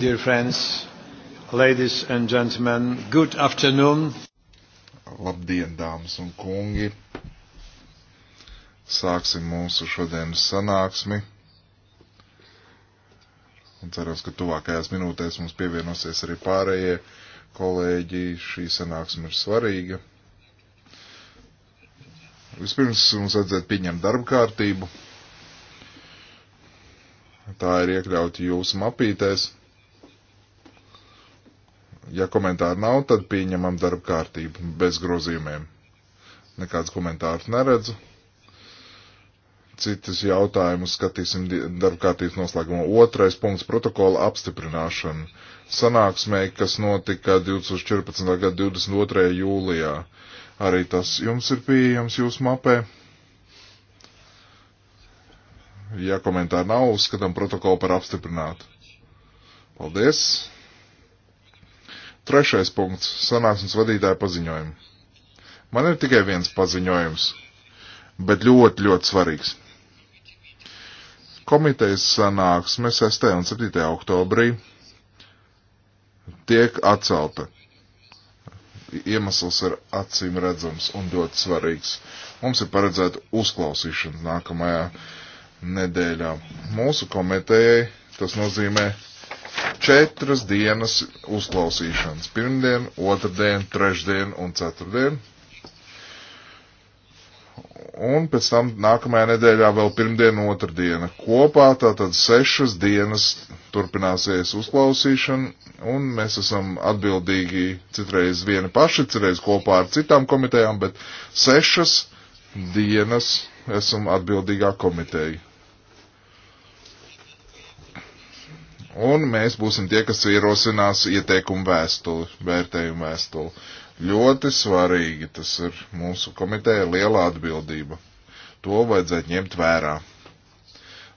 Dear friends, ladies and gentlemen, good afternoon. Labdien, dāmas un kungi. Sāksim mūsu šodienas sanāksmi. Un ceros, ka tuvākajās minūtēs mums pievienosies arī pārējie kolēģi. Šī sanāksme ir svarīga. Vispirms mums vajadzētu pieņemt darba kārtību. Tā ir iekļauta jūsu mapītēs. Ja komentāru nav, tad pieņemam darba kārtību bez grozījumiem. Nekāds komentārus neredzu. Citas jautājumus skatīsim darba kārtības noslēgumā. Otrais punkts - protokola apstiprināšana. Sanāksmē, kas notika 2014. gada 22. jūlijā. Arī tas jums ir pieejams jūsu mapē. Ja komentāru nav, uzskatām protokolu par apstiprinātu. Paldies! Trešais punkts - sanāksmes vadītāja paziņojumi. Man ir tikai viens paziņojums, bet ļoti, ļoti svarīgs. Komitejas sanāksme 6. un 7. oktobrī tiek atcelta. Iemesls ir acīm redzams un ļoti svarīgs. Mums ir paredzēta uzklausīšana nākamajā nedēļā. Mūsu komitejai tas nozīmē četras dienas uzklausīšanas. Pirmdien, otrdien, trešdien un ceturtdien. Un pēc tam nākamajā nedēļā vēl pirmdiena, otrdiena. Kopā tātad sešas dienas turpināsies uzklausīšana, un mēs esam atbildīgi citreiz vieni paši, citreiz kopā ar citām komitejām, bet sešas dienas esam atbildīgā komiteja. Un mēs būsim tie, kas ierosinās ieteikumu vēstuli, vērtējumu vēstuli. Ļoti svarīgi tas ir mūsu komiteja liela atbildība. To vajadzētu ņemt vērā.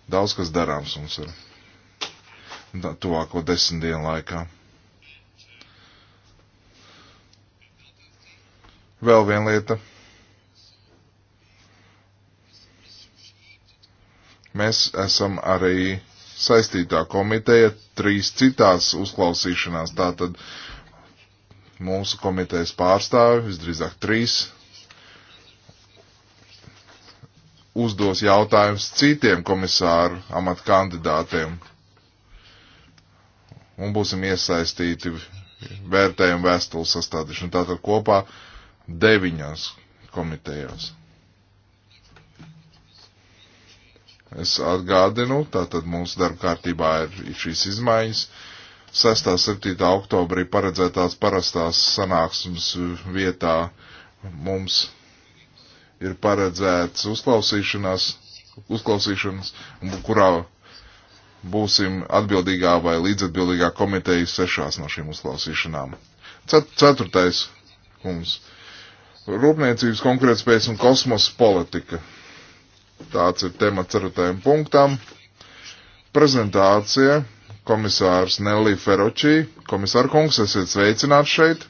Daudz kas darāms mums ir tuvāko desmit dienu laikā. Vēl viena lieta. Mēs esam arī saistītā komiteja trīs citās uzklausīšanās. Tātad mūsu komitejas pārstāvi, visdrīzāk trīs, uzdos jautājumus citiem komisāru amatu kandidātiem. Un būsim iesaistīti vērtējumu vēstuli sastādīšanu. Tātad kopā deviņās komitejās. Es atgādinu, tātad mūsu darba kārtībā ir šīs izmaiņas. 6. 7. oktobrī paredzētās parastās sanāksmes vietā mums ir paredzēts uzklausīšanās, uzklausīšanas, kurā būsim atbildīgā vai līdzatbildīgā komiteja sešās no šīm uzklausīšanām. Ceturtais kungs. Rūpniecības konkurētspējas un kosmosa politika. Tāds ir temats ceturtajam punktam. Prezentācija komisārs Nelī Feročī. Komisāra kungs, esiet sveicināts šeit.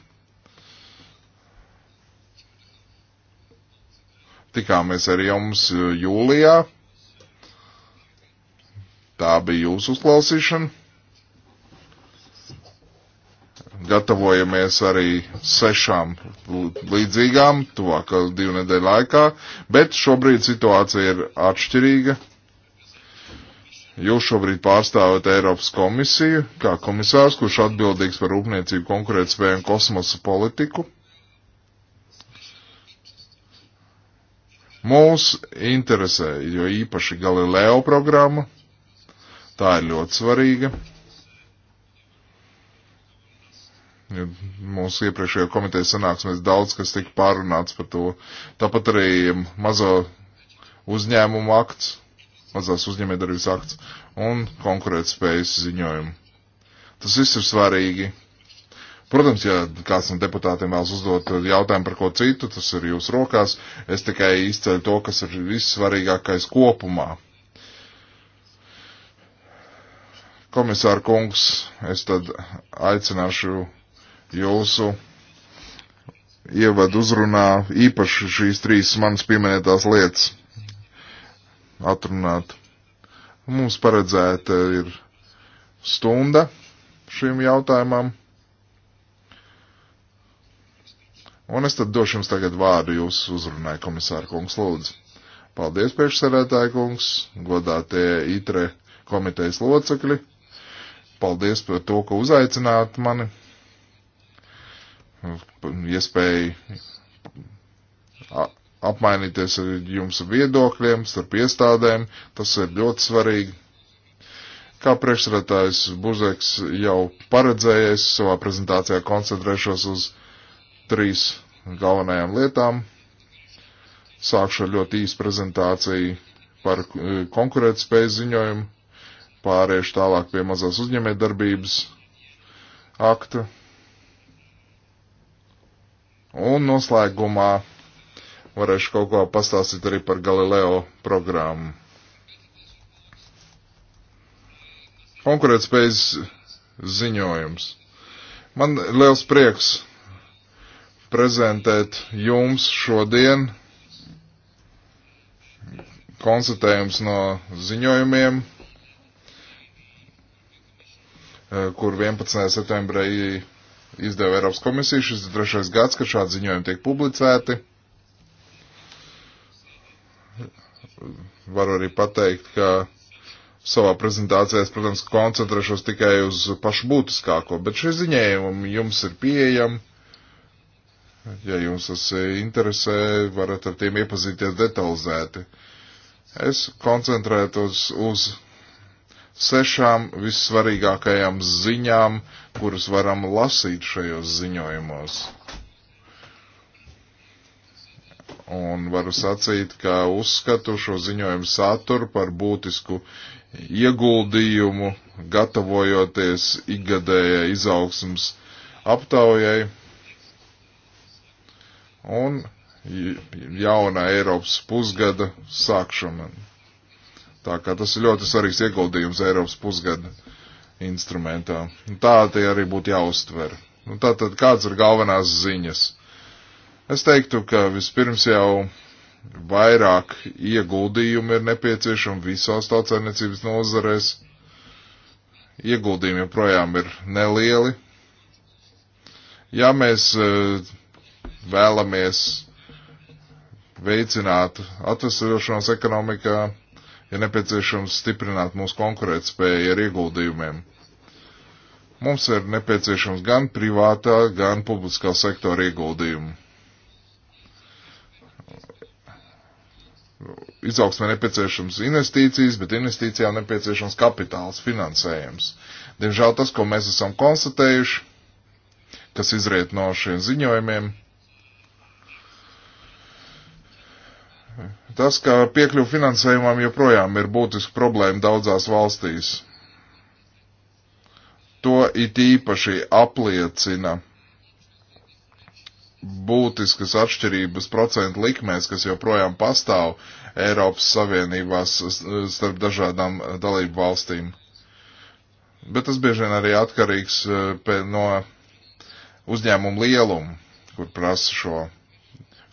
Tikāmies ar jums jūlijā. Tā bija jūsu uzklausīšana gatavojamies arī sešām līdzīgām tuvākā divu nedēļu laikā, bet šobrīd situācija ir atšķirīga. Jūs šobrīd pārstāvat Eiropas komisiju kā komisārs, kurš atbildīgs par rūpniecību, konkurētspēju un kosmosa politiku. Mūs interesē, jo īpaši Galileo programma, tā ir ļoti svarīga. mūsu iepriekšējo komiteju sanāksmēs daudz, kas tika pārunāts par to. Tāpat arī mazo uzņēmumu akts, mazās uzņēmējdarbības akts un konkurētspējas ziņojumu. Tas viss ir svarīgi. Protams, ja kāds no deputātiem vēlas uzdot jautājumu par ko citu, tas ir jūsu rokās. Es tikai izceļu to, kas ir vissvarīgākais kopumā. Komisāra kungs, es tad aicināšu jūsu ievadu uzrunā īpaši šīs trīs manas pieminētās lietas atrunāt. Mums paredzēta ir stunda šīm jautājumam. Un es tad došu jums tagad vārdu jūsu uzrunai, komisāra kungs, lūdzu. Paldies, priekšsarētāja kungs, godātie ITRE komitejas locekļi. Paldies par to, ka uzaicināt mani iespēju apmainīties ar jums viedokļiem, starp iestādēm. Tas ir ļoti svarīgi. Kā priekšsredātājs Buzeks jau paredzējies, savā prezentācijā koncentrēšos uz trīs galvenajām lietām. Sākšu ar ļoti īsu prezentāciju par e, konkurētspējas ziņojumu, pāriešu tālāk pie mazās uzņēmējdarbības akta Un noslēgumā varēšu kaut ko pastāstīt arī par Galileo programmu. Konkurētspējas ziņojums. Man liels prieks prezentēt jums šodien konstatējums no ziņojumiem, eh, kur 11. septembrī izdeva Eiropas komisija. Šis ir trešais gads, kad šādi ziņojumi tiek publicēti. Varu arī pateikt, ka savā prezentācijā es, protams, koncentrēšos tikai uz pašu būtiskāko, bet šie ziņējumi jums ir pieejami. Ja jums tas interesē, varat ar tiem iepazīties detalizēti. Es koncentrētos uz sešām vissvarīgākajām ziņām, kuras varam lasīt šajos ziņojumos. Un varu sacīt, ka uzskatu šo ziņojumu saturu par būtisku ieguldījumu, gatavojoties ikgadējai izaugsmas aptaujai un jauna Eiropas pusgada sākšanai. Tā kā tas ir ļoti svarīgs ieguldījums Eiropas pusgada instrumentā. Tā tie arī būtu jāuztver. Un nu, tā tad kāds ir galvenās ziņas? Es teiktu, ka vispirms jau vairāk ieguldījumi ir nepieciešami visās tautsēmniecības nozarēs. Ieguldījumi joprojām ir nelieli. Ja mēs eh, vēlamies veicināt atvesaļošanos ekonomikā, ja nepieciešams stiprināt mūsu konkurētspēju ar ieguldījumiem. Mums ir nepieciešams gan privātā, gan publiskā sektora ieguldījumu. Izaugsmē nepieciešams investīcijas, bet investīcijām nepieciešams kapitāls, finansējums. Diemžēl tas, ko mēs esam konstatējuši, kas izriet no šiem ziņojumiem, Tas, ka piekļuvu finansējumam joprojām ir būtiska problēma daudzās valstīs. To it īpaši apliecina būtiskas atšķirības procentu likmēs, kas joprojām pastāv Eiropas Savienībās starp dažādām dalību valstīm. Bet tas bieži vien arī atkarīgs e, no uzņēmumu lielumu, kur prasa šo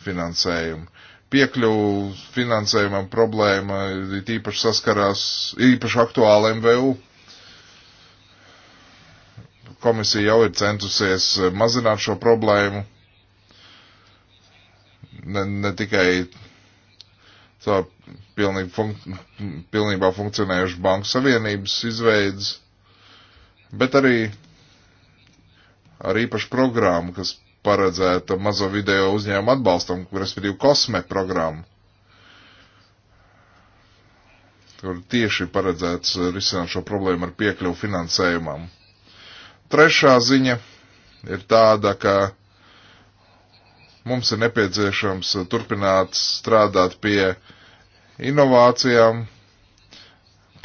finansējumu piekļuvu finansējumam problēma ir īpaši saskarās, īpaši aktuāla MVU. Komisija jau ir centusies mazināt šo problēmu. Ne, ne tikai tā pilnīgi fun pilnībā funkcionējuši banku savienības izveids, bet arī ar īpašu programmu, kas paredzēta mazo video uzņēmumu atbalstam, respektīvi kosme programma, kur tieši paredzēts eh, risināt šo problēmu ar piekļuvu finansējumam. Trešā ziņa ir tāda, ka mums ir nepieciešams turpināt strādāt pie inovācijām,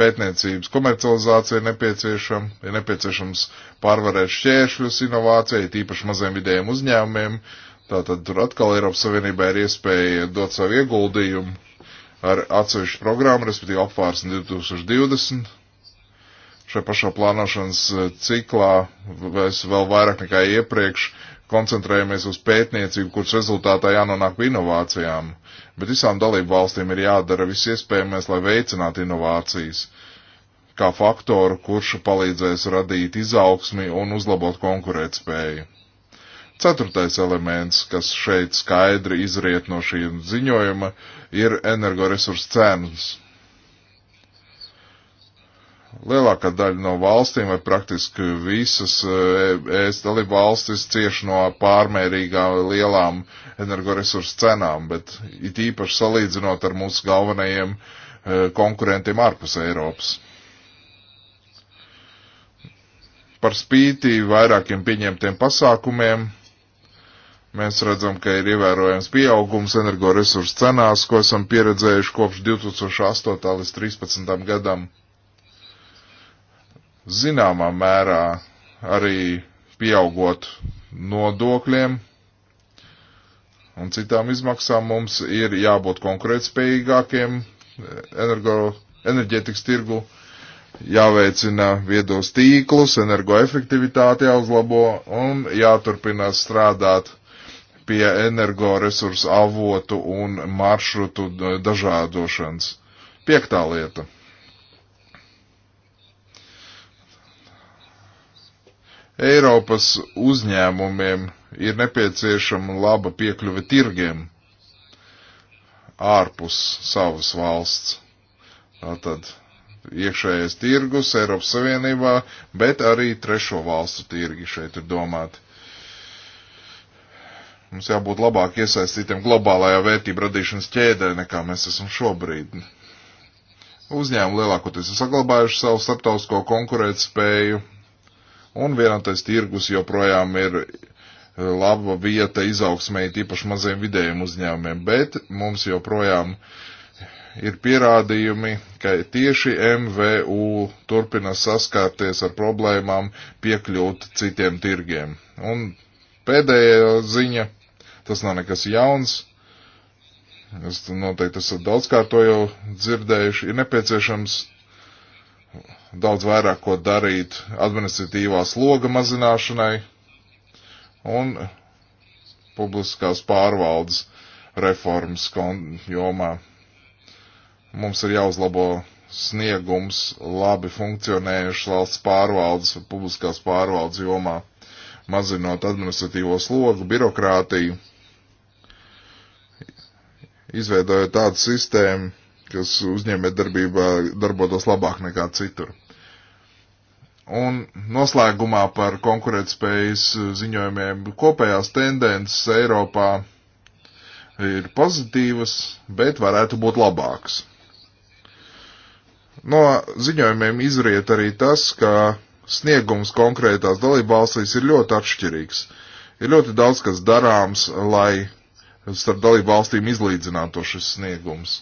pētniecības komercializācija ir nepieciešama, ir nepieciešams pārvarēt šķēršļus inovācijai, tīpaši maziem vidējiem uzņēmumiem. Tātad tur atkal Eiropas Savienībā ir iespēja dot savu ieguldījumu ar atsevišķu programmu, respektīvi apvārsni 2020. Šajā pašā plānošanas ciklā es vēl vairāk nekā iepriekš uh, koncentrējamies uz pētniecību, kuras rezultātā jānonāk inovācijām, bet visām dalību valstīm ir jādara viss iespējamais, lai veicinātu inovācijas kā faktoru, kurš palīdzēs radīt izaugsmi un uzlabot konkurētspēju. Ceturtais elements, kas šeit skaidri izriet no šī ziņojuma, ir energoresursu cenas lielākā daļa no valstīm vai praktiski visas e, ES dalība valstis cieš no pārmērīgā lielām energoresursu cenām, bet it īpaši salīdzinot ar mūsu galvenajiem e, konkurentiem ārpus Eiropas. Par spīti vairākiem pieņemtiem pasākumiem mēs redzam, ka ir ievērojams pieaugums energoresursu cenās, ko esam pieredzējuši kopš 2008. līdz 2013. gadam zināmā mērā arī pieaugot nodokļiem un citām izmaksām, mums ir jābūt konkurētspējīgākiem enerģētikas tirgu, jāveicina viedos tīklus, energoefektivitāte jāuzlabo un jāturpina strādāt pie energoresursu avotu un maršrutu dažādošanas. Piektā lieta Eiropas uzņēmumiem ir nepieciešama laba piekļuve tirgiem ārpus savas valsts. Tātad iekšējais tirgus Eiropas Savienībā, bet arī trešo valstu tirgi šeit ir domāti. Mums jābūt labāk iesaistītiem globālajā vērtību radīšanas ķēdē, nekā mēs esam šobrīd. Uzņēmumi lielākoties ir saglabājuši savu starptautisko konkurētspēju, un vienotais tirgus joprojām ir eh, laba vieta izaugsmēji, tīpaši maziem vidējiem uzņēmumiem, bet mums joprojām ir pierādījumi, ka tieši MVU turpina saskārties ar problēmām piekļūt citiem tirgiem. Un pēdējā ziņa, tas nav nekas jauns, es noteikti esat daudzkārt to jau dzirdējuši, ir nepieciešams daudz vairāk ko darīt administratīvā sloga mazināšanai un publiskās pārvaldes reformas jomā. Mums ir jāuzlabo sniegums labi funkcionējušas valsts pārvaldes, publiskās pārvaldes jomā, mazinot administratīvo slogu, birokrātiju, izveidojot tādu sistēmu, kas uzņēmē darbībā darbotos labāk nekā citur. Un noslēgumā par konkurētspējas ziņojumiem kopējās tendences Eiropā ir pozitīvas, bet varētu būt labākas. No ziņojumiem izriet arī tas, ka sniegums konkrētās dalībvalstīs ir ļoti atšķirīgs. Ir ļoti daudz kas darāms, lai starp dalībvalstīm izlīdzinātu šis sniegums.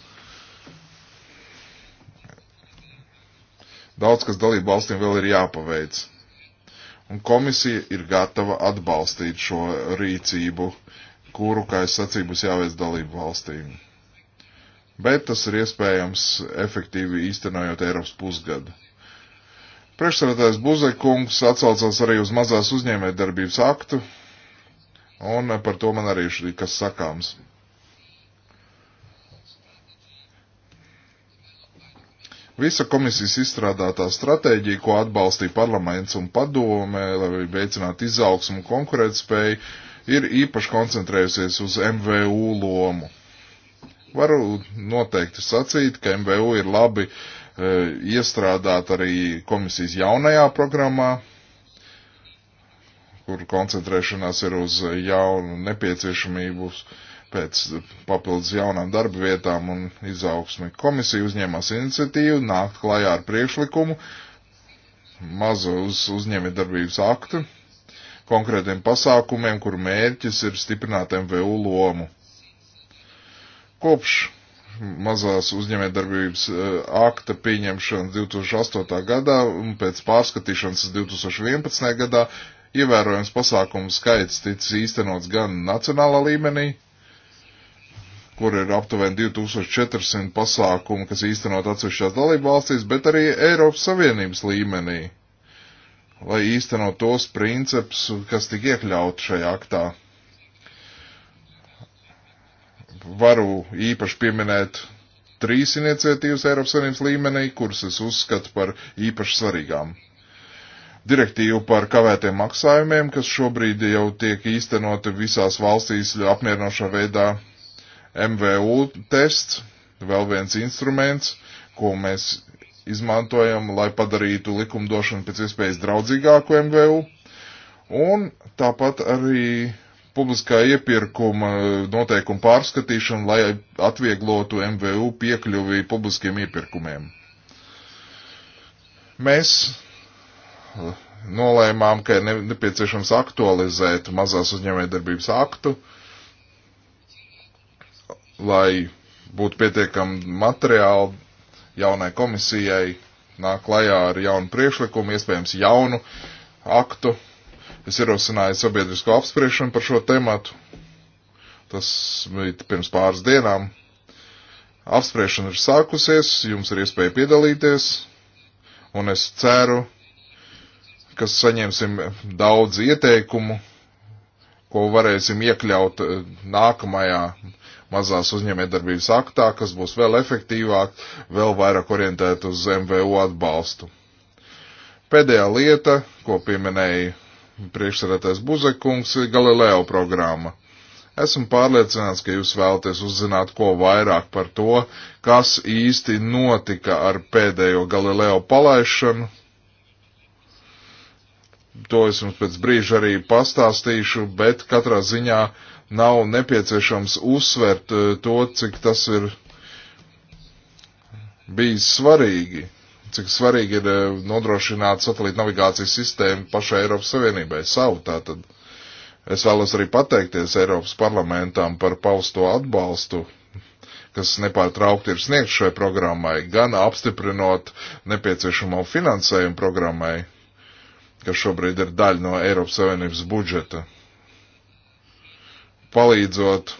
Daudz kas dalību valstīm vēl ir jāpaveic. Un komisija ir gatava atbalstīt šo rīcību, kuru, kā es sacīju, būs jāveic dalību valstīm. Bet tas ir iespējams efektīvi īstenojot Eiropas pusgadu. Priekšsēdētājs Buzekungs atsaucās arī uz mazās uzņēmējdarbības aktu, un par to man arī ir kas sakāms. Visa komisijas izstrādātā stratēģija, ko atbalstīja parlaments un padome, lai veicinātu izaugsmu un konkurētspēju, ir īpaši koncentrējusies uz MVU lomu. Varu noteikti sacīt, ka MVU ir labi e, iestrādāt arī komisijas jaunajā programmā, kur koncentrēšanās ir uz jaunu nepieciešamības pēc papildus jaunām darba vietām un izaugsmi. Komisija uzņēmās iniciatīvu nākt klajā ar priekšlikumu mazu uz uzņēmē darbības aktu konkrētiem pasākumiem, kuru mērķis ir stiprināt MVU lomu. Kopš mazās uzņēmējdarbības eh, akta pieņemšanas 2008. gadā un pēc pārskatīšanas 2011. gadā ievērojams pasākumu skaits ticis īstenots gan nacionālā līmenī, kur ir aptuveni 2400 pasākumu, kas īstenot atsevišķās dalībvalstīs, bet arī Eiropas Savienības līmenī, lai īstenot tos principus, kas tik iekļaut šajā aktā. Varu īpaši pieminēt trīs iniciatīvas Eiropas Savienības līmenī, kuras es uzskatu par īpaši svarīgām. Direktīvu par kavētiem maksājumiem, kas šobrīd jau tiek īstenoti visās valstīs apmierinošā veidā, MVU tests, vēl viens instruments, ko mēs izmantojam, lai padarītu likumdošanu pēc iespējas draudzīgāku MVU. Un tāpat arī publiskā iepirkuma noteikuma pārskatīšana, lai atvieglotu MVU piekļuvi publiskiem iepirkumiem. Mēs eh, nolēmām, ka ir nepieciešams aktualizēt mazās uzņēmējdarbības aktu, uh, lai būtu pietiekami materiāli jaunai komisijai nāk klajā ar jaunu priekšlikumu, iespējams jaunu aktu. Es ierosināju sabiedrisko apspriešanu par šo tematu. Tas bija pirms pāris dienām. Apspriešana ir sākusies, jums ir iespēja piedalīties, un es ceru, ka saņemsim daudz ieteikumu, ko varēsim iekļaut eh, nākamajā uh, mazās uzņēmējdarbības aktā, kas būs vēl efektīvāk, vēl vairāk orientēt uz MVU atbalstu. Pēdējā lieta, ko pieminēja priekšsarētais Buzekungs, ir Galileo programma. Esmu pārliecināts, ka jūs vēlaties uzzināt ko vairāk par to, kas īsti notika ar pēdējo Galileo palaišanu. To es jums pēc brīža arī pastāstīšu, bet katrā ziņā uh, nav nepieciešams uzsvert eh, to, cik tas ir bijis svarīgi, cik svarīgi ir eh, nodrošināt satelīta navigācijas sistēmu pašai Eiropas Savienībai savu tātad. Es vēlos arī pateikties Eiropas parlamentām par pausto atbalstu, kas nepārtraukti ir sniegts šai programmai, gan apstiprinot nepieciešamo finansējumu programmai, kas šobrīd ir daļa no Eiropas Savienības budžeta palīdzot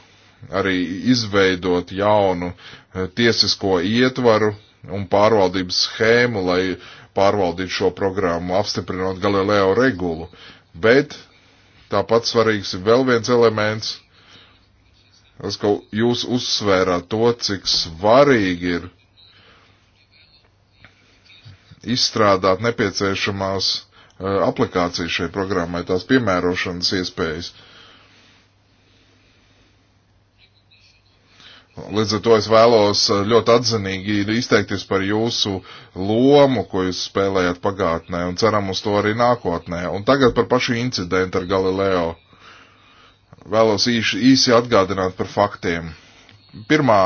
arī izveidot jaunu eh, tiesisko ietvaru un pārvaldības schēmu, lai pārvaldītu šo programmu, apstiprinot Galileo regulu. Bet tāpat svarīgs ir vēl viens elements, tas, ka jūs uzsvērāt to, cik svarīgi ir izstrādāt nepieciešamās eh, aplikācijas šai programmai, tās piemērošanas iespējas. Uh, Līdz ar to es vēlos eh, ļoti atzinīgi izteikties par jūsu lomu, ko jūs spēlējat pagātnē, un ceram uz to arī nākotnē. Un tagad par pašu incidentu ar Galileo. Vēlos īši, īsi atgādināt par faktiem. Pirmā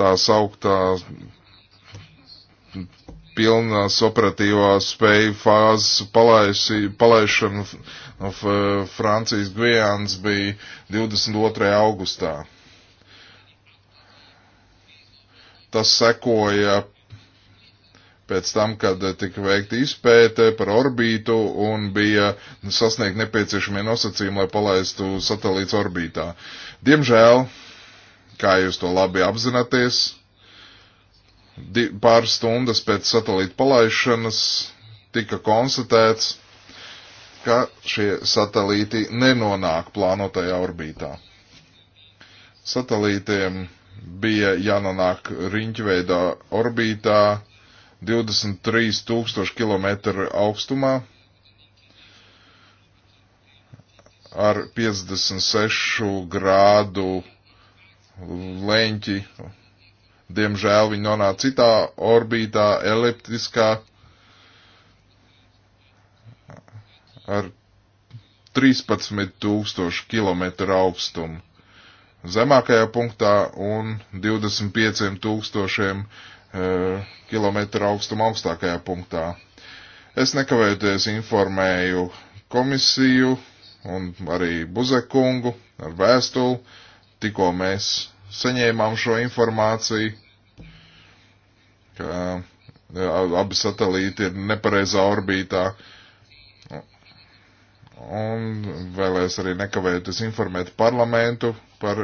tā sauktā pilnās operatīvās spēju fāzes palaišana no nu, Francijas Gujānas bija 22. augustā. Tas sekoja pēc tam, kad tika veikta izpēte par orbītu un bija sasniegt nepieciešamie nosacījumi, lai palaistu satelīts orbītā. Diemžēl, kā jūs to labi apzināties, pāris stundas pēc satelīta palaišanas tika konstatēts, ka šie satelīti nenonāk plānotajā orbītā. Satelītiem bija jānonāk riņķveidā orbītā 23 tūkstoši kilometru augstumā ar 56 grādu leņķi. Diemžēl viņi nonāca citā orbītā, eliptiskā, ar 13,000 km augstumu zemākajā punktā un 25,000 km augstuma augstākajā punktā. Es nekavējoties informēju komisiju un arī Buzekungu ar vēstuli, tikko mēs saņēmām šo informāciju, ka e, abi satelīti ir nepareizā orbītā. Uh, un vēlēs arī nekavējoties informēt parlamentu par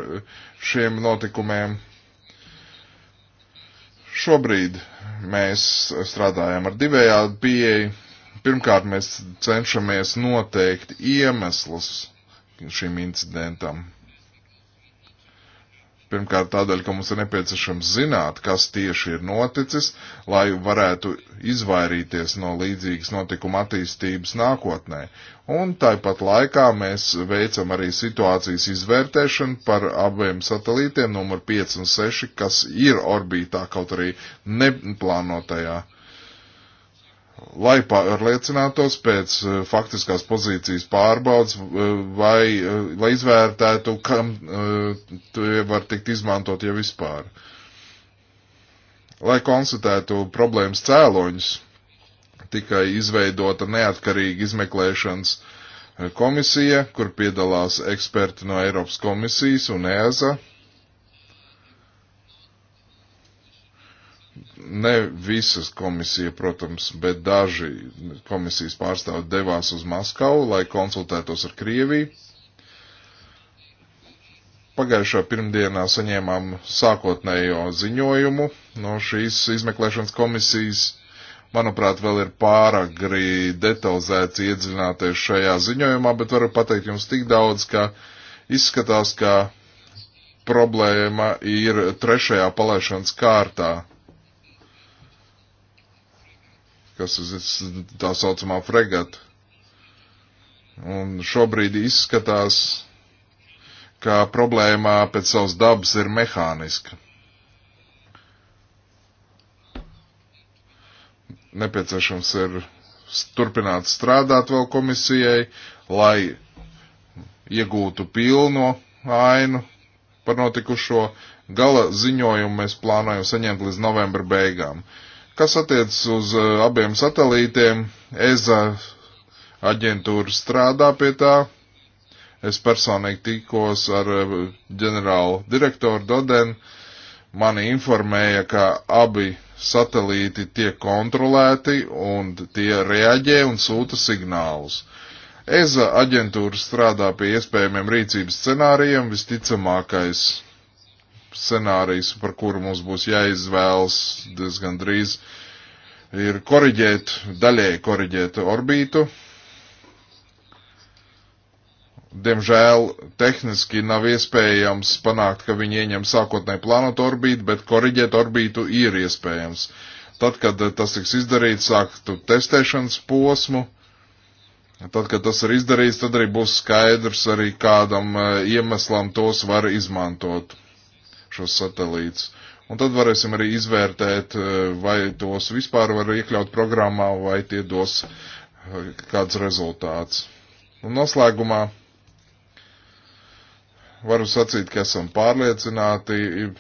šiem notikumiem. Šobrīd mēs strādājam ar divējādu pieeju. Pirmkārt, mēs cenšamies noteikt iemeslus šim incidentam. Pirmkārt, tādēļ, ka mums ir nepieciešams zināt, kas tieši ir noticis, lai varētu izvairīties no līdzīgas notikuma attīstības nākotnē. Un tāpat laikā mēs veicam arī situācijas izvērtēšanu par abiem satelītiem, numur 5 un 6, kas ir orbītā, kaut arī neplānotajā lai pārliecinātos pēc eh, faktiskās pozīcijas pārbaudas, eh, vai eh, lai izvērtētu, kam tie var tikt izmantot, ja vispār. Lai konstatētu problēmas cēloņus, tikai izveidota neatkarīga izmeklēšanas komisija, kur piedalās eksperti no Eiropas komisijas un EASA, ne visas komisija, protams, bet daži komisijas pārstāvi devās uz Maskavu, lai konsultētos ar Krieviju. Pagājušā pirmdienā saņēmām sākotnējo ziņojumu no šīs izmeklēšanas komisijas. Manuprāt, vēl ir pārāk grī detalizēts iedzināties šajā ziņojumā, bet varu pateikt jums tik daudz, ka izskatās, ka problēma ir trešajā palaišanas kārtā kas ir tā saucamā fregata. Un šobrīd izskatās, ka problēmā pēc savas dabas ir mehāniska. Nepieciešams ir turpināt strādāt vēl komisijai, lai iegūtu pilno ainu par notikušo. Gala ziņojumu mēs plānojam saņemt līdz novembra beigām. Uh, Kas attiecas uz eh, abiem satelītiem, EZA aģentūra strādā pie tā. Es personīgi tikos ar eh, ģenerālu direktoru Dodenu. Mani informēja, ka abi satelīti tiek kontrolēti un tie reaģē un sūta signālus. EZA aģentūra strādā pie iespējamiem rīcības scenārijiem, visticamākais scenārijs, par kuru mums būs jāizvēlas diezgan drīz, ir koriģēt, daļēji koriģēt orbītu. Diemžēl tehniski nav iespējams panākt, ka viņi ieņem sākotnēji plānotu orbītu, bet koriģēt orbītu ir iespējams. Tad, kad tas tiks izdarīts, sāktu testēšanas posmu. Tad, kad tas ir izdarīts, tad arī būs skaidrs, arī kādam eh, iemeslam tos var izmantot šos satelītus. Un tad varēsim arī izvērtēt, eh, vai tos vispār var iekļaut programmā, vai tie dos eh, kāds rezultāts. Un noslēgumā varu sacīt, ka esam pārliecināti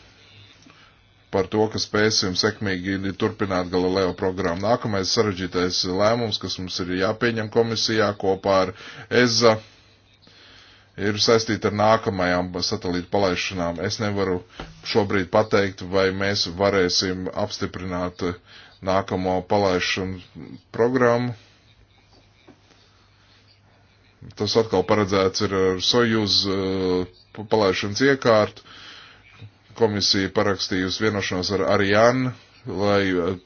par to, ka spēsim sekmīgi turpināt Galileo programmu. Nākamais sarežģītais lēmums, kas mums ir jāpieņem komisijā kopā ar EZA ir saistīta ar nākamajām satelītu palaišanām. Es nevaru šobrīd pateikt, vai mēs varēsim apstiprināt nākamo palaišanu programmu. Tas atkal paredzēts ir ar Sojuz uh, palaišanas iekārtu. Komisija parakstījusi vienošanos ar Arianu, lai uh,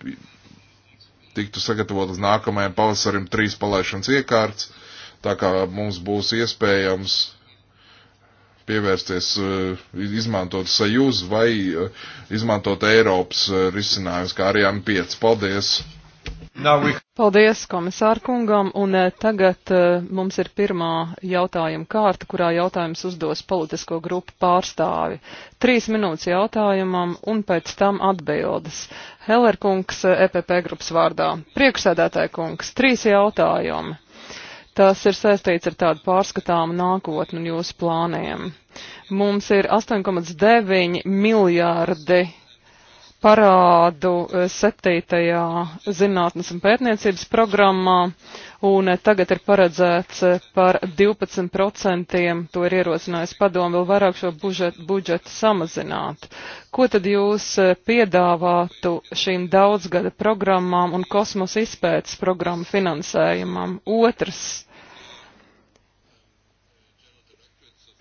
tiktu sagatavotas nākamajam pavasarim trīs palaišanas iekārtas tā kā mums būs iespējams pievērsties, eh, izmantot sajūz vai eh, izmantot Eiropas eh, risinājums, kā arī M5. Paldies! Paldies komisārkungam, un tagad mums ir pirmā jautājuma kārta, kurā jautājums uzdos politisko grupu pārstāvi. Trīs minūtes jautājumam un pēc tam atbildes. Hellerkungs, EPP e grupas vārdā. Priekšsēdētāja kungs, trīs jautājumi. Tas ir saistīts ar tādu pārskatāmu nākotni un jūsu plāniem. Mums ir 8,9 miljārdi parādu eh, septītajā zinātnes un pētniecības programmā, un eh, tagad ir paredzēts eh, par 12%, to ir ierosinājis padomu, vēl vairāk šo budžetu, budžetu samazināt. Ko tad jūs piedāvātu šīm daudzgada programmām un kosmosa izpētes programmu finansējumam? Otrs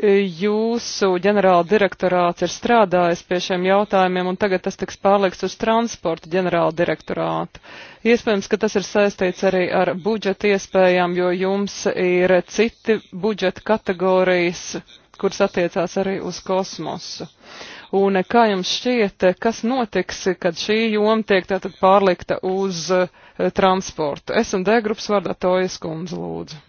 jūsu ģenerāla direktorāts ir strādājis pie šiem jautājumiem, un tagad tas tiks pārliks uz transporta ģenerāla direktorātu. Iespējams, ka tas ir saistīts arī ar budžeta iespējām, jo jums ir citi budžeta kategorijas, kuras attiecās arī uz kosmosu. Un kā jums šķiet, kas notiks, kad šī joma tiek tātad pārlikta uz eh, transportu? S&D grupas vārdā Tojas kundze lūdzu.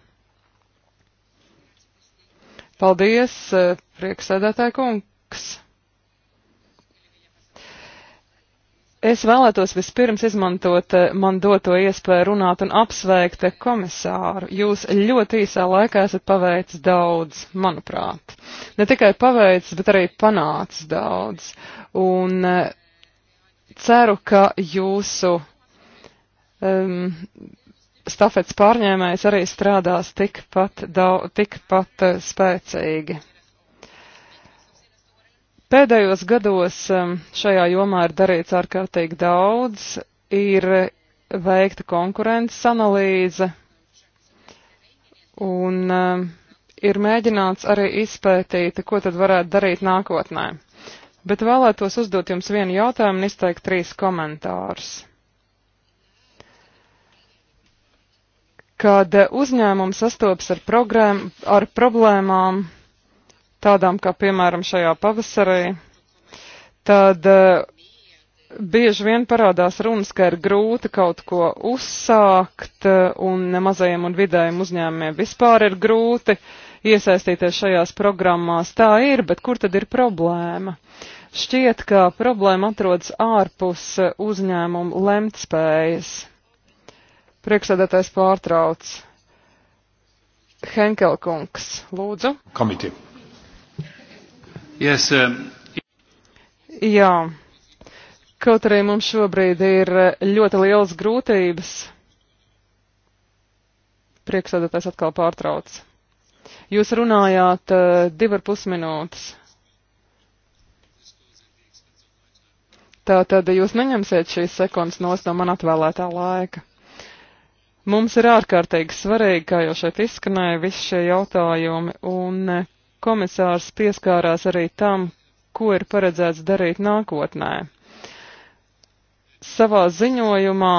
Paldies, eh, prieksēdētāja kungs. Es vēlētos vispirms izmantot eh, man doto iespēju runāt un apsveikt komisāru. Jūs ļoti īsā laikā esat paveicis daudz, manuprāt. Ne tikai paveicis, bet arī panācis daudz. Un eh, ceru, ka jūsu um, stafets pārņēmējs arī strādās tikpat, tikpat eh, spēcīgi. Pēdējos gados ehm, šajā jomā ir darīts ārkārtīgi daudz, ir veikta konkurences analīze un ehm, ir mēģināts arī izpētīt, ko tad varētu darīt nākotnē. Bet vēlētos uzdot jums vienu jautājumu un izteikt trīs komentārus. kad uzņēmumi sastopas ar, progrēm, ar problēmām, tādām kā piemēram šajā pavasarī, tad eh, bieži vien parādās runas, ka ir grūti kaut ko uzsākt eh, un mazajiem un vidējiem uzņēmumiem vispār ir grūti iesaistīties šajās programmās. Tā ir, bet kur tad ir problēma? Šķiet, ka problēma atrodas ārpus uzņēmumu lemtspējas. Priekšsēdētājs pārtrauc. Henkelkungs, lūdzu. Komitī. Yes, um... Jā. Kaut arī mums šobrīd ir ļoti lielas grūtības. Priekšsēdētājs atkal pārtrauc. Jūs runājāt uh, divi ar pus minūtes. Tātad jūs neņemsiet šīs sekundes nost no man atvēlētā laika. Mums ir ārkārtīgi svarīgi, kā jau šeit izskanēja, visi šie jautājumi, un e, komisārs pieskārās arī tam, ko ir paredzēts darīt nākotnē. Savā ziņojumā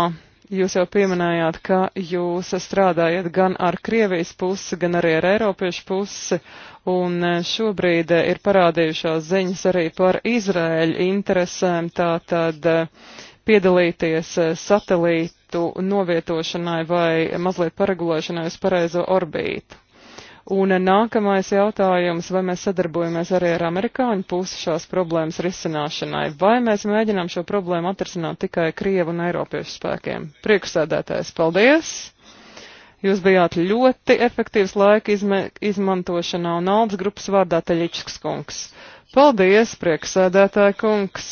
jūs jau pieminējāt, ka jūs strādājat gan ar Krievijas pusi, gan arī ar Eiropiešu pusi, un e, šobrīd e, ir parādījušās ziņas arī par Izraēļu interesēm, tātad piedalīties satelīt lietu novietošanai vai mazliet paregulēšanai uz pareizo orbītu. Un nākamais jautājums, vai mēs sadarbojamies arī ar amerikāņu pusi šās problēmas risināšanai, vai mēs mēģinām šo problēmu atrisināt tikai Krievu un Eiropiešu spēkiem? Priekšsēdētājs, paldies! Jūs bijāt ļoti efektīvs laika izme, izmantošanā un Aldas grupas vārdā Teļičs kungs. Paldies, priekšsēdētāja kungs!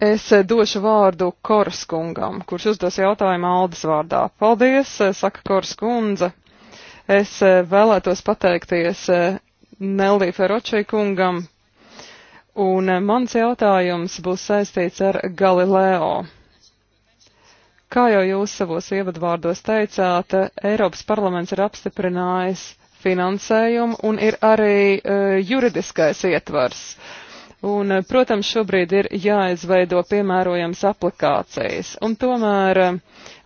Es došu vārdu Koras kungam, kurš uzdos jautājumu Aldas vārdā. Paldies, saka Koras kundze. Es vēlētos pateikties eh, Nellī Feročai kungam, un eh, mans jautājums būs saistīts ar Galileo. Kā jau jūs savos ievadvārdos teicāt, Eiropas parlaments ir apstiprinājis finansējumu un ir arī uh, juridiskais ietvars. Uh, Un, eh, protams, šobrīd ir jāizveido piemērojams aplikācijas. Un tomēr eh,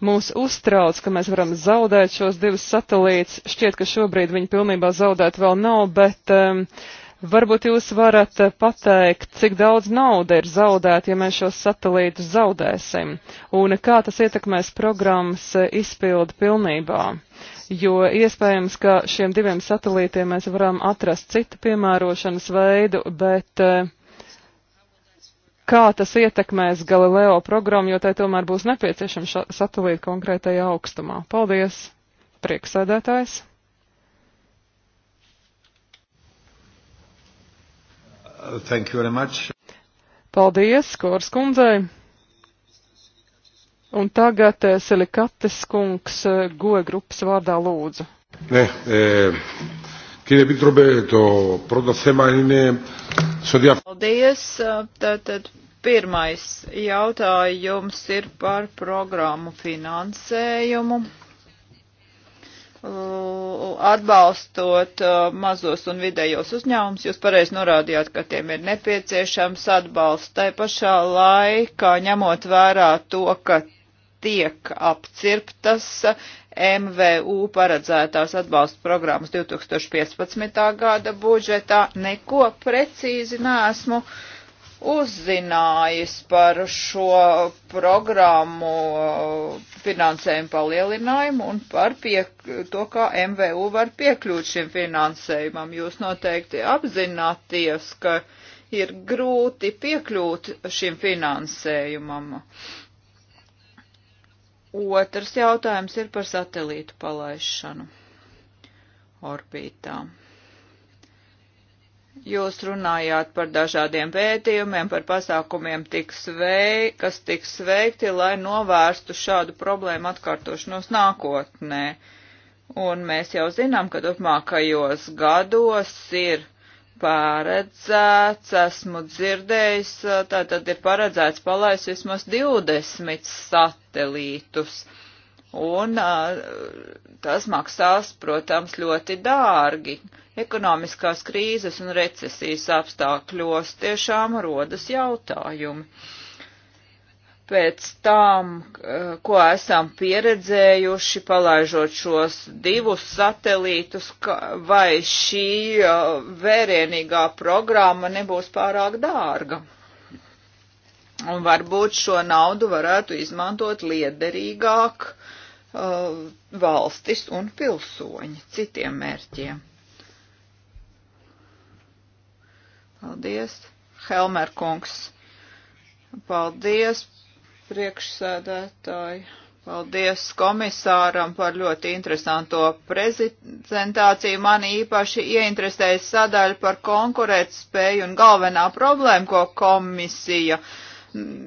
mūs uztrauc, ka mēs varam zaudēt šos divus satelītus. Šķiet, ka šobrīd viņi pilnībā zaudēt vēl nav, bet um, varbūt jūs varat pateikt, cik daudz nauda ir zaudēt, ja mēs šos satelītus zaudēsim. Un kā tas ietekmēs programmas izpildu pilnībā jo iespējams, ka šiem diviem satelītiem mēs varam atrast citu piemērošanas veidu, bet uh, kā tas ietekmēs Galileo programmu, jo tai tomēr būs nepieciešama satelīta konkrētajā augstumā. Paldies, prieksēdētājs! Uh, thank you very much. Paldies, Kors kundzei. Un tagad eh, Silikates kungs eh, goja grupas vārdā lūdzu. Ne, eh, Κύριε Επίτροπε, το πρώτο θέμα είναι Paldies. Tātad pirmais jautājums ir par programmu finansējumu. Atbalstot uh, mazos un vidējos uzņēmumus, jūs pareizi norādījāt, ka tiem ir nepieciešams atbalsts. Tai pašā laikā ņemot vērā to, ka tiek apcirptas MVU paredzētās atbalsta programmas 2015. gada budžetā. Neko precīzi neesmu uzzinājis par šo programmu uh, finansējumu palielinājumu un par piek, to, kā MVU var piekļūt šim finansējumam. Jūs noteikti apzināties, ka ir grūti piekļūt šim finansējumam. Uh, Otrs jautājums ir par satelītu palaišanu orbītā. Jūs runājāt par dažādiem pētījumiem, par pasākumiem, tiks vei, kas tiks veikti, lai novērstu šādu problēmu atkārtošanos nākotnē. Un mēs jau zinām, ka turpmākajos gados ir paredzēts, esmu dzirdējis, tātad ir paredzēts palaist vismaz 20 sat satelītus. Un tas maksās, protams, ļoti dārgi. Ekonomiskās krīzes un recesijas apstākļos tiešām rodas jautājumi. Pēc tam, ko esam pieredzējuši, palaižot šos divus satelītus, vai šī vērienīgā programma nebūs pārāk dārga. Un varbūt šo naudu varētu izmantot liederīgāk uh, valstis un pilsoņi citiem mērķiem. Paldies, Helmer kungs. Paldies, priekšsēdētāji. Paldies komisāram par ļoti interesanto prezentāciju. Mani īpaši ieinteresēja sadaļa par konkurētspēju un galvenā problēma, ko komisija uh,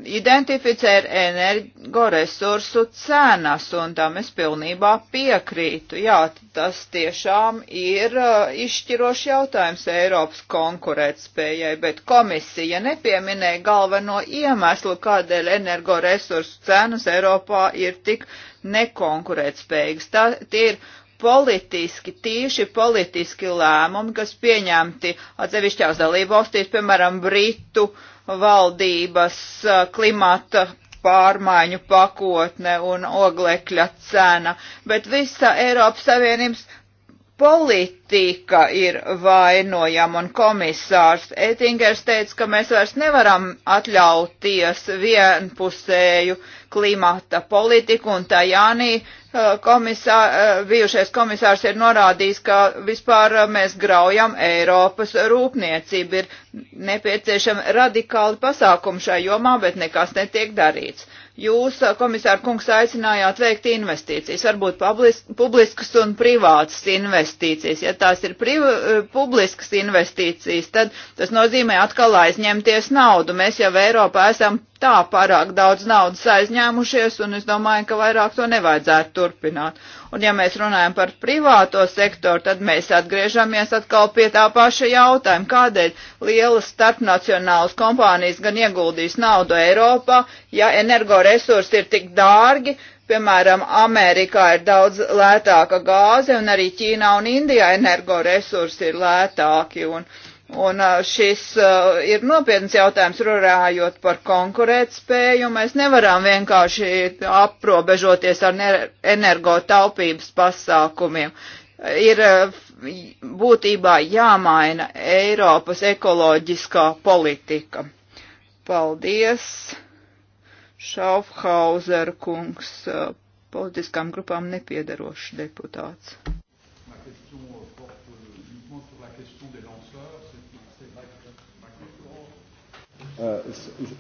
identificē ar energoresursu cenas, un tam es pilnībā piekrītu. Jā, tas tiešām ir uh, izšķirošs jautājums Eiropas konkurētspējai, bet komisija nepieminēja galveno iemeslu, kādēļ energoresursu cenas Eiropā ir tik nekonkurētspējīgas. Tā, tie ir politiski, tīši politiski lēmumi, kas pieņemti atsevišķās dalībvalstīs, piemēram, Britu uh, valdības klimata pārmaiņu pakotne un oglekļa cena, bet visa Eiropas Savienības politika ir vainojama, un komisārs Ettingers teica, ka mēs vairs nevaram atļauties vienpusēju klimata politiku, un Tajānī uh, komisā, uh, bijušais komisārs ir norādījis, ka vispār uh, mēs graujam Eiropas rūpniecību, ir nepieciešami radikāli pasākumi šajā jomā, bet nekas netiek darīts. Jūs, komisāra kungs, aicinājāt veikt investīcijas, varbūt publiskas un privātas investīcijas. Ja tās ir priva, publiskas investīcijas, tad tas nozīmē atkal aizņemties naudu. Mēs jau Eiropā esam tā pārāk daudz naudas aizņēmušies, un es domāju, ka vairāk to nevajadzētu turpināt. Un ja mēs runājam par privāto sektoru, tad mēs atgriežamies atkal pie tā paša jautājuma, kādēļ lielas starpnacionālas kompānijas gan ieguldīs naudu Eiropā, ja energoresursi ir tik dārgi, piemēram, Amerikā ir daudz lētāka gāze, un arī Ķīnā un Indijā energoresursi ir lētāki. Un, uh, Un šis ir nopietns jautājums runājot par konkurētspēju. Mēs nevaram vienkārši aprobežoties ar energotaupības pasākumiem. Ir būtībā jāmaina Eiropas ekoloģiskā politika. Paldies, Šaufhauser kungs, politiskām grupām nepiedarošs deputāts. Euh,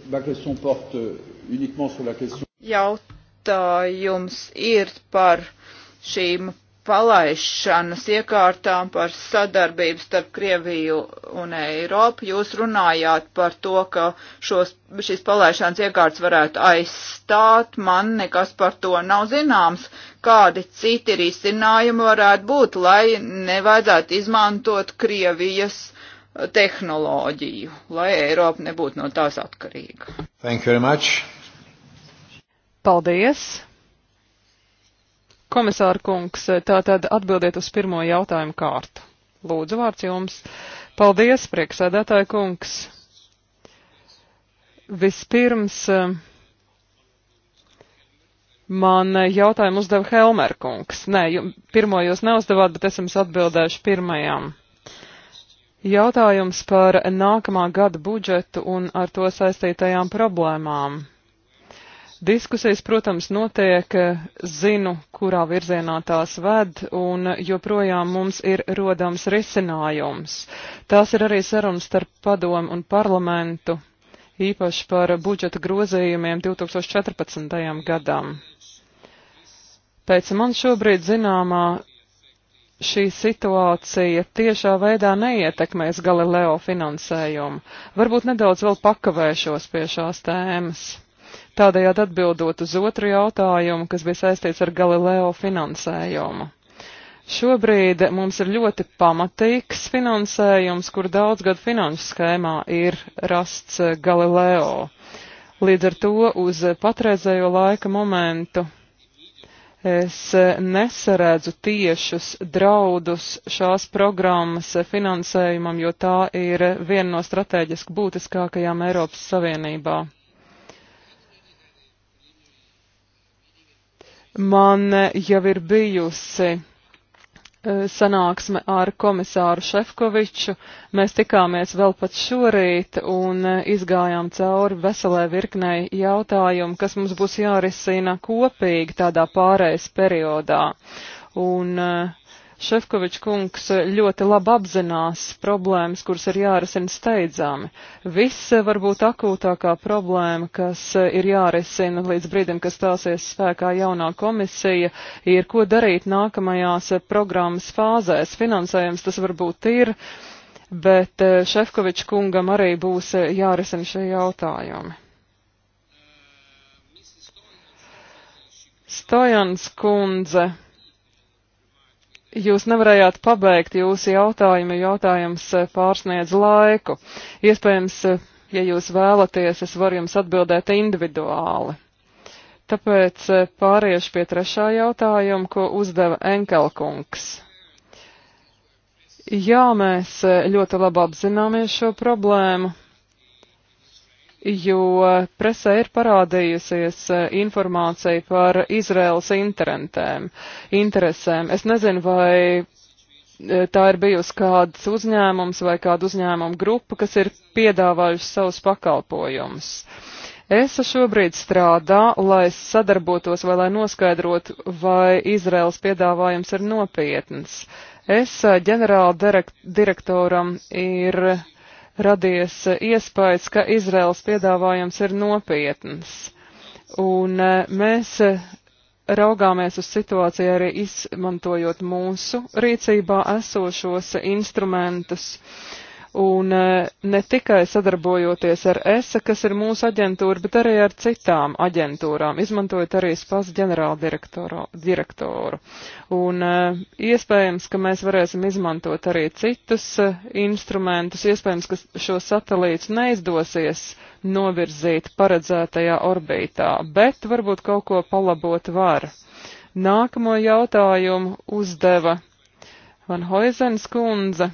ma question porte euh, uniquement sur la question. Jautājums ir par šīm palaišanas iekārtām par sadarbību starp Krieviju un Eiropu. Jūs runājāt par to, ka šos, šīs palaišanas iekārtas varētu aizstāt. Man nekas par to nav zināms. Kādi citi risinājumi varētu būt, lai nevajadzētu izmantot Krievijas tehnoloģiju, lai Eiropa nebūtu no tās atkarīga. Thank you very much. Paldies. Komisāra kungs, tātad atbildiet uz pirmo jautājumu kārtu. Lūdzu, vārds jums. Paldies, prieksēdētāja kungs. Vispirms man jautājumu uzdeva Helmer kungs. Nē, pirmo jūs neuzdevāt, bet es jums atbildēšu pirmajam. Jautājums par nākamā gada budžetu un ar to saistītajām problēmām. Diskusijas, protams, notiek, zinu, kurā virzienā tās ved, un joprojām mums ir rodams risinājums. Tās ir arī sarunas starp padomu un parlamentu, īpaši par budžeta grozījumiem 2014. gadam. Pēc man šobrīd zināmā šī situācija tiešā veidā neietekmēs Galileo finansējumu. Varbūt nedaudz vēl pakavēšos pie šās tēmas. Tādējādi atbildot uz otru jautājumu, kas bija saistīts ar Galileo finansējumu. Šobrīd mums ir ļoti pamatīgs finansējums, kur daudzgad finanšu schēmā ir rasts Galileo. Līdz ar to uz patreizējo laika momentu Es eh, nesaredzu tiešus draudus šās programmas eh, finansējumam, jo tā ir viena no strateģiski būtiskākajām Eiropas Savienībā. Man eh, jau ir bijusi E, sanāksme ar komisāru Šefkoviču. Mēs tikāmies vēl pat šorīt un e, izgājām cauri veselē virknei jautājumu, kas mums būs jārisina kopīgi tādā pārējais periodā. Un uh, Šefkovičs kungs ļoti labi apzinās problēmas, kuras ir jārisina steidzami. Viss varbūt akūtākā problēma, kas ir jārisina līdz brīdim, kad stāsies spēkā jaunā komisija, ir, ko darīt nākamajās programmas fāzēs. Finansējums tas varbūt ir, bet Šefkovičs kungam arī būs jārisina šie jautājumi. Stojans kundze Jūs nevarējāt pabeigt jūsu jautājumu, jo jautājums eh, pārsniedz laiku. Iespējams, eh, ja jūs vēlaties, es varu jums atbildēt individuāli. Tāpēc eh, pāriešu pie trešā jautājuma, ko uzdeva Enkelkungs. Jā, mēs ļoti labi apzināmies šo problēmu jo presē ir parādījusies eh, informācija par Izraels interesēm. Es nezinu, vai eh, tā ir bijusi kāds uzņēmums vai kāda uzņēmuma grupa, kas ir piedāvājusi savus pakalpojumus. Es šobrīd strādā, lai sadarbotos vai lai noskaidrotu, vai Izraels piedāvājums ir nopietns. Es eh, ģenerāla direktoram ir uh, radies iespējas, ka Izraels piedāvājums ir nopietns. Un e, mēs e, raugāmies uz situāciju arī izmantojot mūsu rīcībā esošos instrumentus. Uh, un e, ne tikai sadarbojoties ar ESA, kas ir mūsu aģentūra, bet arī ar citām aģentūrām, izmantojot arī spas ģenerāldirektoru. Un e, iespējams, ka mēs varēsim izmantot arī citus e, instrumentus, iespējams, ka šo satelītu neizdosies novirzīt paredzētajā orbītā, bet varbūt kaut ko palabot var. Nākamo jautājumu uzdeva Van Hoizens kundze.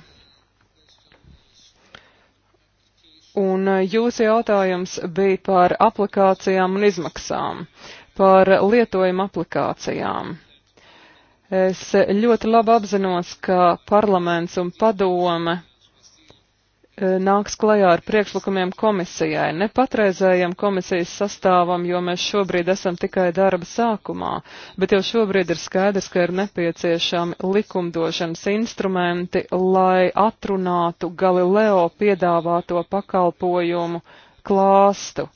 Un eh, jūsu jautājums bija par aplikācijām un izmaksām, par lietojumu aplikācijām. Es ļoti labi apzinos, ka parlaments un padome E, nāks klajā ar priekšlikumiem komisijai, ne patreizējam komisijas sastāvam, jo mēs šobrīd esam tikai darba sākumā, bet jau šobrīd ir skaidrs, ka ir nepieciešami likumdošanas instrumenti, lai atrunātu Galileo piedāvāto pakalpojumu klāstu.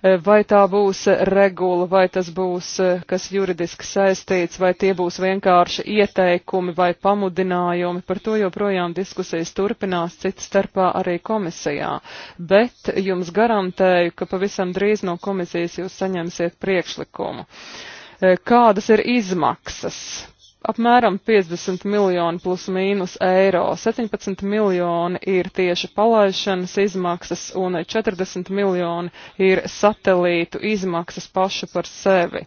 Eh, vai tā būs regula, vai tas būs eh, kas juridiski saistīts, vai tie būs vienkārši ieteikumi vai pamudinājumi, par to joprojām diskusijas turpinās cits starpā arī komisijā. Bet jums garantēju, ka pavisam drīz no komisijas jūs saņemsiet priekšlikumu. Eh, kādas ir izmaksas? apmēram 50 miljoni plus mīnus eiro. 17 miljoni ir tieši palaišanas izmaksas un 40 miljoni ir satelītu izmaksas paši par sevi.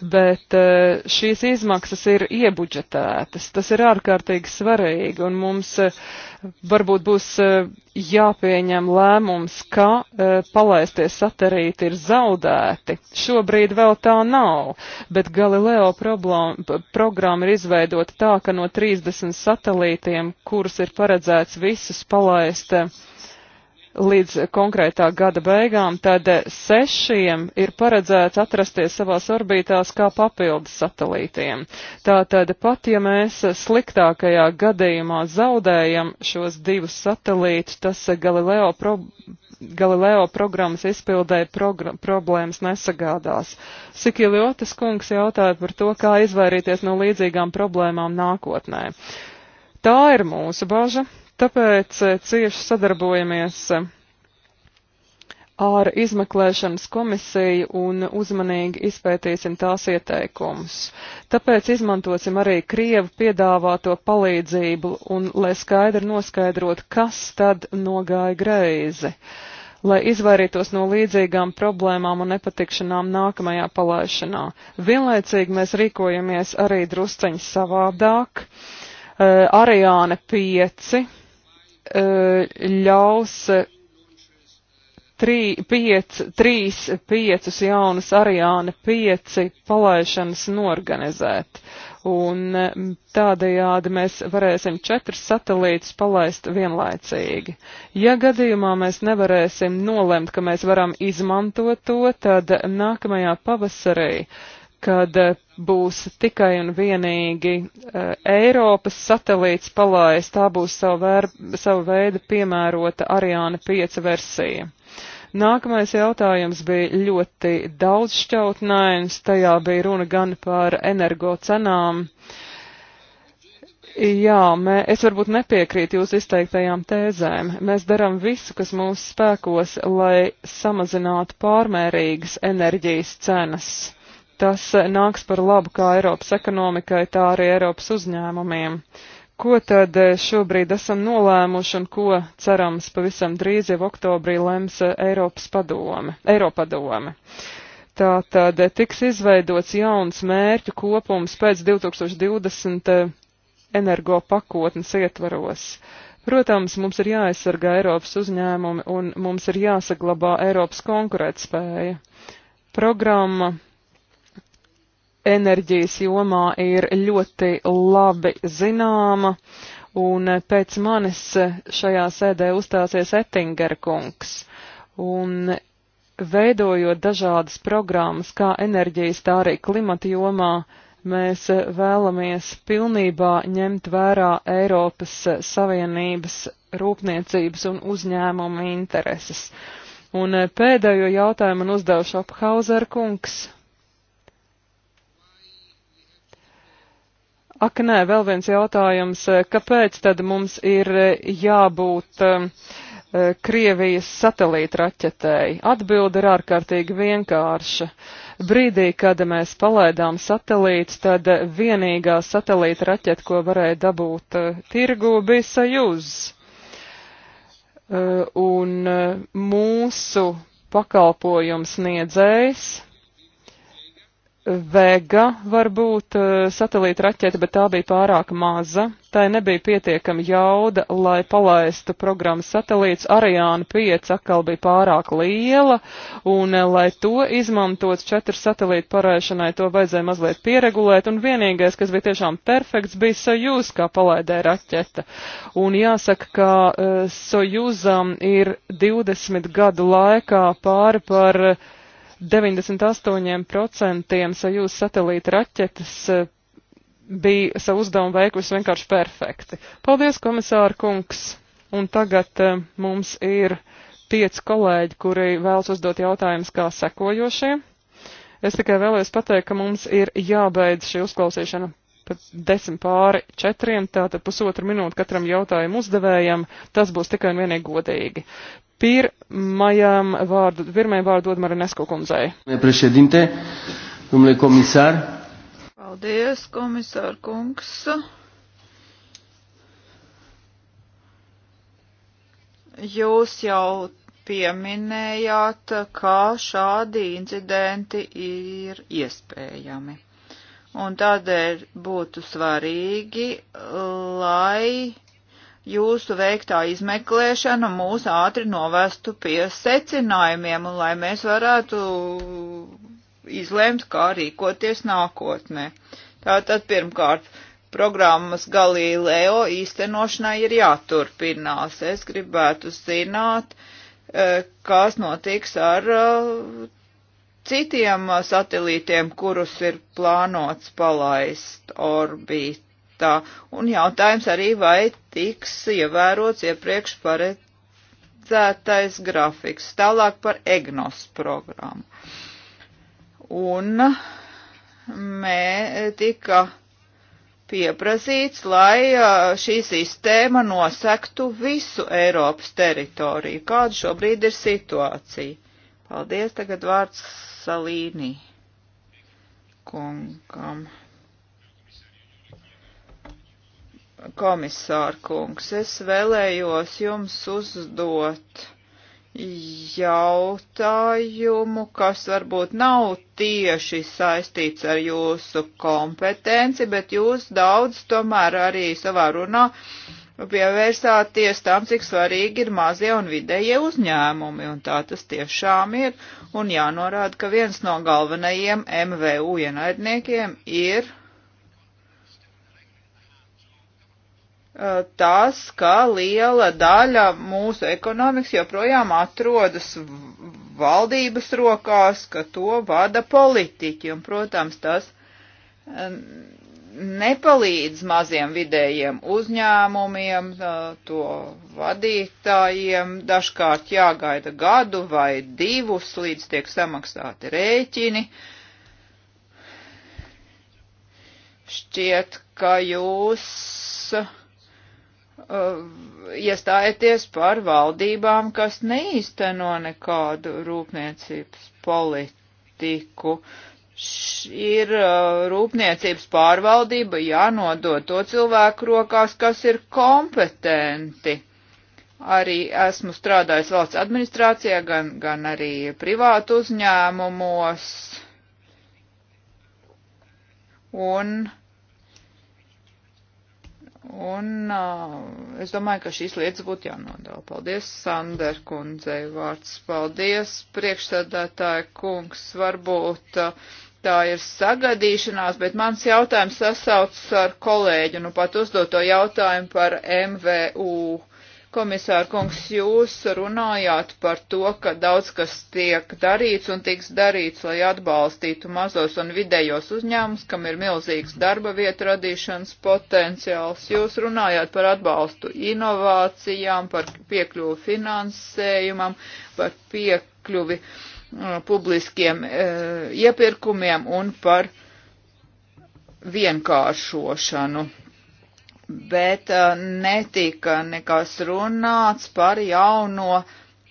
Bet eh, šīs izmaksas ir iebudžetētas. Tas ir ārkārtīgi svarīgi un mums eh, varbūt būs eh, jāpieņem lēmums, ka eh, palaisties satelīti ir zaudēti. Šobrīd vēl tā nav, bet Galileo programma ir izveidota tā, ka no 30 satelītiem, kurus ir paredzēts visus palaist eh, līdz konkrētā gada beigām, tad sešiem ir paredzēts atrasties savās orbītās kā papildus satelītiem. Tātad pat ja mēs sliktākajā gadījumā zaudējam šos divus satelītus, tas Galileo, pro, Galileo programmas izpildē progra, problēmas nesagādās. Sikiliotis kungs jautāja par to, kā izvairīties no līdzīgām problēmām nākotnē. Tā ir mūsu bažas Tāpēc eh, cieši sadarbojamies eh, ar izmeklēšanas komisiju un uzmanīgi izpētīsim tās ieteikumus. Tāpēc izmantosim arī Krievu piedāvāto palīdzību un lai skaidri noskaidrot, kas tad nogāja greizi, lai izvairītos no līdzīgām problēmām un nepatikšanām nākamajā palaišanā. Vienlaicīgi mēs rīkojamies arī drusceņi savādāk. Uh, eh, Ariāne 5 Eh, ļaus trī, piec, trīs, piecus jaunus Ariāna pieci palaišanas norganizēt. Un eh, tādējādi mēs varēsim četrus satelītus palaist vienlaicīgi. Ja gadījumā mēs nevarēsim nolemt, ka mēs varam izmantot to, tad nākamajā pavasarī uh, kad eh, būs tikai un vienīgi uh, Eiropas satelīts palaists, tā būs savu veidu piemērota Ariāna 5 versija. Nākamais jautājums bija ļoti daudzšķautnājums, tajā bija runa gan par energo cenām. Jā, mē, es varbūt nepiekrītu jūs izteiktajām tēzēm. Mēs darām visu, kas mūsu spēkos, lai samazinātu pārmērīgas enerģijas cenas Tas nāks par labu kā Eiropas ekonomikai, tā arī Eiropas uzņēmumiem. Ko tad eh, šobrīd esam nolēmuši un ko cerams pavisam drīz jau oktobrī lems eh, Eiropas padome, Eiropadome? Tātad eh, tiks izveidots jauns mērķu kopums pēc 2020 energo pakotnes ietvaros. Protams, mums ir jāaizsargā Eiropas uzņēmumi un mums ir jāsaglabā Eiropas konkurētspēja. Programma enerģijas jomā ir ļoti labi zināma, un pēc manis šajā sēdē uzstāsies Ettingera kungs. Un veidojot dažādas programmas, kā enerģijas, tā arī klimata jomā, mēs vēlamies pilnībā ņemt vērā Eiropas Savienības rūpniecības un uzņēmumu intereses. Un pēdējo jautājumu man uzdev Šophauser kungs. Ak, nē, vēl viens jautājums. Eh, kāpēc tad mums ir eh, jābūt eh, Krievijas satelīta raķetei? Atbilde ir ārkārtīgi vienkārša. Brīdī, kad mēs palaidām satelītus, tad vienīgā satelīta raķete, ko varēja dabūt tirgu, bija sajūz. Un mūsu pakalpojums niedzējs Vega varbūt eh, satelīta raķete, bet tā bija pārāk maza. Tai nebija pietiekama jauda, lai palaistu programmas satelīts. Ariāna 5 atkal bija pārāk liela, un eh, lai to izmantot četru satelītu parēšanai, to vajadzēja mazliet pieregulēt, un vienīgais, kas bija tiešām perfekts, bija Sojuz, kā palaidē raķeta. Un jāsaka, ka uh, Sojuzam ir 20 gadu laikā pāri par uh, 98% sajūs satelīta raķetes eh, bija savu uzdevumu veikusi vienkārši perfekti. Paldies, komisāra kungs! Un tagad eh, mums ir pieci kolēģi, kuri vēlas uzdot jautājumus kā sekojošie. Es tikai vēlējos pateikt, ka mums ir jābeidz šī uzklausīšana pat desmit pāri četriem, tātad pusotru minūtu katram jautājumu uzdevējam, tas būs tikai un vienīgi godīgi. Pirmajam vārdu, pirmajam vārdu dod Marinesko kundzei. Priekšēdinte, domnule komisār. Paldies, komisār kungs. Jūs jau pieminējāt, kā šādi incidenti ir iespējami. Un tādēļ būtu svarīgi, lai jūsu veiktā izmeklēšana mūs ātri novestu pie secinājumiem un lai mēs varētu izlēmt, kā rīkoties nākotnē. Tātad pirmkārt, programmas Galileo īstenošanai ir jāturpinās. Es gribētu zināt, e, kas notiks ar e, citiem satelītiem, kurus ir plānots palaist orbīt martā. Un jautājums arī, vai tiks ievērots iepriekš paredzētais grafiks. Tālāk par EGNOS programmu. Un mē tika pieprasīts, lai šī sistēma nosektu visu Eiropas teritoriju. Kāda šobrīd ir situācija? Paldies, tagad vārds Salīnī kungam. komisārkungs, es vēlējos jums uzdot jautājumu, kas varbūt nav tieši saistīts ar jūsu kompetenci, bet jūs daudz tomēr arī savā runā pievērsāties tam, cik svarīgi ir mazie un vidējie uzņēmumi, un tā tas tiešām ir, un jānorāda, ka viens no galvenajiem MVU ienaidniekiem ir Eh, tas, ka liela daļa mūsu ekonomikas joprojām atrodas valdības rokās, ka to vada politiķi, un, protams, tas eh, nepalīdz maziem vidējiem uzņēmumiem, eh, to vadītājiem, dažkārt jāgaida gadu vai divus, līdz tiek samaksāti rēķini. Šķiet, ka jūs uh, Uh, iestājieties par valdībām, kas neīsteno nekādu rūpniecības politiku. Š ir uh, rūpniecības pārvaldība jānodod to cilvēku rokās, kas ir kompetenti. Arī esmu strādājis valsts administrācijā, gan, gan arī privātu uzņēmumos. Un Un uh, es domāju, ka šīs lietas būtu jānodala. Paldies, Sander kundzei vārds. Paldies, priekšsēdētāja kungs. Varbūt uh, tā ir sagadīšanās, bet mans jautājums sasaucas ar kolēģi. Nu, pat uzdot to jautājumu par MVU. Uh, Komisāra kungs, jūs runājāt par to, ka daudz kas tiek darīts un tiks darīts, lai atbalstītu mazos un vidējos uzņēmumus, kam ir milzīgs darba vietu radīšanas potenciāls. Jūs runājāt par atbalstu inovācijām, par piekļuvu finansējumam, par piekļuvi uh, publiskiem e, iepirkumiem un par vienkāršošanu bet uh, netika nekas runāts par jauno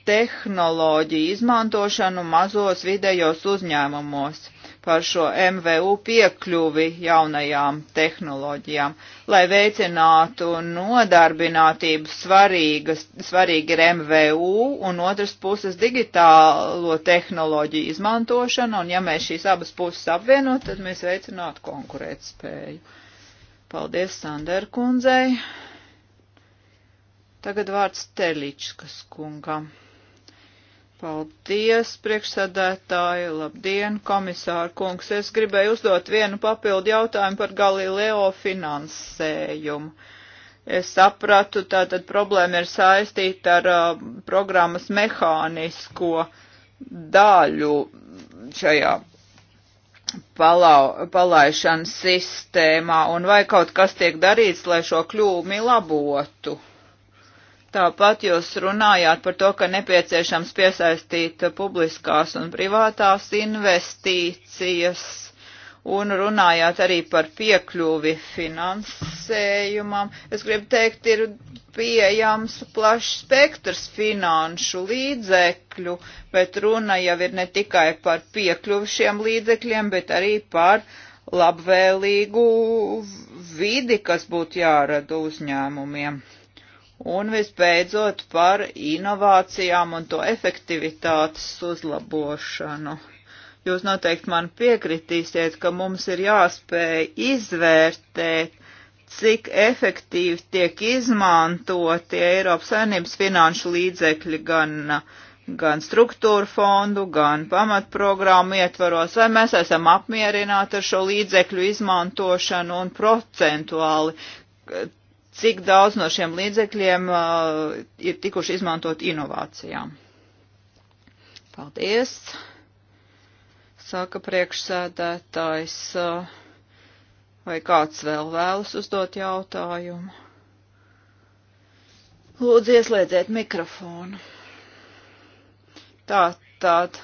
tehnoloģiju izmantošanu mazos vidējos uzņēmumos par šo MVU piekļuvi jaunajām tehnoloģijām. Lai veicinātu nodarbinātību svarīgas, svarīgi ir MVU un otras puses digitālo tehnoloģiju izmantošana, un ja mēs šīs abas puses apvienot, tad mēs veicinātu konkurētspēju. Paldies Sander kundzei. Tagad vārds Teličkas kungam. Paldies, priekšsēdētāji, labdien, komisāra kungs. Es gribēju uzdot vienu papildu jautājumu par Galileo finansējumu. Es sapratu, tātad problēma ir saistīta ar uh, programmas mehānisko daļu šajā palau, palaišanas sistēmā un vai kaut kas tiek darīts, lai šo kļūmi labotu. Tāpat jūs runājāt par to, ka nepieciešams piesaistīt publiskās un privātās investīcijas un runājāt arī par piekļuvi finansējumam. Es gribu teikt, ir pieejams plašs spektrs finanšu līdzekļu, bet runa jau ir ne tikai par piekļuvi šiem līdzekļiem, bet arī par labvēlīgu vidi, kas būtu jārada uzņēmumiem. Un visbeidzot par inovācijām un to efektivitātes uzlabošanu Jūs noteikti man piekritīsiet, ka mums ir jāspēj izvērtēt, cik efektīvi tiek izmantoti Eiropas saimnības finanšu līdzekļi gan, gan struktūra fondu, gan pamatprogrammu ietvaros, vai mēs esam apmierināti ar šo līdzekļu izmantošanu un procentuāli, cik daudz no šiem līdzekļiem uh, ir tikuši izmantot inovācijām. Paldies! saka priekšsēdētājs, vai kāds vēl vēlas uzdot jautājumu. Lūdzu, ieslēdziet mikrofonu. Tā, tād.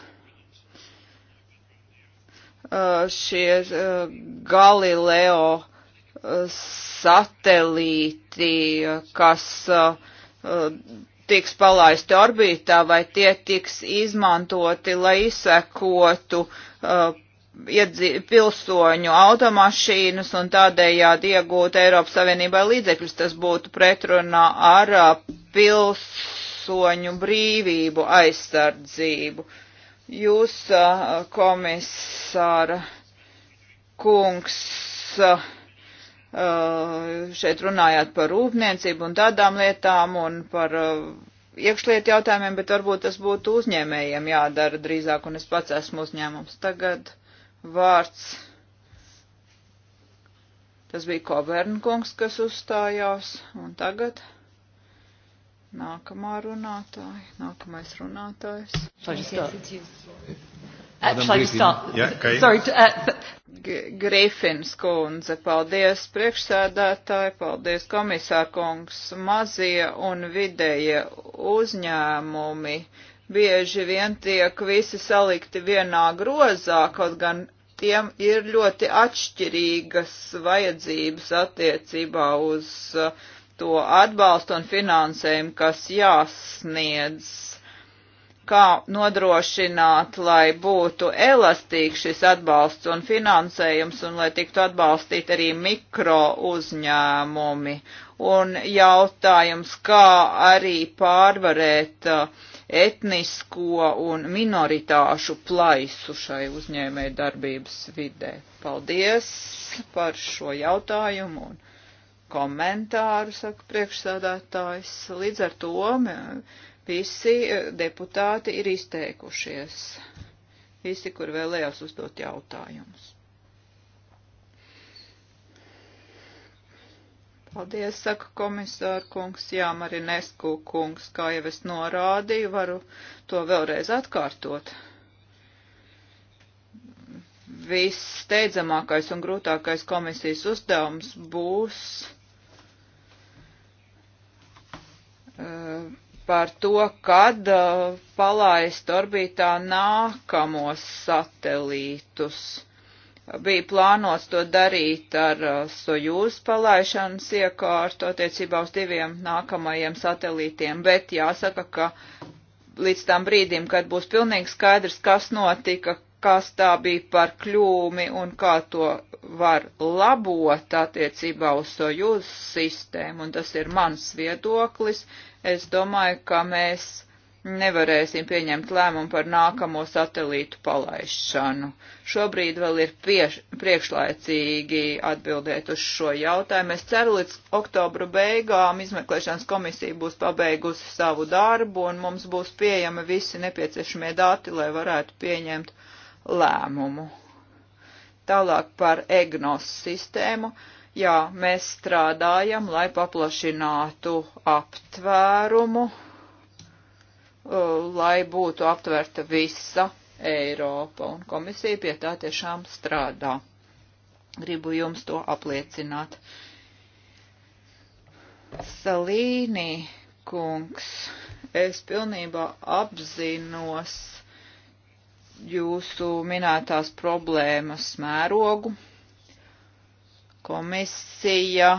Šie Galileo satelīti, kas tiks palaisti orbītā, vai tie tiks izmantoti, lai izsekotu uh, uh, pilsoņu automašīnas un tādējādi iegūt Eiropas Savienībai līdzekļus. Tas būtu pretrunā ar uh, pilsoņu brīvību aizsardzību. Jūs, uh, komisāra kungs, uh, šeit runājāt par rūpniecību un tādām lietām un par iekšlietu jautājumiem, bet varbūt tas būtu uzņēmējiem jādara drīzāk, un es pats esmu uzņēmums. Tagad vārds. Tas bija Kovernkungs, kas uzstājās, un tagad nākamā runātāja, nākamais runātājs. Paldies. Uh, shall I start? Yeah, okay. Sorry. To, uh, Grifins kundze, paldies priekšsēdētāji, paldies komisārkungs, mazie un vidējie uzņēmumi bieži vien tiek visi salikti vienā grozā, kaut gan tiem ir ļoti atšķirīgas vajadzības attiecībā uz uh, to atbalstu un finansējumu, kas jāsniedz kā nodrošināt, lai būtu elastīgs šis atbalsts un finansējums un lai tiktu atbalstīt arī mikro uzņēmumi. Un jautājums, kā arī pārvarēt uh, etnisko un minoritāšu plaisu šai uzņēmē darbības vidē. Paldies par šo jautājumu un komentāru, saka priekšsādātājs. Līdz ar to Visi eh, deputāti ir izteikušies. Visi, kur vēlējās uzdot jautājumus. Paldies, saka komisāra kungs, jā, Marinesku kungs, kā jau es norādīju, varu to vēlreiz atkārtot. Viss steidzamākais un grūtākais komisijas uzdevums būs uh, par to, kad uh, palaist orbītā nākamos satelītus. Bija plānots to darīt ar uh, Sojūz palaišanas iekārtu attiecībā uz diviem nākamajiem satelītiem, bet jāsaka, ka līdz tam brīdim, kad būs pilnīgi skaidrs, kas notika, kas tā bija par kļūmi un kā to var labot attiecībā uz Sojūz sistēmu, un tas ir mans viedoklis, Es domāju, ka mēs nevarēsim pieņemt lēmumu par nākamo satelītu palaišanu. Šobrīd vēl ir pieš, priekšlaicīgi atbildēt uz šo jautājumu. Es ceru, līdz oktobra beigām izmeklēšanas komisija būs pabeigusi savu darbu un mums būs pieejami visi nepieciešamie dati, lai varētu pieņemt lēmumu. Tālāk par EGNOS sistēmu. Uh, Jā, mēs strādājam, lai paplašinātu aptvērumu, uh, lai būtu aptverta visa Eiropa, un komisija pie tā tiešām strādā. Gribu jums to apliecināt. Salīnī kungs, es pilnībā apzinos jūsu minētās problēmas mērogu Komisija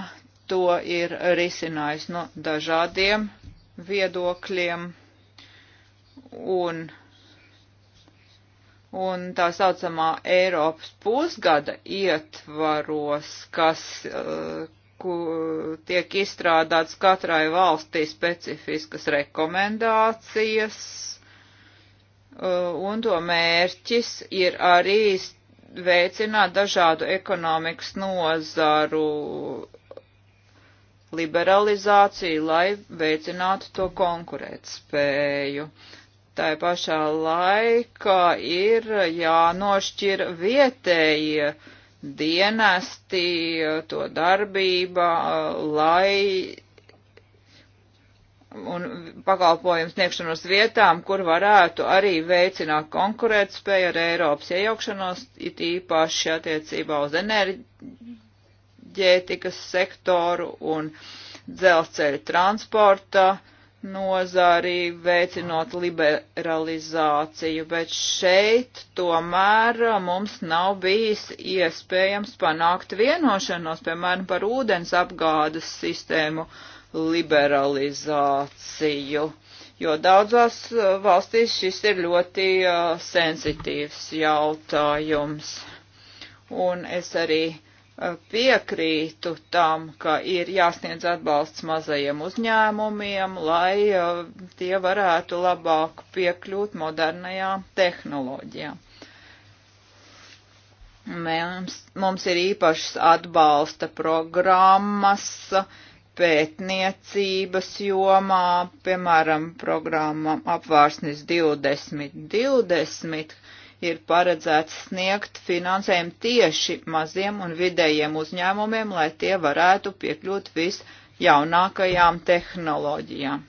to ir risinājusi no dažādiem viedokļiem un un tā saucamā Eiropas pusgada ietvaros, kas eh, ku, tiek izstrādāts katrai valstī specifiskas rekomendācijas, eh, un to mērķis ir arī veicināt dažādu ekonomikas nozaru liberalizāciju, lai veicinātu to konkurētspēju. Tā pašā laikā ir jānošķir vietējie dienesti, to darbība, lai un pakalpojumu sniegšanu uz vietām, kur varētu arī veicināt konkurētspēju ar Eiropas iejaukšanos, it īpaši attiecībā uz enerģētikas sektoru un dzelzceļa transporta nozari, veicinot liberalizāciju, bet šeit tomēr mums nav bijis iespējams panākt vienošanos, piemēram, par ūdens apgādes sistēmu. Uh, liberalizāciju, jo daudzās uh, valstīs šis ir ļoti uh, sensitīvs jautājums. Un es arī uh, piekrītu tam, ka ir jāsniedz atbalsts mazajiem uzņēmumiem, lai uh, tie varētu labāk piekļūt modernajām tehnoloģijām. Mums, mums ir īpašas atbalsta programmas, uh, pētniecības jomā, piemēram, programma apvārsnis 2020 ir paredzēts sniegt finansējumu tieši maziem un vidējiem uzņēmumiem, lai tie varētu piekļūt visjaunākajām tehnoloģijām.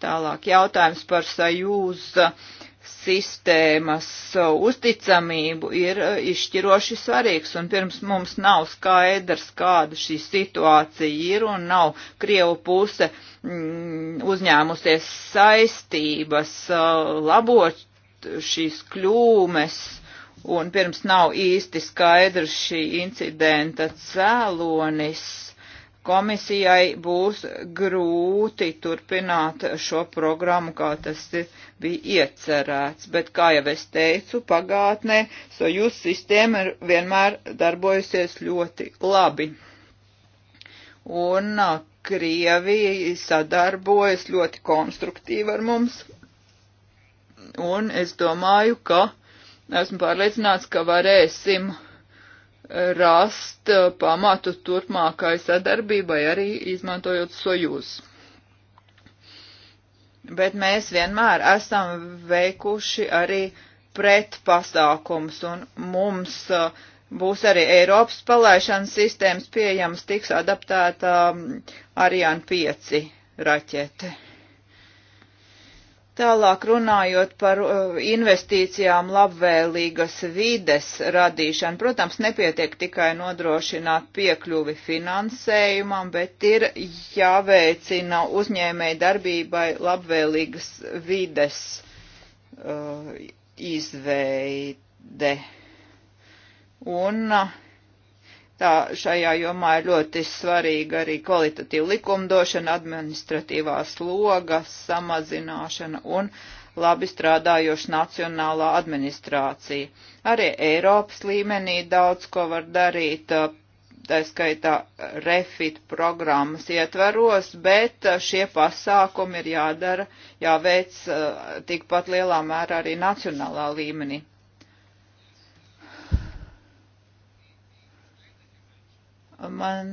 Tālāk jautājums par sajūza uh, sistēmas uzticamību ir e, izšķiroši svarīgs, un pirms mums nav skaidrs, kāda šī situācija ir, un nav Krievu puse mm, uzņēmusies saistības e, labot šīs kļūmes, un pirms nav īsti skaidrs šī incidenta cēlonis komisijai būs grūti turpināt šo programmu, kā tas bija iecerēts. Bet, kā jau es teicu, pagātnē Sojus sistēma ir vienmēr darbojusies ļoti labi. Un Krievija sadarbojas ļoti konstruktīvi ar mums. Un es domāju, ka esmu pārliecināts, ka varēsim uh, rast uh, pamatu turpmākai sadarbībai arī izmantojot sojūz. Bet mēs vienmēr esam veikuši arī pretpasākums un mums uh, būs arī Eiropas palaišanas sistēmas pieejams, tiks adaptēta um, Ariane 5 raķete. Tālāk runājot par uh, investīcijām labvēlīgas vides radīšanu, protams, nepietiek tikai nodrošināt piekļuvi finansējumam, bet ir jāveicina uzņēmēji darbībai labvēlīgas vides uh, izveide. Un uh, Tā šajā jomā ir ļoti svarīga arī kvalitatīva likumdošana, administratīvās logas samazināšana un labi strādājoša nacionālā administrācija. Arī Eiropas līmenī daudz ko var darīt, tā skaitā refit programmas ietveros, bet šie pasākumi ir jādara, jāveic tikpat lielā mērā arī nacionālā līmenī. Man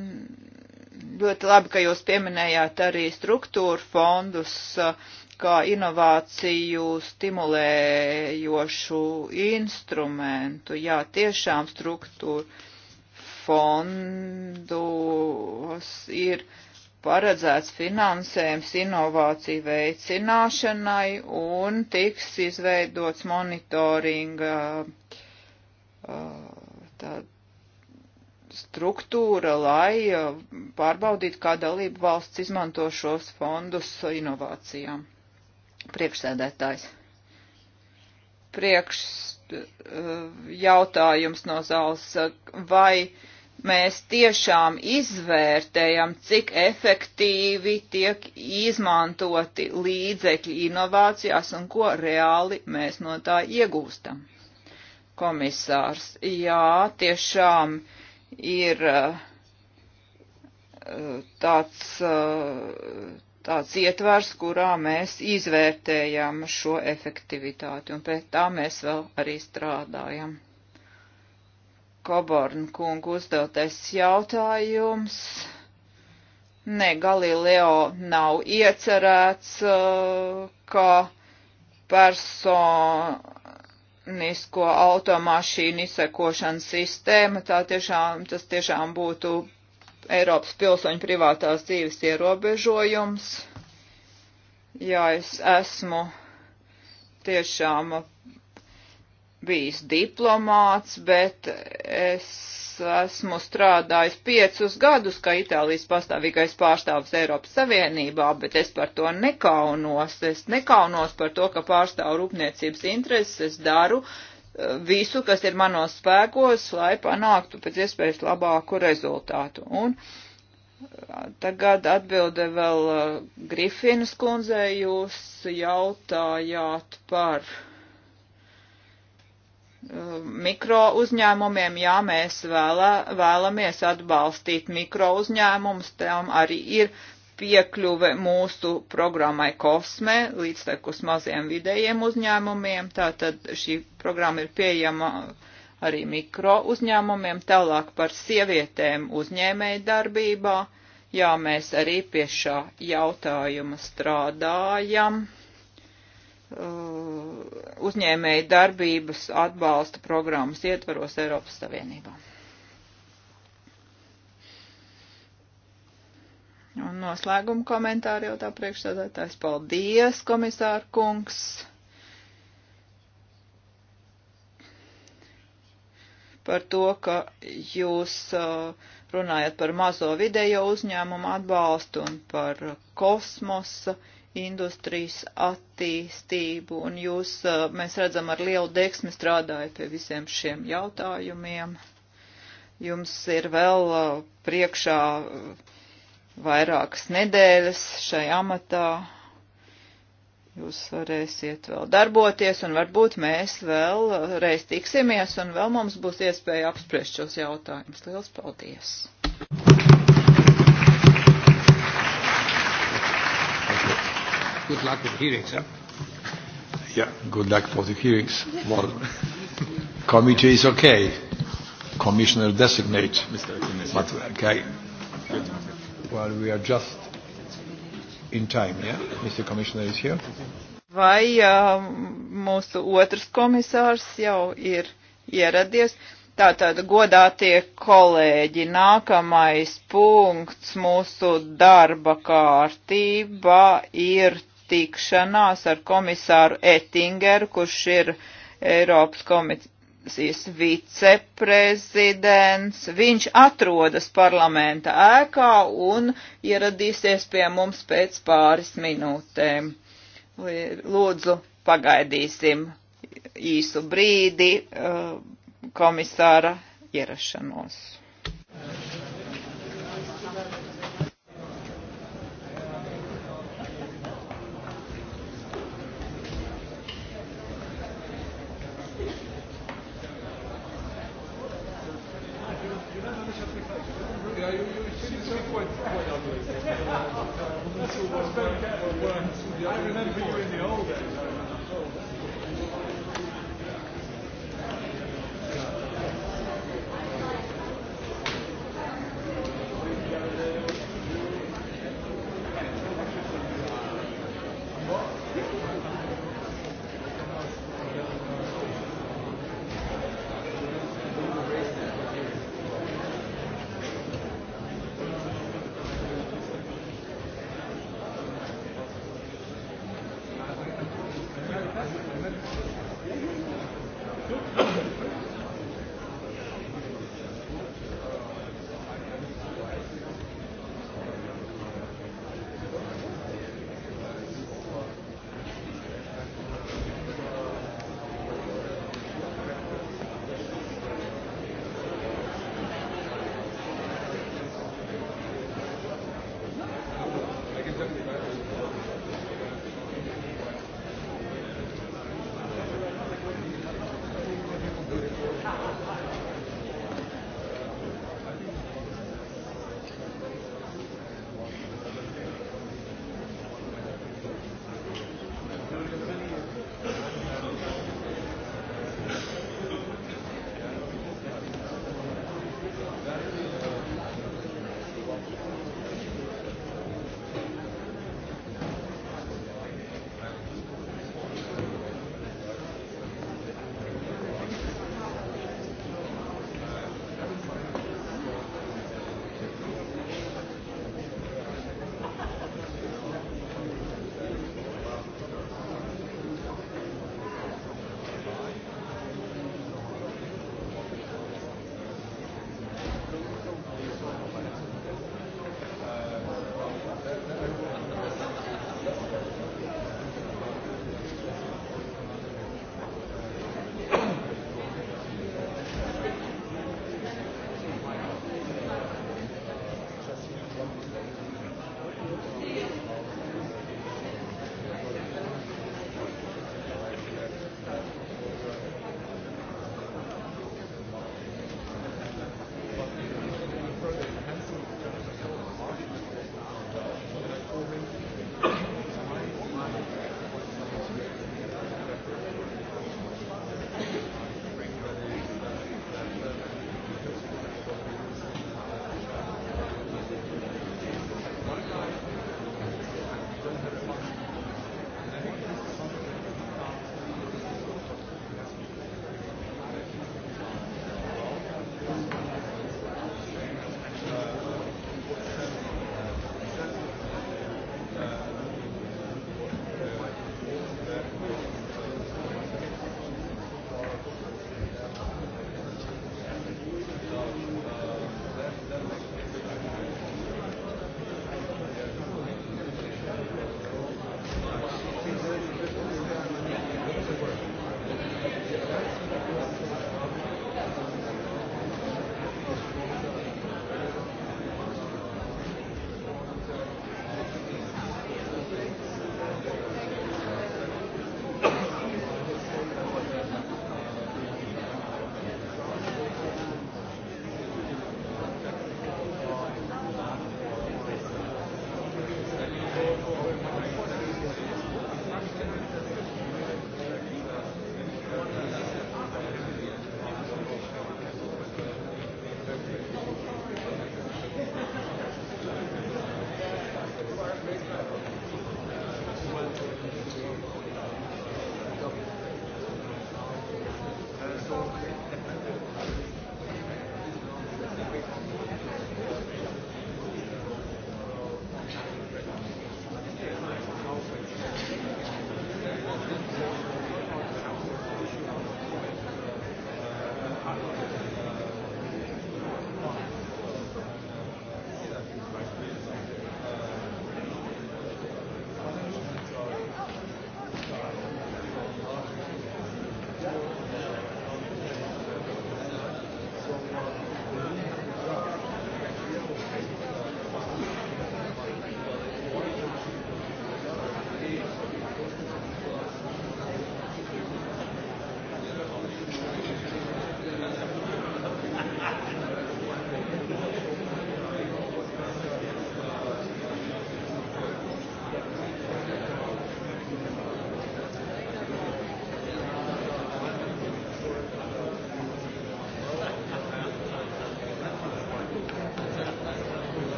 ļoti labi, ka jūs pieminējāt arī struktūru fondus uh, kā inovāciju stimulējošu instrumentu. Jā, tiešām struktūru fondus ir paredzēts finansējums inovāciju veicināšanai un tiks izveidots monitoringa uh, tāda struktūra, lai uh, pārbaudītu, kā dalību valsts izmanto šos fondus inovācijām. Priekšsēdētājs. Priekš uh, jautājums no zāles, uh, vai mēs tiešām izvērtējam, cik efektīvi tiek izmantoti līdzekļi inovācijās un ko reāli mēs no tā iegūstam. Komisārs, jā, tiešām ir uh, uh, tāds, uh, tāds ietvars, kurā mēs izvērtējam šo efektivitāti, un pēc tā mēs vēl arī strādājam. Koborn kungu uzdotais jautājums. Ne, Galileo nav iecerēts, ka persona elektronisko automašīnu izsekošanas sistēma, tā tiešām, tas tiešām būtu Eiropas pilsoņu privātās dzīves ierobežojums. Jā, es esmu tiešām bijis diplomāts, bet es esmu strādājis piecus gadus, kā Itālijas pastāvīgais pārstāvis Eiropas Savienībā, bet es par to nekaunos. Es nekaunos par to, ka pārstāvu rūpniecības intereses. Es daru eh, visu, kas ir manos spēkos, lai panāktu pēc iespējas labāku rezultātu. Un eh, tagad atbilde vēl eh, Grifinas kundzei jūs jautājāt par mikro uzņēmumiem, jā, mēs vēlā, vēlamies atbalstīt mikro uzņēmumus, tam arī ir piekļuve mūsu programmai Kosme līdz tekus maziem vidējiem uzņēmumiem. Tātad šī programma ir pieejama arī mikro uzņēmumiem, tālāk par sievietēm uzņēmēja darbībā. Jā, mēs arī pie šā jautājuma strādājam Uh, uzņēmēju darbības atbalsta programmas ietvaros Eiropas Savienībā. Un noslēguma komentāri jau tā priekšsēdētājs. Paldies, komisāra kungs! Par to, ka jūs uh, runājat par mazo video uzņēmumu atbalstu un par kosmosa uh, industrijas attīstību, un jūs, mēs redzam, ar lielu deksmi strādājat pie visiem šiem jautājumiem. Jums ir vēl priekšā vairākas nedēļas šai amatā. Jūs varēsiet vēl darboties, un varbūt mēs vēl reiz tiksimies, un vēl mums būs iespēja apspriest šos jautājumus. Liels paldies! Good luck with the hearings, huh? Yeah, good luck for the hearings. Well, committee is okay. Commissioner designate. Mr. But, okay. Well, we are just in time, yeah? Mr. Commissioner is here. Vai uh, mūsu otrs komisārs jau ir ieradies? Tātad, godātie kolēģi, nākamais punkts mūsu darba kārtībā ir tikšanās ar komisāru Ettingeru, kurš ir Eiropas komisijas viceprezidents. Viņš atrodas parlamenta ēkā un ieradīsies pie mums pēc pāris minūtēm. Lūdzu, pagaidīsim īsu brīdi uh, komisāra ierašanos.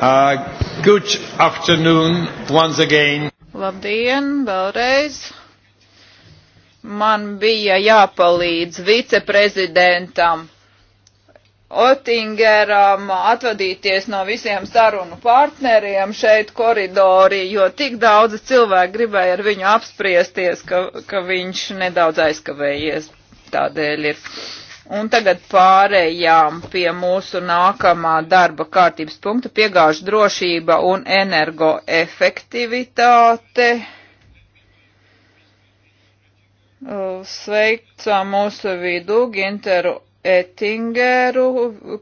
Uh, good afternoon once again. Labdien, vēlreiz. Man bija jāpalīdz viceprezidentam Otingeram atvadīties no visiem sarunu partneriem šeit koridorī, jo tik daudz cilvēku gribēja ar viņu apspriesties, ka, ka viņš nedaudz aizkavējies. Tādēļ ir Un tagad pārējām pie mūsu nākamā darba kārtības punkta - piegāžu drošība un energoefektivitāte. Sveicam mūsu vidū Ginteru Ettingeru,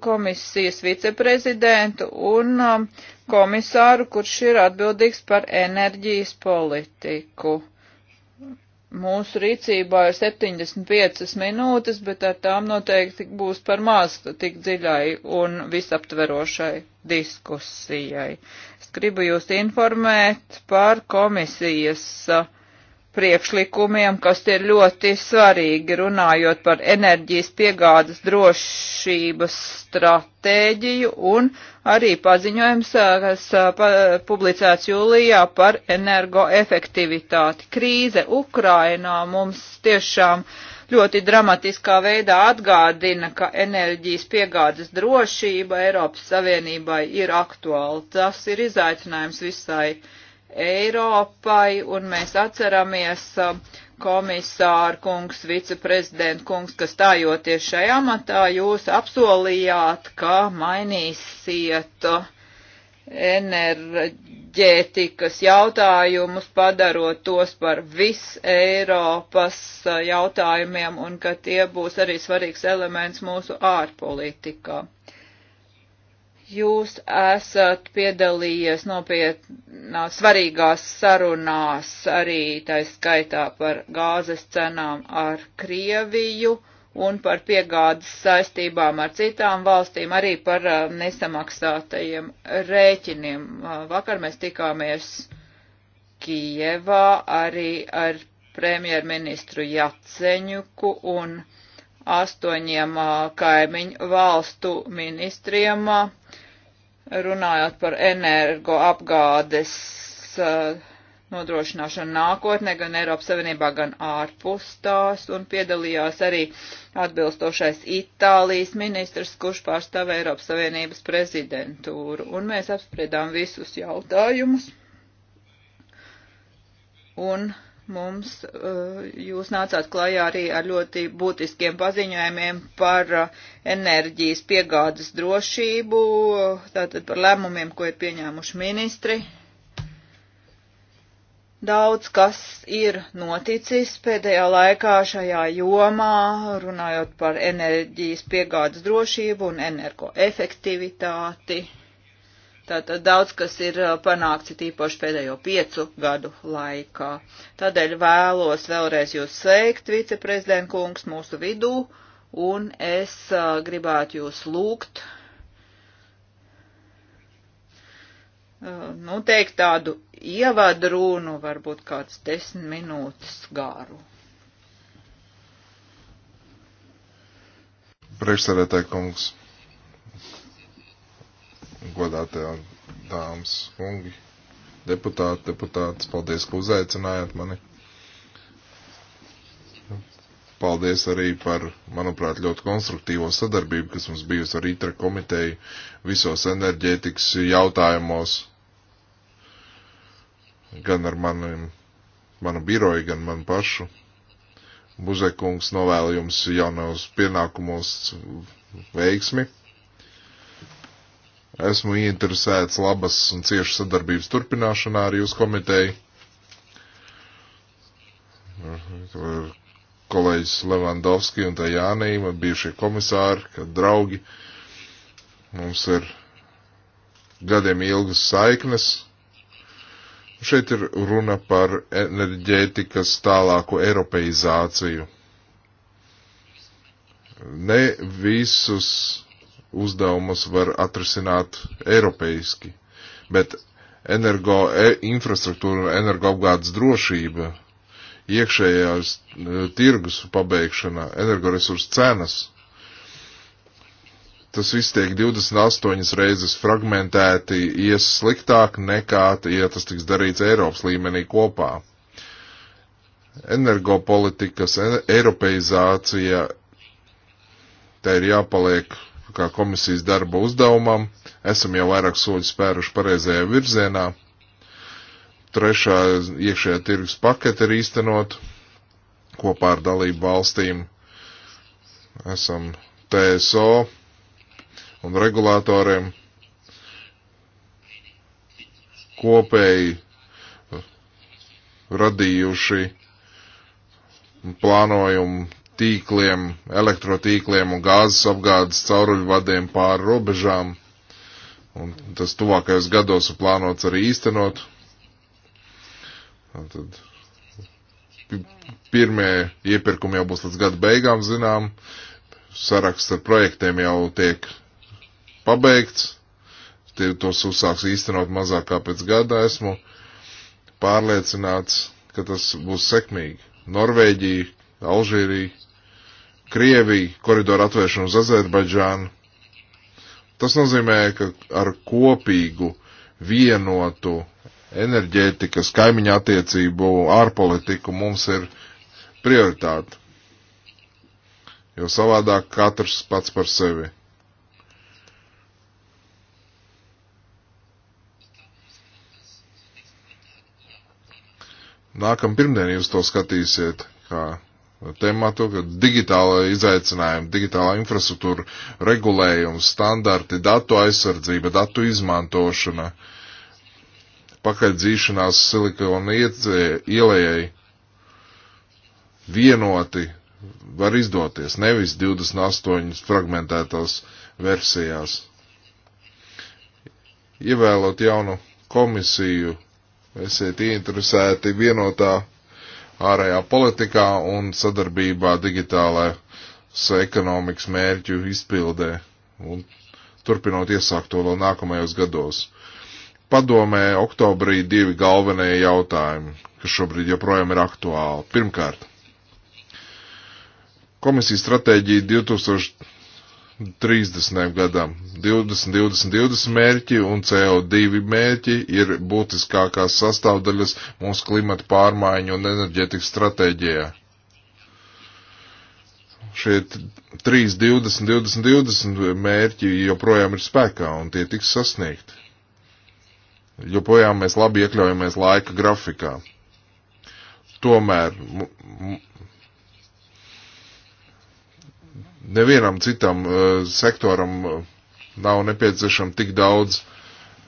komisijas viceprezidentu un um, komisāru, kurš ir atbildīgs par enerģijas politiku. Mūsu rīcībā ir 75 minūtes, bet ar tām noteikti būs par maz tik dziļai un visaptverošai diskusijai. Es gribu jūs informēt par komisijas uh, priekšlikumiem, kas ir ļoti svarīgi runājot par enerģijas piegādes drošības stratēģiju un arī paziņojums, kas uh, publicēts jūlijā par energoefektivitāti. Krīze Ukrainā mums tiešām ļoti dramatiskā veidā atgādina, ka enerģijas piegādes drošība Eiropas Savienībai ir aktuāla. Tas ir izaicinājums visai. Eiropai, un mēs atceramies komisāru kungs, viceprezidentu kungs, kas stājoties šajā amatā, jūs apsolījāt, ka mainīsiet enerģētikas jautājumus, padarot tos par vis Eiropas jautājumiem, un ka tie būs arī svarīgs elements mūsu ārpolitikā jūs esat piedalījies nopietnās svarīgās sarunās arī tā skaitā par gāzes cenām ar Krieviju un par piegādes saistībām ar citām valstīm, arī par uh, nesamaksātajiem rēķiniem. Uh, vakar mēs tikāmies Kijevā arī ar premjerministru Jaceņuku un astoņiem uh, kaimiņu valstu ministriem runājot par energoapgādes eh, nodrošināšanu nākotnē, gan Eiropas Savienībā, gan ārpus tās, un piedalījās arī atbilstošais Itālijas ministrs, kurš pārstāv Eiropas Savienības prezidentūru, un mēs apspriedām visus jautājumus. Un mums eh, jūs nācāt klajā arī ar ļoti būtiskiem paziņojumiem par eh, enerģijas piegādes drošību, tātad par lēmumiem, ko ir pieņēmuši ministri. Daudz kas ir noticis pēdējā laikā šajā jomā, runājot par enerģijas piegādes drošību un energoefektivitāti. efektivitāti Tātad daudz, kas ir uh, panākts, ir tīpaši pēdējo piecu gadu laikā. Tādēļ vēlos vēlreiz jūs sveikt, viceprezident kungs, mūsu vidū, un es uh, gribētu jūs lūgt, uh, nu, teikt tādu ievadrūnu, varbūt kāds desmit minūtes gāru. Priekšsēdētāji kungs godātā dāmas, kungi, deputāti, deputātas, paldies, ka uzaicinājāt mani. Nu, paldies arī par, manuprāt, ļoti konstruktīvo sadarbību, kas mums bijusi ar ITRA komiteju visos enerģētikas jautājumos, gan ar maniem, manu biroju, gan manu pašu. Buzekungs novēlu jums jaunos pienākumos veiksmi. Esmu ieinteresēts labas un ciešas sadarbības turpināšanā ar jūsu komiteju. Kolēģis Levandovski un Tajānī, man bijušie komisāri, kad draugi. Mums ir gadiem ilgas saiknes. Šeit ir runa par enerģētikas tālāku eiropeizāciju. Ne visus uzdevumus var atrisināt eiropeiski. Bet energo e, infrastruktūra un energoapgādes drošība, iekšējās e, tirgus pabeigšana, energoresursu cenas, tas viss tiek 28 reizes fragmentēti, ies sliktāk nekā, ja tas tiks darīts Eiropas līmenī kopā. Energopolitikas, e eiropeizācija, tā ir jāpaliek kā komisijas darba uzdevumam. Esam jau vairāk soļu spēruši pareizajā virzienā. Trešā iekšējā tirgus pakete ir īstenot kopā ar dalību valstīm. Esam TSO un regulātoriem kopēji radījuši plānojumu tīkliem, elektrotīkliem un gāzes apgādes cauruļvadiem pāri robežām. Un tas tuvākajos gados ir plānots arī īstenot. Tad pirmie iepirkumi jau būs līdz gada beigām, zinām. Saraksts ar projektiem jau tiek pabeigts. Tie tos uzsāks īstenot mazāk kā pēc gada. Esmu pārliecināts, ka tas būs sekmīgi. Norvēģija, Alžīrija, Krieviju, koridoru atvēršanu uz Azerbaidžānu. Tas nozīmē, ka ar kopīgu, vienotu enerģētikas, kaimiņa attiecību, ārpolitiku mums ir prioritāte. Jo savādāk katrs pats par sevi. Nākam pirmdien jūs to skatīsiet, kā tematu, ka digitāla izaicinājuma, digitāla infrastruktūra, regulējums, standarti, datu aizsardzība, datu izmantošana, pakaļdzīšanās silikona ielējai vienoti var izdoties, nevis 28 fragmentētās versijās. Ievēlot jaunu komisiju, esiet ieinteresēti vienotā ārējā politikā un sadarbībā digitālais ekonomikas mērķu izpildē un turpinot iesākt to vēl nākamajos gados. Padomē oktobrī divi galvenie jautājumi, kas šobrīd joprojām ir aktuāli. Pirmkārt, komisijas stratēģija 2000 30 gadam. 20, 20, 20 mērķi un CO2 mērķi ir būtiskākās sastāvdaļas mūsu klimata pārmaiņu un enerģetikas stratēģijā. Šie 3, 20, 20, 20 mērķi joprojām ir spēkā un tie tiks sasniegti. Joprojām mēs labi iekļaujamies laika grafikā. Tomēr nevienam citam uh, sektoram uh, nav nepieciešama tik daudz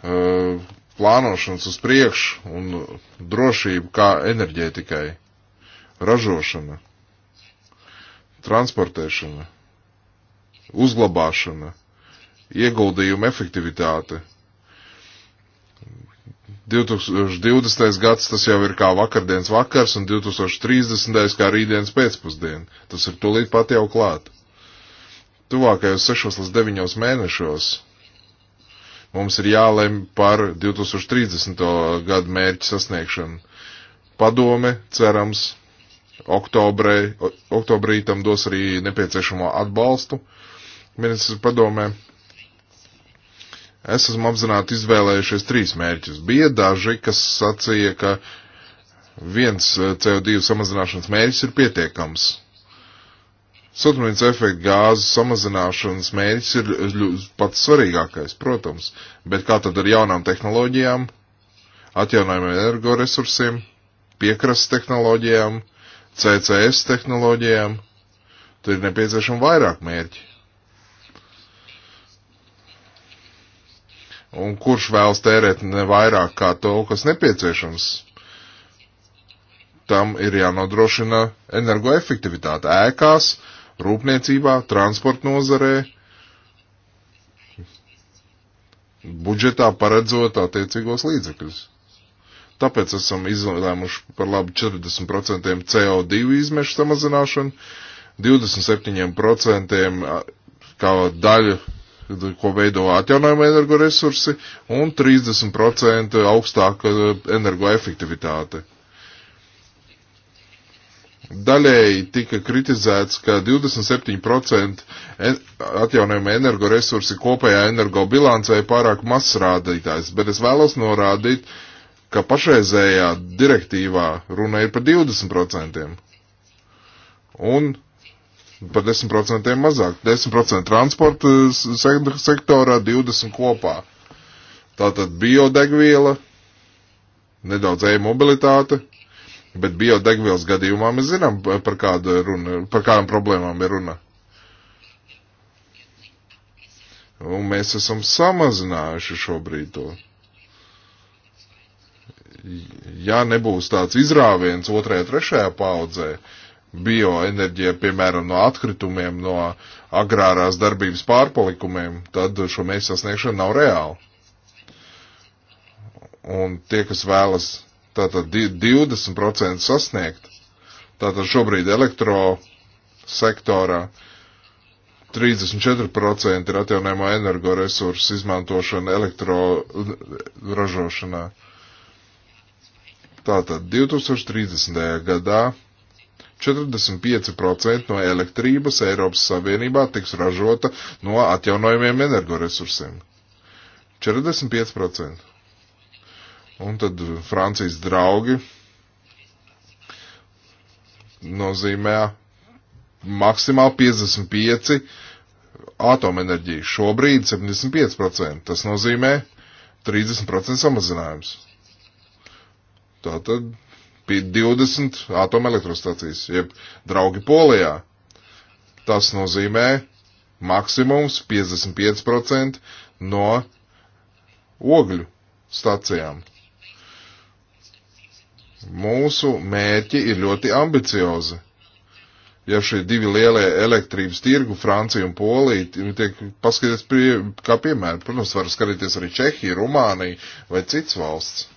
uh, plānošanas uz priekšu un drošību kā enerģētikai, ražošana, transportēšana, uzglabāšana, ieguldījuma efektivitāte. 2020. gads tas jau ir kā vakardienas vakars un 2030. kā rītdienas pēcpusdiena. Tas ir tūlīt pat jau klāt tuvākajos 6 līdz 9 mēnešos mums ir jālem par 2030. gadu mērķu sasniegšanu. Padome, cerams, oktobrē, oktobrī tam dos arī nepieciešamo atbalstu ministrs padomē. Es esmu apzināti izvēlējušies trīs mērķus. Bija daži, kas sacīja, ka viens eh, CO2 samazināšanas mērķis ir pietiekams Siltumnīca efekta gāzu samazināšanas mērķis ir pats svarīgākais, protams, bet kā tad ar jaunām tehnoloģijām, atjaunojumiem energoresursiem, piekrastes tehnoloģijām, CCS tehnoloģijām? Tur ir nepieciešama vairāk mērķi. Un kurš vēlas tērēt ne vairāk kā to, kas nepieciešams? Tam ir jānodrošina energoefektivitāte ēkās, rūpniecībā, transporta nozarē, budžetā paredzot attiecīgos līdzekļus. Tāpēc esam izlēmuši par labu 40% CO2 izmešu samazināšanu, 27% kā daļu, ko veido atjaunojama energoresursi, un 30% augstāka e, energoefektivitāte daļēji tika kritizēts, ka 27% e, atjaunojama energoresursi kopējā energobilancē ir pārāk mazs rādītājs, bet es vēlos norādīt, ka pašreizējā direktīvā runa ir par 20% un par 10% mazāk. 10% transporta sektorā, 20% kopā. Tātad biodegviela, nedaudz e-mobilitāte, Bet biodegvielas gadījumā mēs zinām, par, kādu runa, par kādām problēmām ir runa. Un mēs esam samazinājuši šobrīd to. Ja nebūs tāds izrāviens otrajā, trešajā paudzē, bioenerģija, piemēram, no atkritumiem, no agrārās darbības pārpalikumiem, tad šo mērķu sasniegšana nav reāla. Un tie, kas vēlas tātad 20% sasniegt. Tātad šobrīd elektro sektorā 34% ir atjaunojamo energoresursu izmantošana elektro ražošanā. Tātad 2030. gadā 45% no elektrības Eiropas Savienībā tiks ražota no atjaunojumiem energoresursiem. 45%. Un tad Francijas draugi nozīmē maksimāli 55 atomenerģiju. Šobrīd 75%. Tas nozīmē 30% samazinājums. Tātad bija 20 atomelektrostacijas, jeb draugi Polijā. Tas nozīmē maksimums 55% no ogļu stacijām. Mūsu mērķi ir ļoti ambiciozi. Ja šie divi lielie elektrības tirgu, Francija un Polija, nu, tiek paskatīts pie, kā piemēra, protams, var skatīties arī Čehija, Rumānija vai cits valsts.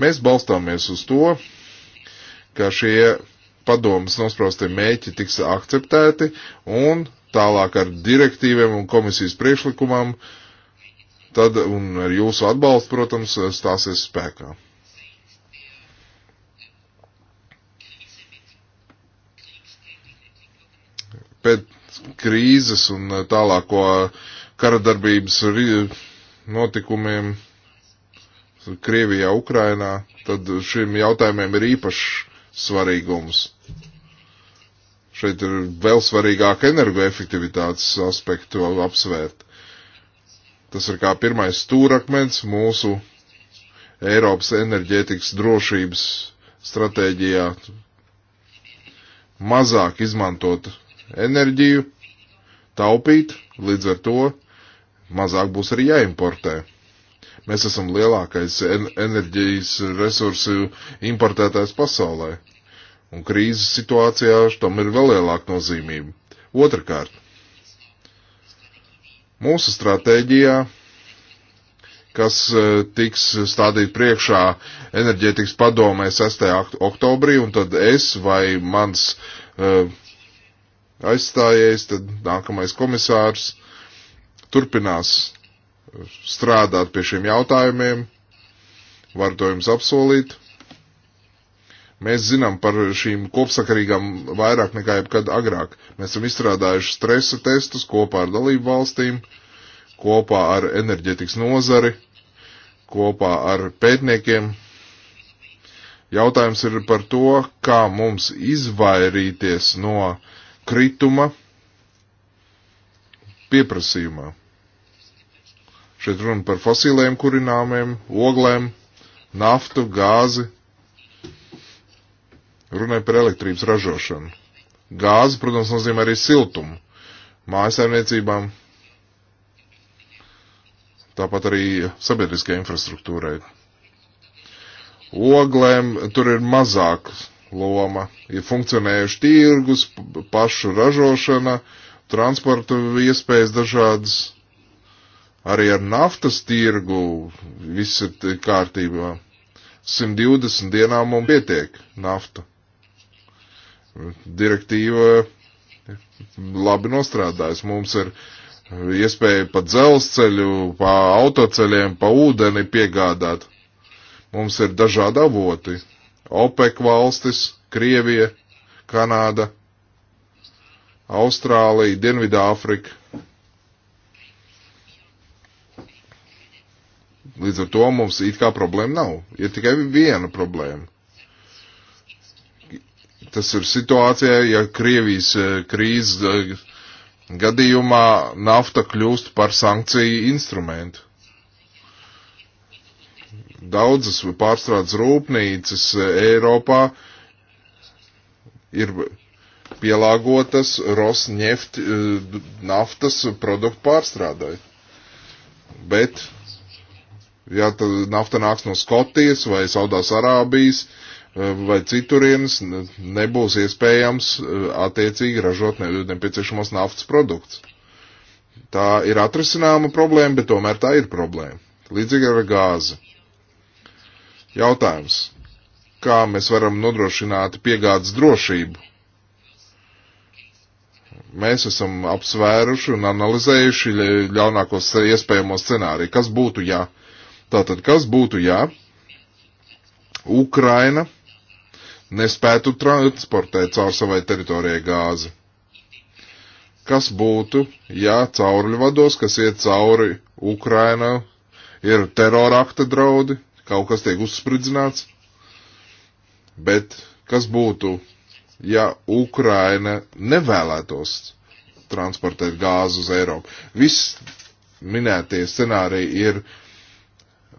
Mēs balstāmies uz to, ka šie padomas nospraustie mēķi tiks akceptēti un tālāk ar direktīviem un komisijas priekšlikumam, tad un ar jūsu atbalstu, protams, stāsies spēkā. pēc krīzes un eh, tālāko karadarbības notikumiem Krievijā, Ukrainā, tad šiem jautājumiem ir īpašs svarīgums. Šeit ir vēl svarīgāk energoefektivitātes aspektu apsvērt. Tas ir kā pirmais stūrakmens mūsu Eiropas enerģētikas drošības stratēģijā mazāk izmantot enerģiju, taupīt, līdz ar to mazāk būs arī jāimportē. Mēs esam lielākais enerģijas resursu importētājs pasaulē, un krīzes situācijā tam ir vēl lielāka nozīmība. Otrakārt, mūsu stratēģijā kas e, tiks stādīt priekšā enerģētikas padomē 6. oktobrī, un tad es vai mans uh, aizstājies, tad nākamais komisārs turpinās strādāt pie šiem jautājumiem. Varu to jums apsolīt. Mēs zinām par šīm kopsakarīgām vairāk nekā jebkad agrāk. Mēs esam izstrādājuši stresa testus kopā ar dalību valstīm, kopā ar enerģetikas nozari, kopā ar pētniekiem. Jautājums ir par to, kā mums izvairīties no uh, krituma pieprasījumā. Šeit runa par fosiliem kurināmiem, oglēm, naftu, gāzi. Runāja par elektrības ražošanu. Gāze, protams, nozīmē arī siltumu mājasaimniecībām, tāpat arī sabiedriskajai infrastruktūrai. Oglēm tur ir mazāk loma. Ir funkcionējuši tirgus, pašu ražošana, transporta iespējas dažādas. Arī ar naftas tirgu viss ir kārtībā. 120 dienām mums pietiek nafta. Direktīva labi nostrādājas. Mums ir iespēja pa dzelzceļu, pa autoceļiem, pa ūdeni piegādāt. Mums ir dažādi avoti OPEC valstis, Krievija, Kanāda, Austrālija, Dienvidāfrika. Līdz ar to mums it kā problēma nav. Ir tikai viena problēma. Tas ir situācijā, ja Krievijas eh, krīzes eh, gadījumā nafta kļūst par sankciju instrumentu. Daudzas pārstrādes rūpnīcas eh, Eiropā ir pielāgotas Rosneft eh, naftas produktu pārstrādai. Bet, ja nafta nāks no Skotijas vai Saudās Arābijas, eh, vai citurienes nebūs iespējams attiecīgi ražot nepieciešamos naftas produktus. Tā ir atrisināma problēma, bet tomēr tā ir problēma. Līdzīgi ar gāzi. Jautājums, kā mēs varam nodrošināt piegādes drošību? Mēs esam apsvēruši un analizējuši ļaunākos iespējamos scenāriju. Kas būtu, ja? Tātad, kas būtu, ja Ukraina nespētu transportēt caur savai teritorijai gāzi? Kas būtu, ja cauri vados, kas iet cauri Ukraina, ir terorakta draudi, kaut kas tiek uzspridzināts, bet kas būtu, ja Ukraina nevēlētos transportēt gāzu uz Eiropu? Viss minētie scenāriji ir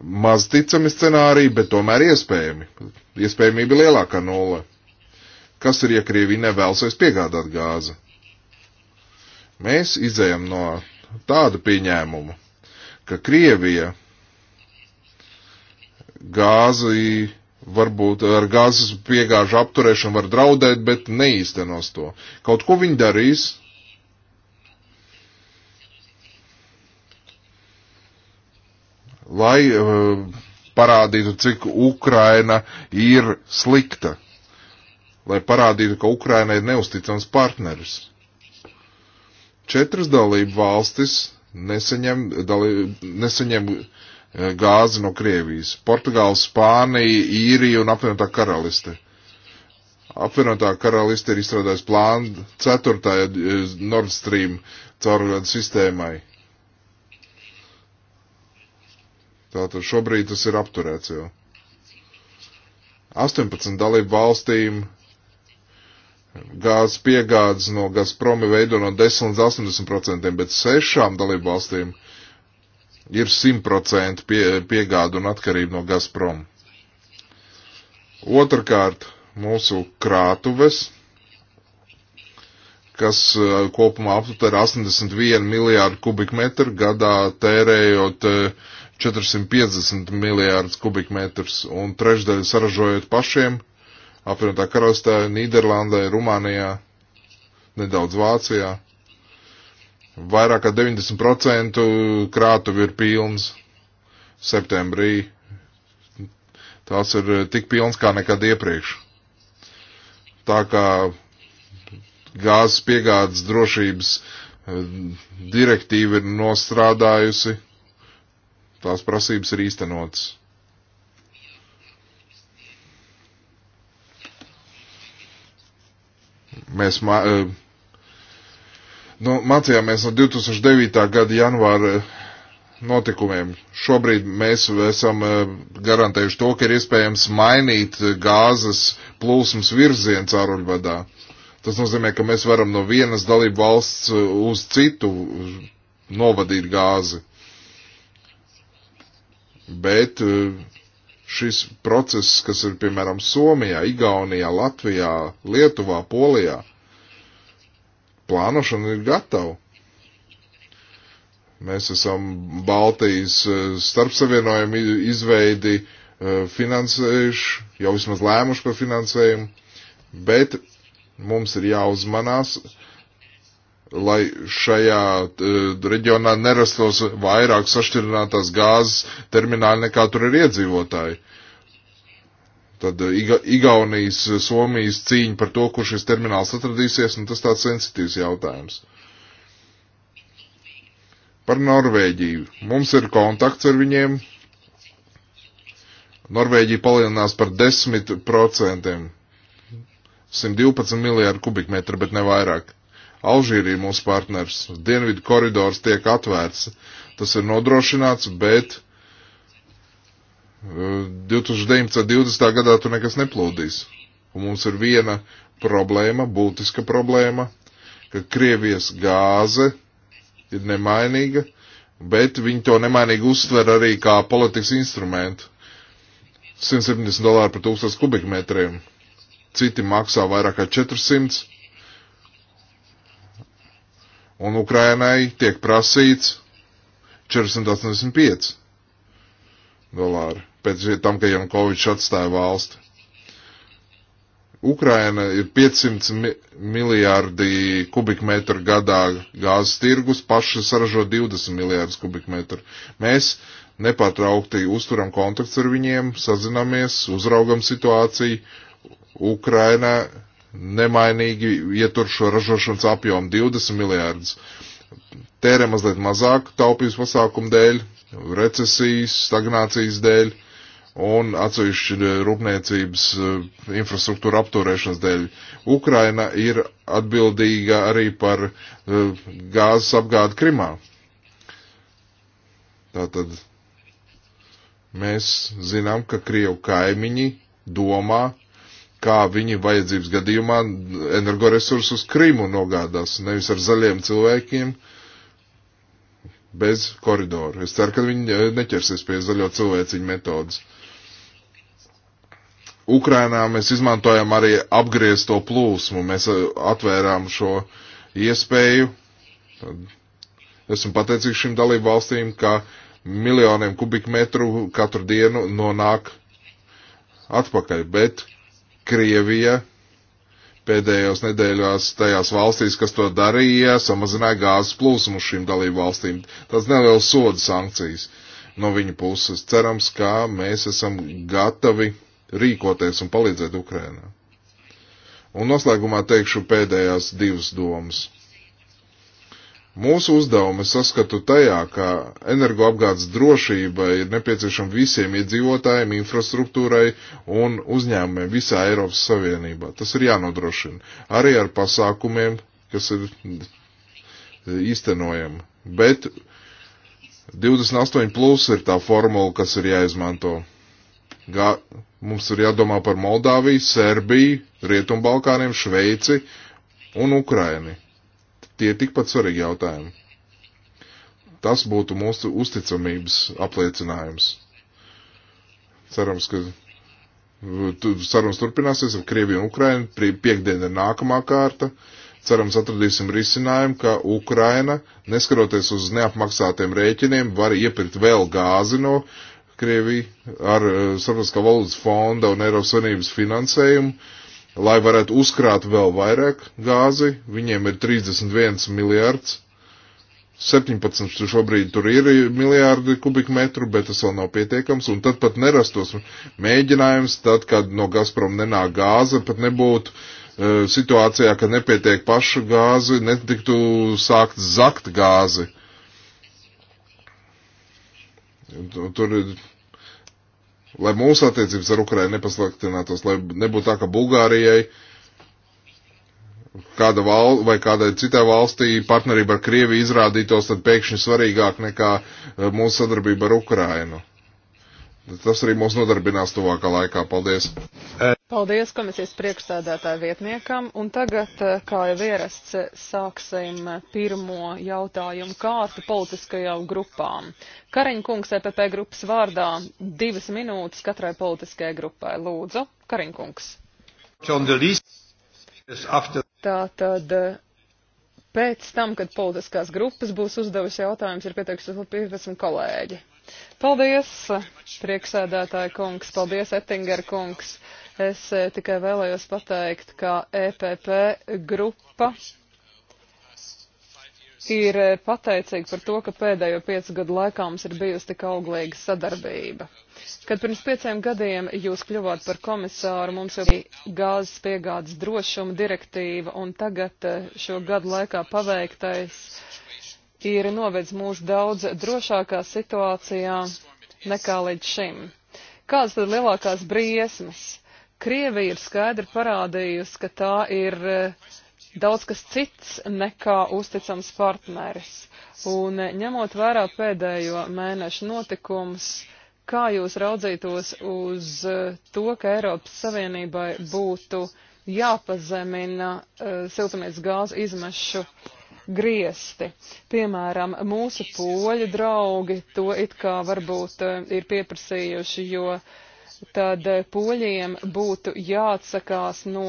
mazticami scenāriji, bet tomēr iespējami. Iespējamība lielākā nulle. Kas ir, ja Krievija nevēlsies piegādāt gāzi? Mēs izējam no tāda pieņēmuma, ka Krievija gāzi varbūt ar gāzes piegāžu apturēšanu var draudēt, bet neīstenos to. Kaut ko viņi darīs. Lai uh, parādītu, cik Ukraina ir slikta. Lai parādītu, ka Ukraina ir neusticams partneris. Četras dalību valstis nesaņem, dalību, nesaņem uh, Eh, gāzi no Krievijas. Portugāla, Spānija, Īrija un apvienotā karaliste. Apvienotā karaliste ir izstrādājusi plānu ceturtajai eh, Nord Stream caurvadu sistēmai. Tātad šobrīd tas ir apturēts jau. 18 dalību valstīm gāzes piegādes no Gazpromi veido no 10 līdz 80%, bet sešām dalību valstīm uh, ir 100% pie, piegāda un atkarība no Gazprom. Otrakārt, mūsu krātuves, kas uh, kopumā aptver 81 miljārdu kubikmetru gadā, tērējot 450 uh, miljārdus kubikmetrus un trešdaļu saražojot pašiem, apvienotā karalistē, Nīderlandē, Rumānijā, nedaudz Vācijā Vairāk kā 90% krātuvi ir pilns septembrī. Tās ir eh, tik pilns kā nekad iepriekš. Tā kā gāzes piegādes drošības eh, direktīva ir nostrādājusi, tās prasības ir īstenotas. Mēs eh, Nu, mācījāmies no 2009. gada janvāra eh, notikumiem. Šobrīd mēs esam eh, garantējuši to, ka ir iespējams mainīt eh, gāzes plūsmas virziens āruļvadā. Tas nozīmē, ka mēs varam no vienas dalību valsts uz citu novadīt gāzi. Bet šis process, kas ir piemēram Somijā, Igaunijā, Latvijā, Lietuvā, Polijā, plānošana ir gatava. Mēs esam Baltijas e, starpsavienojumu izveidi e, finansējuši, jau vismaz lēmuši par finansējumu, bet mums ir jāuzmanās, lai šajā e, reģionā nerastos vairāk sašķirinātās gāzes termināli nekā tur ir iedzīvotāji. Uh, tad eh, Iga, Igaunijas, eh, Somijas cīņa par to, kur šis termināls atradīsies, un tas tāds sensitīvs jautājums. Par Norvēģiju. Mums ir kontakts ar viņiem. Norvēģija palielinās par 10%. 112 miljārdu kubikmetru, bet ne vairāk. Alžīrija mūsu partners. Dienvidu koridors tiek atvērts. Tas ir nodrošināts, bet 2019.20. gadā tur nekas neplūdīs. Un mums ir viena problēma, būtiska problēma, ka Krievijas gāze ir nemainīga, bet viņi to nemainīgi uztver arī kā politikas instrumentu. 170 dolāri par 1000 kubikmetriem. Citi maksā vairāk kā 400. Un Ukrainai tiek prasīts 485 dolāri pēc tam, ka Jankovičs atstāja valsti. Ukraina ir 500 mi miljārdi kubikmetru gadā gāzes tirgus, paši saražo 20 miljārdus kubikmetru. Mēs nepārtraukti uzturam kontakts ar viņiem, sazinamies, uzraugam situāciju. Ukraina nemainīgi ietur šo ražošanas apjomu 20 miljārdus. Tērē mazliet mazāk taupības pasākumu dēļ, recesijas, stagnācijas dēļ un atsevišķi eh, rūpniecības eh, infrastruktūra apturēšanas dēļ. Ukraina ir atbildīga arī par eh, gāzes apgādi Krimā. Tātad mēs zinām, ka Krievu kaimiņi domā, kā viņi vajadzības gadījumā energoresursus Krimu nogādās, nevis ar zaļiem cilvēkiem bez koridoru. Es ceru, ka viņi neķersies pie zaļo cilvēciņu metodas. Ukrainā mēs izmantojam arī apgriezto plūsmu, mēs eh, atvērām šo iespēju. Esmu pateicīgs šīm dalību valstīm, ka miljoniem kubikmetru katru dienu nonāk atpakaļ, bet Krievija pēdējos nedēļās tajās valstīs, kas to darīja, samazināja gāzes plūsmu šīm dalību valstīm. Tas neliels soda sankcijas no viņa puses. Cerams, ka mēs esam gatavi rīkoties un palīdzēt Ukrainā. Un noslēgumā teikšu pēdējās divas domas. Mūsu uzdevumu es saskatu tajā, ka energoapgādes drošība ir nepieciešama visiem iedzīvotājiem, infrastruktūrai un uzņēmumiem visā Eiropas Savienībā. Tas ir jānodrošina arī ar pasākumiem, kas ir īstenojami. Bet 28 plus ir tā formula, kas ir jāizmanto. Gā, mums ir jādomā par Moldāviju, Serbiju, Rietumbalkāniem, Šveici un Ukraini. Tie ir tikpat svarīgi jautājumi. Tas būtu mūsu uzticamības apliecinājums. Cerams, ka sarunas turpināsies ar Krieviju un Ukrainu. Piektdiena ir nākamā kārta. Cerams, atradīsim risinājumu, ka Ukraina, neskaroties uz neapmaksātiem rēķiniem, var iepirkt vēl gāzi no Krieviju ar eh, Sarpniskā valodas fonda un Eiropas Savienības finansējumu, lai varētu uzkrāt vēl vairāk gāzi. Viņiem ir 31 miljārds. 17 šobrīd tur ir miljārdi kubikmetru, bet tas vēl nav pietiekams, un tad pat nerastos mēģinājums, tad, kad no Gazprom nenāk gāze, pat nebūtu uh, eh, situācijā, kad nepietiek paša gāzi, netiktu sākt zakt gāzi Tur, lai mūsu attiecības ar Ukrainu nepasliktinātos, lai nebūtu tā, ka Bulgārijai kāda val, vai kādai citai valstī partnerība ar Krieviju izrādītos tad pēkšņi svarīgāk nekā eh, mūsu sadarbība ar Ukrainu. Tas arī mūs nodarbinās tuvākā laikā. Paldies! Paldies komisijas priekšsēdētāju vietniekam. Un tagad, eh, kā jau ierasts, sāksim eh, pirmo jautājumu kārtu politiskajām grupām. Kariņa kungs EPP grupas vārdā divas minūtes katrai politiskajai grupai. Lūdzu, Kariņa kungs. Tātad eh, pēc tam, kad politiskās grupas būs uzdevusi jautājumus, ir pieteikusi 15 kolēģi. Paldies, prieksēdētāja kungs, paldies, Ettinger kungs. Es eh, tikai vēlējos pateikt, ka EPP grupa ir eh, pateicīga par to, ka pēdējo piecu gadu laikā mums ir bijusi tik auglīga sadarbība. Kad pirms pieciem gadiem jūs kļuvāt par komisāru, mums jau bija gāzes piegādes drošuma direktīva, un tagad eh, šo gadu laikā paveiktais ir novedis mūs daudz drošākā situācijā nekā līdz šim. Kādas tad lielākās briesmas? Krievija ir skaidri parādījusi, ka tā ir eh, daudz kas cits nekā uzticams partneris. Un eh, ņemot vērā pēdējo mēnešu notikumus, kā jūs raudzītos uz eh, to, ka Eiropas Savienībai būtu jāpazemina uh, siltumnīcas gāzu izmešu griesti. Piemēram, mūsu poļu draugi to it kā varbūt eh, ir pieprasījuši, jo tad eh, poļiem būtu jāatsakās no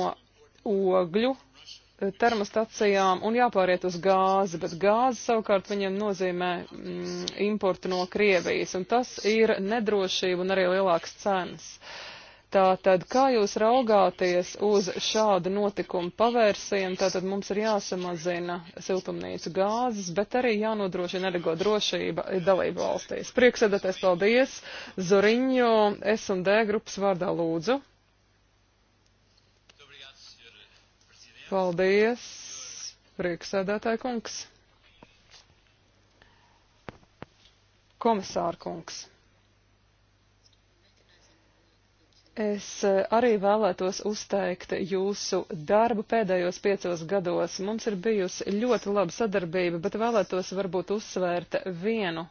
ogļu eh, termostacijām un jāpāriet uz gāzi, bet gāze savukārt viņiem nozīmē mm, importu no Krievijas, un tas ir nedrošība un arī lielāks cenas. Uh, Tātad, kā jūs raugāties uz šādu notikumu pavērsienu, tātad mums ir jāsamazina siltumnīcu gāzes, bet arī jānodrošina energo drošība dalību valstīs. Prieksēdēties paldies, Zoriņo, S&D grupas vārdā lūdzu. Paldies, prieksēdētāji kungs. Komisāra kungs. Es eh, arī vēlētos uzteikt jūsu darbu pēdējos piecos gados. Mums ir bijusi ļoti laba sadarbība, bet vēlētos varbūt uzsvērt vienu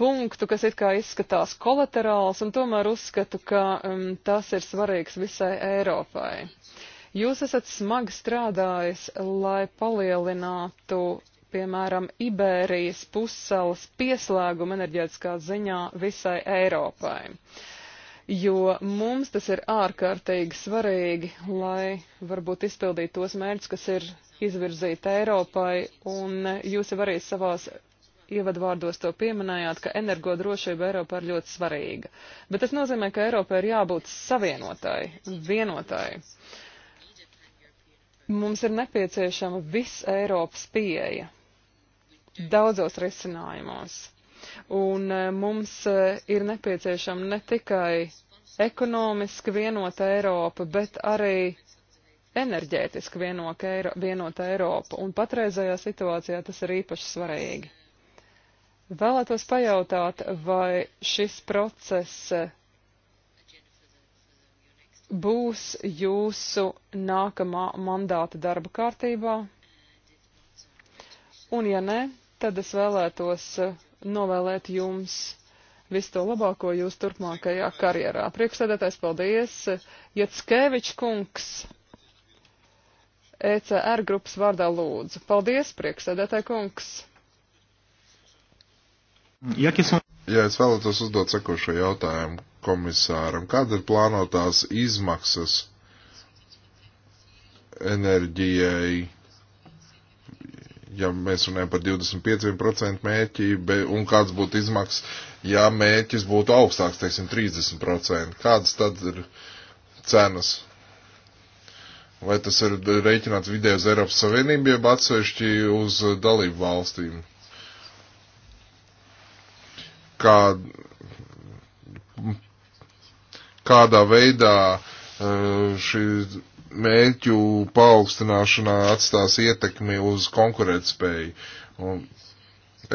punktu, kas it kā izskatās kolaterāls, un tomēr uzskatu, ka um, tas ir svarīgs visai Eiropai. Jūs esat smagi strādājis, lai palielinātu piemēram, Ibērijas pussalas pieslēgumu enerģētiskā ziņā visai Eiropai. Uh, jo mums tas ir ārkārtīgi svarīgi, lai varbūt izpildītu tos mērķus, kas ir izvirzīti Eiropai, un jūs jau arī savās ievadvārdos to pieminējāt, ka energodrošība Eiropā ir ļoti svarīga. Bet tas nozīmē, ka Eiropai ir jābūt savienotai, vienotai. Mums ir nepieciešama visa Eiropas pieeja daudzos risinājumos un e, mums e, ir nepieciešama ne tikai ekonomiski vienota Eiropa, bet arī enerģētiski vienota Eiropa, un patreizajā situācijā tas ir īpaši svarīgi. Vēlētos pajautāt, vai šis process e, būs jūsu nākamā mandāta darba kārtībā? Un ja nē, tad es vēlētos novēlēt jums visu to labāko jūs turpmākajā karjerā. Priekšsēdētājs, paldies! Jatskevičs kungs, ECR grupas vārdā lūdzu. Paldies, priekšsēdētāj kungs! Ja es vēlētos uzdot sekošo jautājumu komisāram, kāda ir plānotās izmaksas enerģijai ja mēs runājam par 25% mērķi, be, un kāds būtu izmaksas, ja mērķis būtu augstāks, teiksim, 30%. Kādas tad ir cenas? Vai tas ir rēķināts vidēji uz Eiropas Savienību, jeb atsevišķi uz dalību valstīm? Kā, kādā veidā uh, šī mērķu paaugstināšanā atstās ietekmi uz konkurētspēju. Un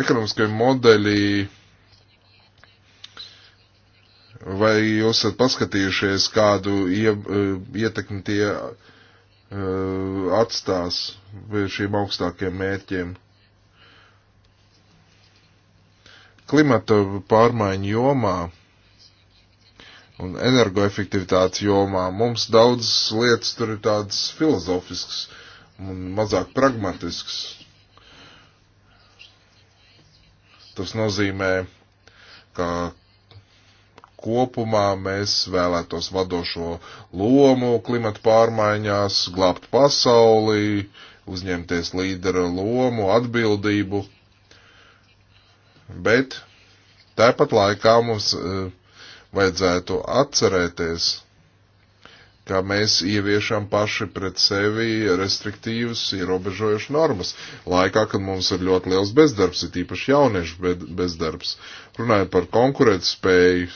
ekonomiskie modeļi, vai jūs esat paskatījušies, kādu ie, eh, ietekmi tie uh, atstās šiem augstākiem mērķiem? Klimata pārmaiņu jomā un energoefektivitātes jomā. Mums daudz lietas tur ir tādas filozofiskas un mazāk pragmatiskas. Tas nozīmē, ka kopumā mēs vēlētos vadošo lomu klimata pārmaiņās, glābt pasaulī, uzņemties līdera lomu, atbildību. Bet tāpat laikā mums uh, vajadzētu atcerēties, ka mēs ieviešam paši pret sevi restriktīvas, ierobežojušas normas, laikā, kad mums ir ļoti liels bezdarbs, ir īpaši jauniešu bezdarbs. Runājot par konkurētspēju,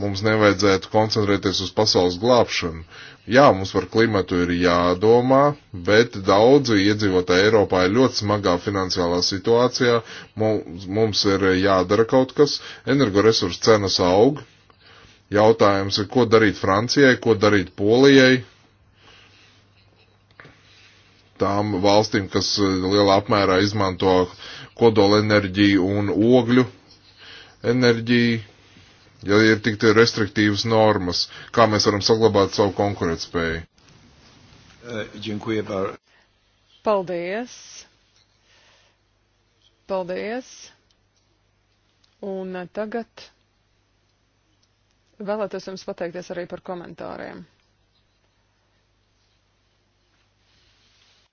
mums nevajadzētu koncentrēties uz pasaules glābšanu. Jā, mums par klimatu ir jādomā, bet daudzi iedzīvotāji Eiropā ir ļoti smagā finansiālā situācijā. Mums, mums ir jādara kaut kas, energoresursu cenas aug, Jautājums ir, ko darīt Francijai, ko darīt Polijai, tām valstīm, kas e, lielā apmērā izmanto kodolenerģiju un ogļu enerģiju, ja ir tik restriktīvas normas, kā mēs varam saglabāt savu konkurētspēju. E, Paldies! Paldies! Un tagad. Vēlētos jums pateikties arī par komentāriem.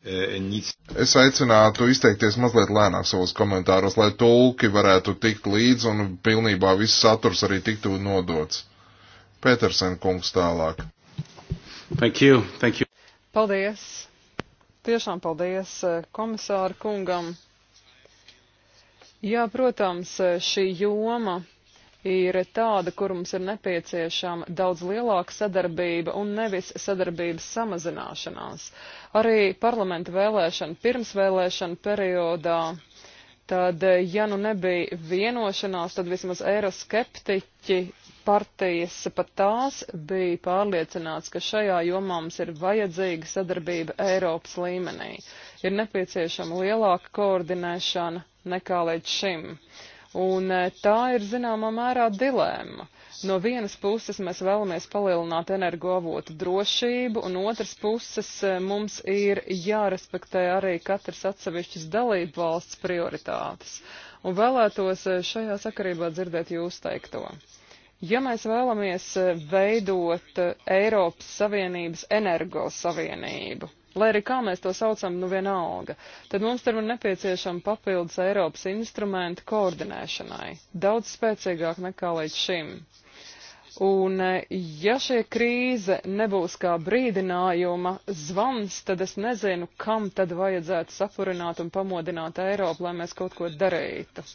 E, e, es aicinātu izteikties mazliet lēnāk savos komentāros, lai tulki varētu tikt līdz un pilnībā viss saturs arī tiktu nodots. Petersen kungs tālāk. Thank you, thank you. Paldies. Tiešām paldies e, komisāru kungam. Jā, protams, šī joma ir tāda, kur mums ir nepieciešama daudz lielāka sadarbība un nevis sadarbības samazināšanās. Arī parlamenta vēlēšana pirmsvēlēšana periodā, tad, ja nu nebija vienošanās, tad vismaz eiroskeptiķi partijas pat tās bija pārliecināts, ka šajā jomā mums ir vajadzīga sadarbība Eiropas līmenī. Ir nepieciešama lielāka koordinēšana nekā līdz šim. Uh, Un eh, tā ir zināmā mērā dilēma. No vienas puses mēs vēlamies palielināt energoavotu drošību, un otras puses eh, mums ir jārespektē arī katras atsevišķas dalību valsts prioritātes. Un vēlētos eh, šajā sakarībā dzirdēt jūs teikto. Ja mēs vēlamies veidot Eiropas Savienības energosavienību, lai arī kā mēs to saucam, nu vienalga, tad mums tur ir nepieciešama papildus Eiropas instrumenta koordinēšanai, daudz spēcīgāk nekā līdz šim. Un eh, ja šie krīze nebūs kā brīdinājuma zvans, tad es nezinu, kam tad vajadzētu sapurināt un pamodināt Eiropu, lai mēs kaut ko darītu.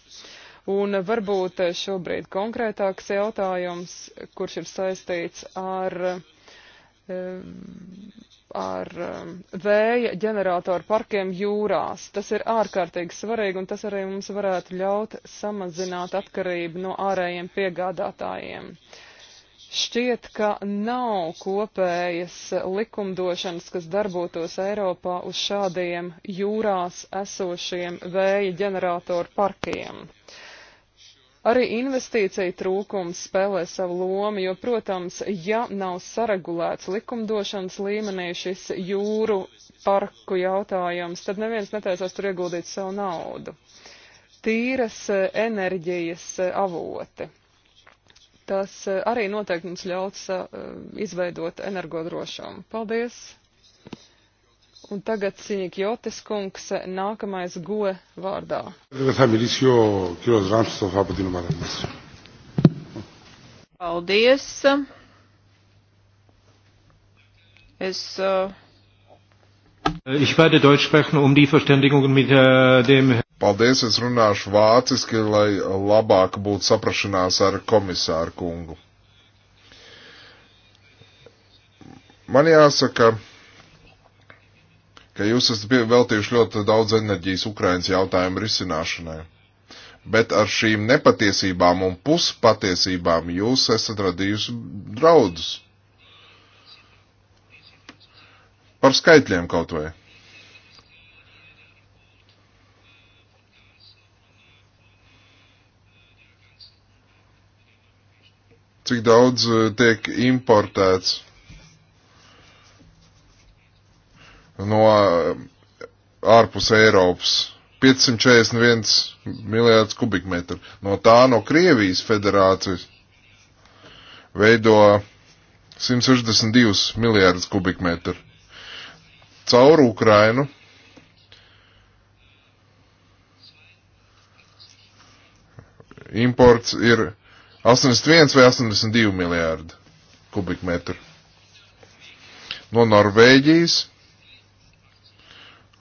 Un eh, varbūt eh, šobrīd konkrētāks jautājums, kurš ir saistīts ar uh, Eh, ar eh, vēja ģeneratoru parkiem jūrās. Tas ir ārkārtīgi svarīgi un tas arī mums varētu ļaut samazināt atkarību no ārējiem piegādātājiem. Šķiet, ka nav kopējas likumdošanas, kas darbotos Eiropā uz šādiem jūrās esošiem vēja ģeneratoru parkiem. Arī investīcija trūkums spēlē savu lomu, jo, protams, ja nav saregulēts likumdošanas līmenī šis jūru parku jautājums, tad neviens netaisās tur ieguldīt savu naudu. Tīras eh, enerģijas eh, avoti. Tas eh, arī noteikti mums ļauts izveidot energodrošumu. Paldies! Un tagad Siņik Jotis kungs nākamais go e vārdā. Paldies. Es. Uh... Ich werde Deutsch sprechen, um die Verständigung mit äh, dem. Paldies, es runāšu vāciski, lai labāk būtu saprašanās ar komisāru kungu. Man jāsaka, ka ka jūs esat veltījuši ļoti daudz enerģijas Ukrainas jautājumu risināšanai. Bet ar šīm nepatiesībām un puspatiesībām jūs esat radījusi draudus. Par skaitļiem kaut vai. Cik daudz eh, tiek importēts no eh, ārpus Eiropas. 541 miljārds kubikmetru. No tā no Krievijas federācijas veido 162 miljārdus kubikmetru. Caur Ukrainu imports ir 81 vai 82 miljārdi kubikmetru. No Norvēģijas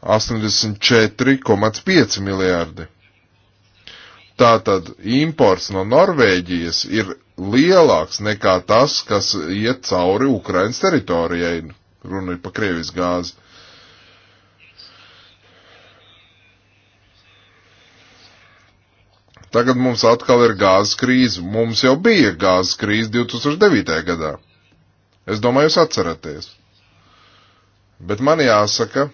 84,5 miljārdi. Tātad imports no Norvēģijas ir lielāks nekā tas, kas iet cauri Ukrainas teritorijai, runa ir pa Krievijas gāzi. Tagad mums atkal ir gāzes krīze. Mums jau bija gāzes krīze 2009. gadā. Es domāju, jūs atceraties. Bet man jāsaka,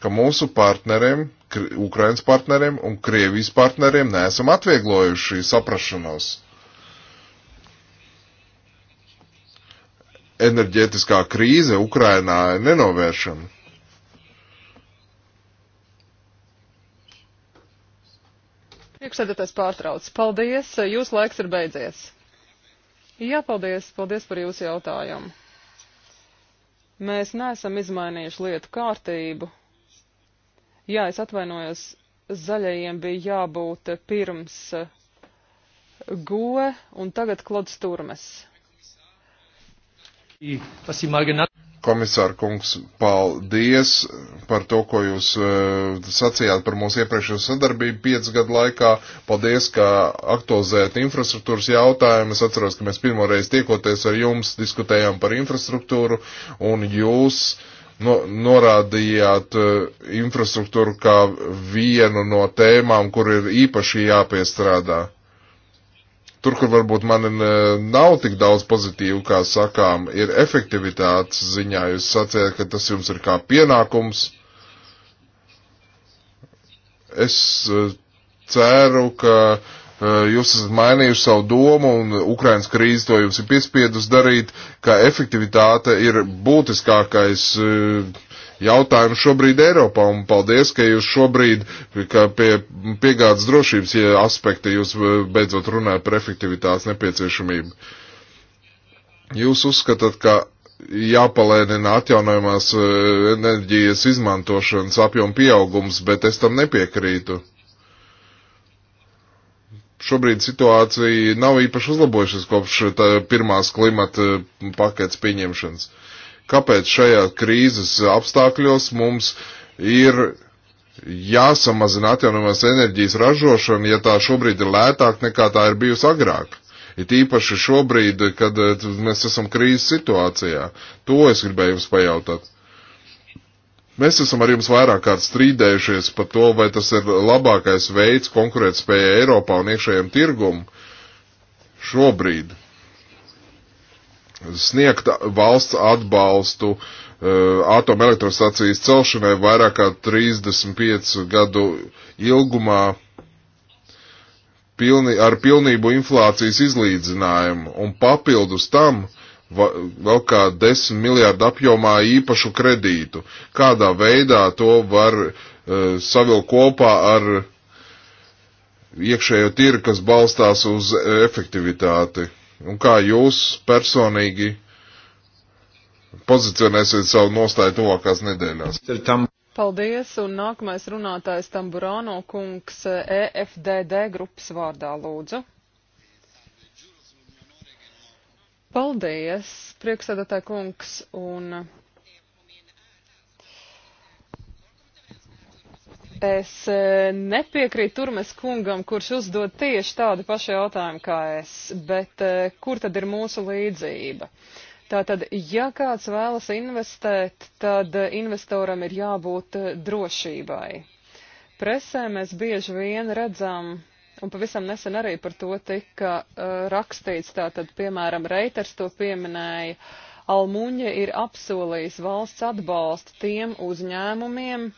ka mūsu partneriem, Ukrainas partneriem un Krievijas partneriem neesam atvieglojuši saprašanos. Enerģētiskā krīze Ukrainā ir nenovēršama. Priekšsēdētājs pārtrauc. Paldies, jūsu laiks ir beidzies. Jā, paldies, paldies par jūsu jautājumu. Mēs neesam izmainījuši lietu kārtību, Jā, es atvainojos, zaļajiem bija jābūt pirms eh, Goe un tagad Klods Turmes. Komisāra kungs, paldies par to, ko jūs eh, sacījāt par mūsu iepriekšējo sadarbību piecu gadu laikā. Paldies, ka aktualizējat infrastruktūras jautājumu. Es atceros, ka mēs pirmoreiz tiekoties ar jums diskutējām par infrastruktūru un jūs uh, no, norādījāt eh, infrastruktūru kā vienu no tēmām, kur ir īpaši jāpiestrādā. Tur, kur varbūt man eh, nav tik daudz pozitīvu, kā sakām, ir efektivitātes ziņā. Jūs sacījāt, ka tas jums ir kā pienākums. Es eh, ceru, ka uh, Eh, jūs esat mainījuši savu domu un Ukrainas krīze to jums ir piespiedus darīt, ka efektivitāte ir būtiskākais eh, jautājums šobrīd Eiropā. Un paldies, ka jūs šobrīd ka pie piegādes drošības aspekta jūs eh, beidzot runājat par efektivitātes nepieciešamību. Jūs uzskatāt, ka jāpalēnina atjaunojumās enerģijas izmantošanas apjoma pieaugums, bet es tam nepiekrītu šobrīd situācija nav īpaši uzlabojušies kopš pirmās klimata paketes pieņemšanas. Kāpēc šajā krīzes apstākļos mums ir jāsamazina atjaunojumās enerģijas ražošana, ja tā šobrīd ir lētāk nekā tā ir bijusi agrāk? It īpaši šobrīd, kad mēs esam krīzes situācijā. To es gribēju jums pajautāt. Mēs esam ar jums vairāk kārt strīdējušies par to, vai tas ir labākais veids konkurētspējai Eiropā un iekšējiem tirgumam šobrīd sniegt valsts atbalstu uh, atomelektrostacijas celšanai vairāk kā 35 gadu ilgumā pilni, ar pilnību inflācijas izlīdzinājumu un papildus tam uh, vēl kā 10 miljārdu apjomā īpašu kredītu. Kādā veidā to var uh, savilkt kopā ar iekšējo tirgu, kas balstās uz efektivitāti? Un kā jūs personīgi pozicionēsiet savu nostāju tuvākās nedēļās? Paldies, un nākamais runātājs Tamburāno kungs EFDD grupas vārdā lūdzu. Paldies, priekšsēdētāja kungs, un es e, nepiekrītu Turmes kungam, kurš uzdod tieši tādu pašu jautājumu kā es, bet e, kur tad ir mūsu līdzība? Tātad, ja kāds vēlas investēt, tad investoram ir jābūt e, drošībai. Presē mēs bieži vien redzam Un pavisam nesen arī par to tika uh, rakstīts, tātad, piemēram, Reiters to pieminēja. Almuņa ir apsolījis valsts atbalstu tiem uzņēmumiem, uh,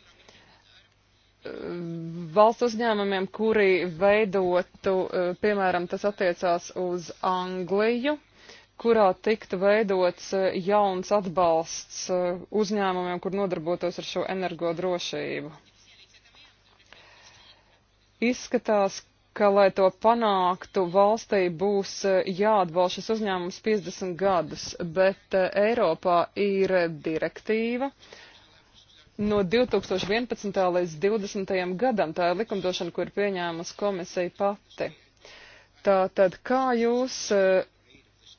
valsts uzņēmumiem, kuri veidotu, uh, piemēram, tas attiecās uz Angliju, kurā tiktu veidots uh, jauns atbalsts uzņēmumiem, kur nodarbotos ar šo energodrošību. Izskatās, ka, lai to panāktu, valstī būs eh, jāatbalsta šis uzņēmums 50 gadus, bet eh, Eiropā ir direktīva no 2011. līdz 2020. gadam. Tā ir likumdošana, kur pieņēmusi komisija pati. Tātad, kā jūs eh,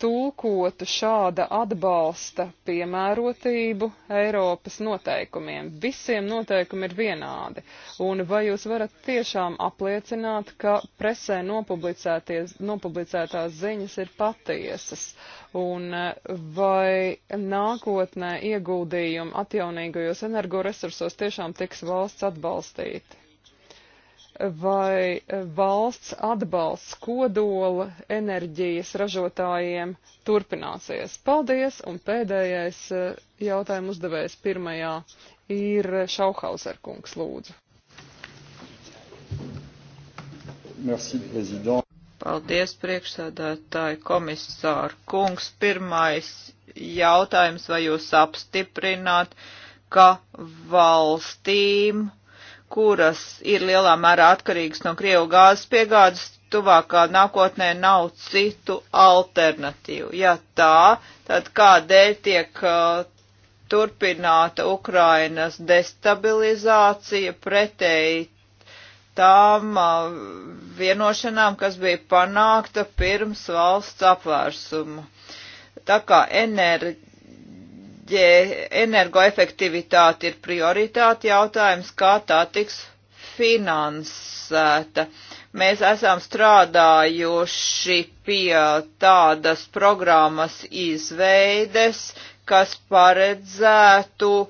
tulkotu šāda atbalsta piemērotību Eiropas noteikumiem. Visiem noteikumi ir vienādi. Un vai jūs varat tiešām apliecināt, ka presē nopublicētās ziņas ir patiesas? Un eh, vai nākotnē ieguldījumi atjaunīgajos energoresursos tiešām tiks valsts atbalstīti? vai valsts atbalsts kodola enerģijas ražotājiem turpināsies. Paldies, un pēdējais eh, jautājumu uzdevējs pirmajā ir Šauhauser kungs, lūdzu. Merci, prezident. Paldies, priekšsēdētāji komisāri kungs. Pirmais jautājums, vai jūs apstiprināt, ka valstīm kuras ir lielā mērā atkarīgas no Krievu gāzes piegādes, tuvākā nākotnē nav citu alternatīvu. Ja tā, tad kādēļ tiek uh, turpināta Ukrainas destabilizācija pretēji tām uh, vienošanām, kas bija panākta pirms valsts apvērsuma. Tā kā enerģija energoefektivitāte ir prioritāte jautājums, kā tā tiks finansēta. Mēs esam strādājuši pie tādas programmas izveides, kas paredzētu uh,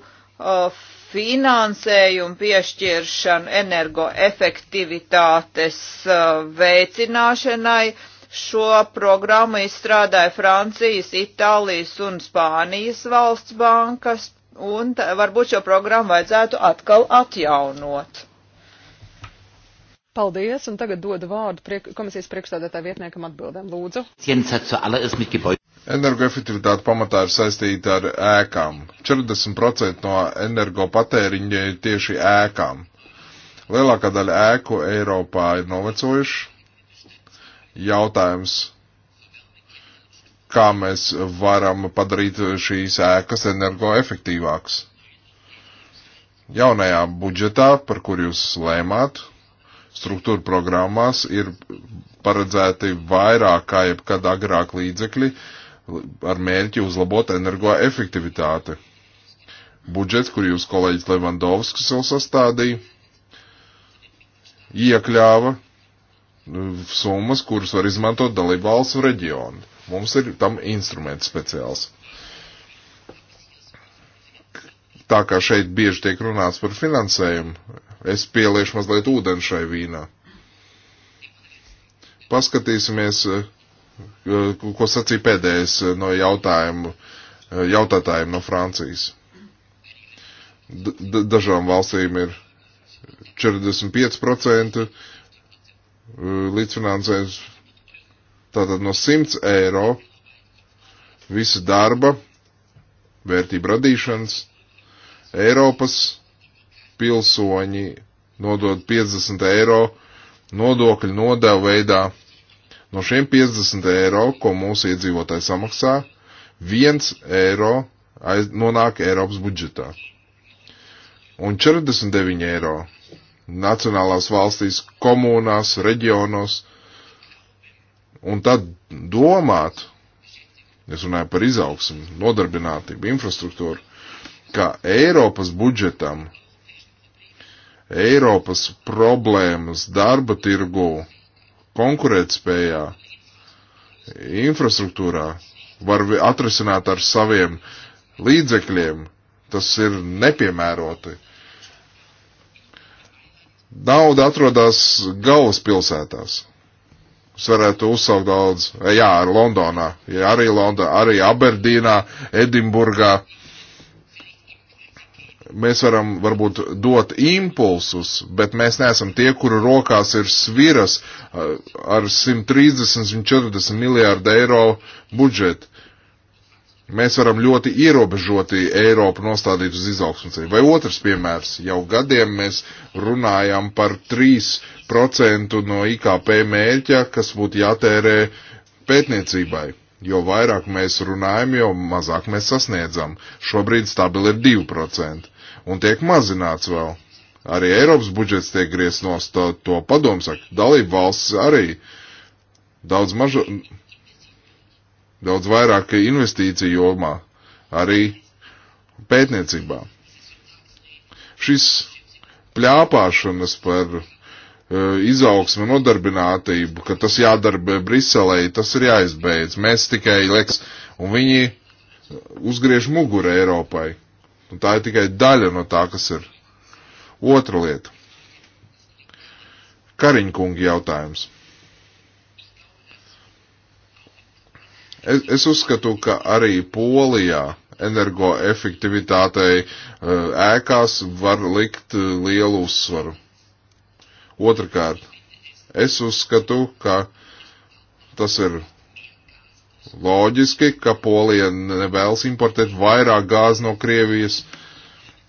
finansējumu piešķiršanu energoefektivitātes uh, veicināšanai, Šo programmu izstrādāja Francijas, Itālijas un Spānijas valsts bankas, un varbūt šo programmu vajadzētu atkal atjaunot. Paldies, un tagad dodu vārdu priek komisijas priekšstādātāja vietniekam atbildēm. Lūdzu. Energoefektivitāte pamatā ir saistīta ar ēkām. 40% no energopatēriņa ir tieši ēkām. Lielākā daļa ēku Eiropā ir novecojuši, jautājums, kā mēs varam padarīt šīs ēkas energoefektīvākas. Jaunajā budžetā, par kur jūs lēmāt, struktūra programmās ir paredzēti vairāk kā jebkad agrāk līdzekļi ar mērķi uzlabot energoefektivitāti. Budžets, kur jūs kolēģis Levandovskis vēl sastādīja, iekļāva summas, kuras var izmantot dalību valsts reģionu. Mums ir tam instruments speciāls. Tā kā šeit bieži tiek runāts par finansējumu, es pieliešu mazliet ūdeni šai vīnā. Paskatīsimies, eh, ko sacīja pēdējais eh, no jautājumu, eh, jautātājiem no Francijas. D dažām valstīm ir 45%, Eh, līdzfinansējums tātad no 100 eiro visa darba, vērtība radīšanas, Eiropas pilsoņi nodod 50 eiro nodokļu nodevu veidā. No šiem 50 eiro, ko mūsu iedzīvotāji samaksā, 1 eiro aiz, nonāk Eiropas budžetā. Un 49 eiro nacionālās valstīs, komunās, reģionos, un tad domāt, es runāju par izaugsmu, nodarbinātību, infrastruktūru, ka Eiropas budžetam, Eiropas problēmas darba tirgu, konkurētspējā, infrastruktūrā var atrisināt ar saviem līdzekļiem, tas ir nepiemēroti. Uh, Nauda atrodas galvaspilsētās. Es varētu uzsaukt daudz, e, jā, ar Londonā, jā, arī Londonā, arī Aberdīnā, Edinburgā. Mēs varam varbūt dot impulsus, bet mēs neesam tie, kuru rokās ir sviras ar 130-140 miljārdu eiro budžetu. Mēs varam ļoti ierobežoti Eiropu nostādīt uz izaugsmas ceļu. Vai otrs piemērs, jau gadiem mēs runājam par 3% no IKP mērķa, kas būtu jātērē pētniecībai. Jo vairāk mēs runājam, jo mazāk mēs sasniedzam. Šobrīd stabili ir 2% un tiek mazināts vēl. Arī Eiropas budžets tiek griezt nost, to, to padomu saka, dalību valsts arī daudz mažāk daudz vairāk investīciju jomā, arī pētniecībā. Šis pļāpāšanas par uh, e, izaugsmi, nodarbinātību, ka tas jādara Briselē, tas ir jāizbeidz. Mēs tikai lieks, un viņi uzgriež muguru Eiropai. Un tā ir tikai daļa no tā, kas ir. Otra lieta. Kariņkungi jautājums. Es, es uzskatu, ka arī Polijā energoefektivitātei eh, ēkās var likt eh, lielu uzsvaru. Otrakārt, es uzskatu, ka tas ir loģiski, ka Polija nevēlas importēt vairāk gāzi no Krievijas.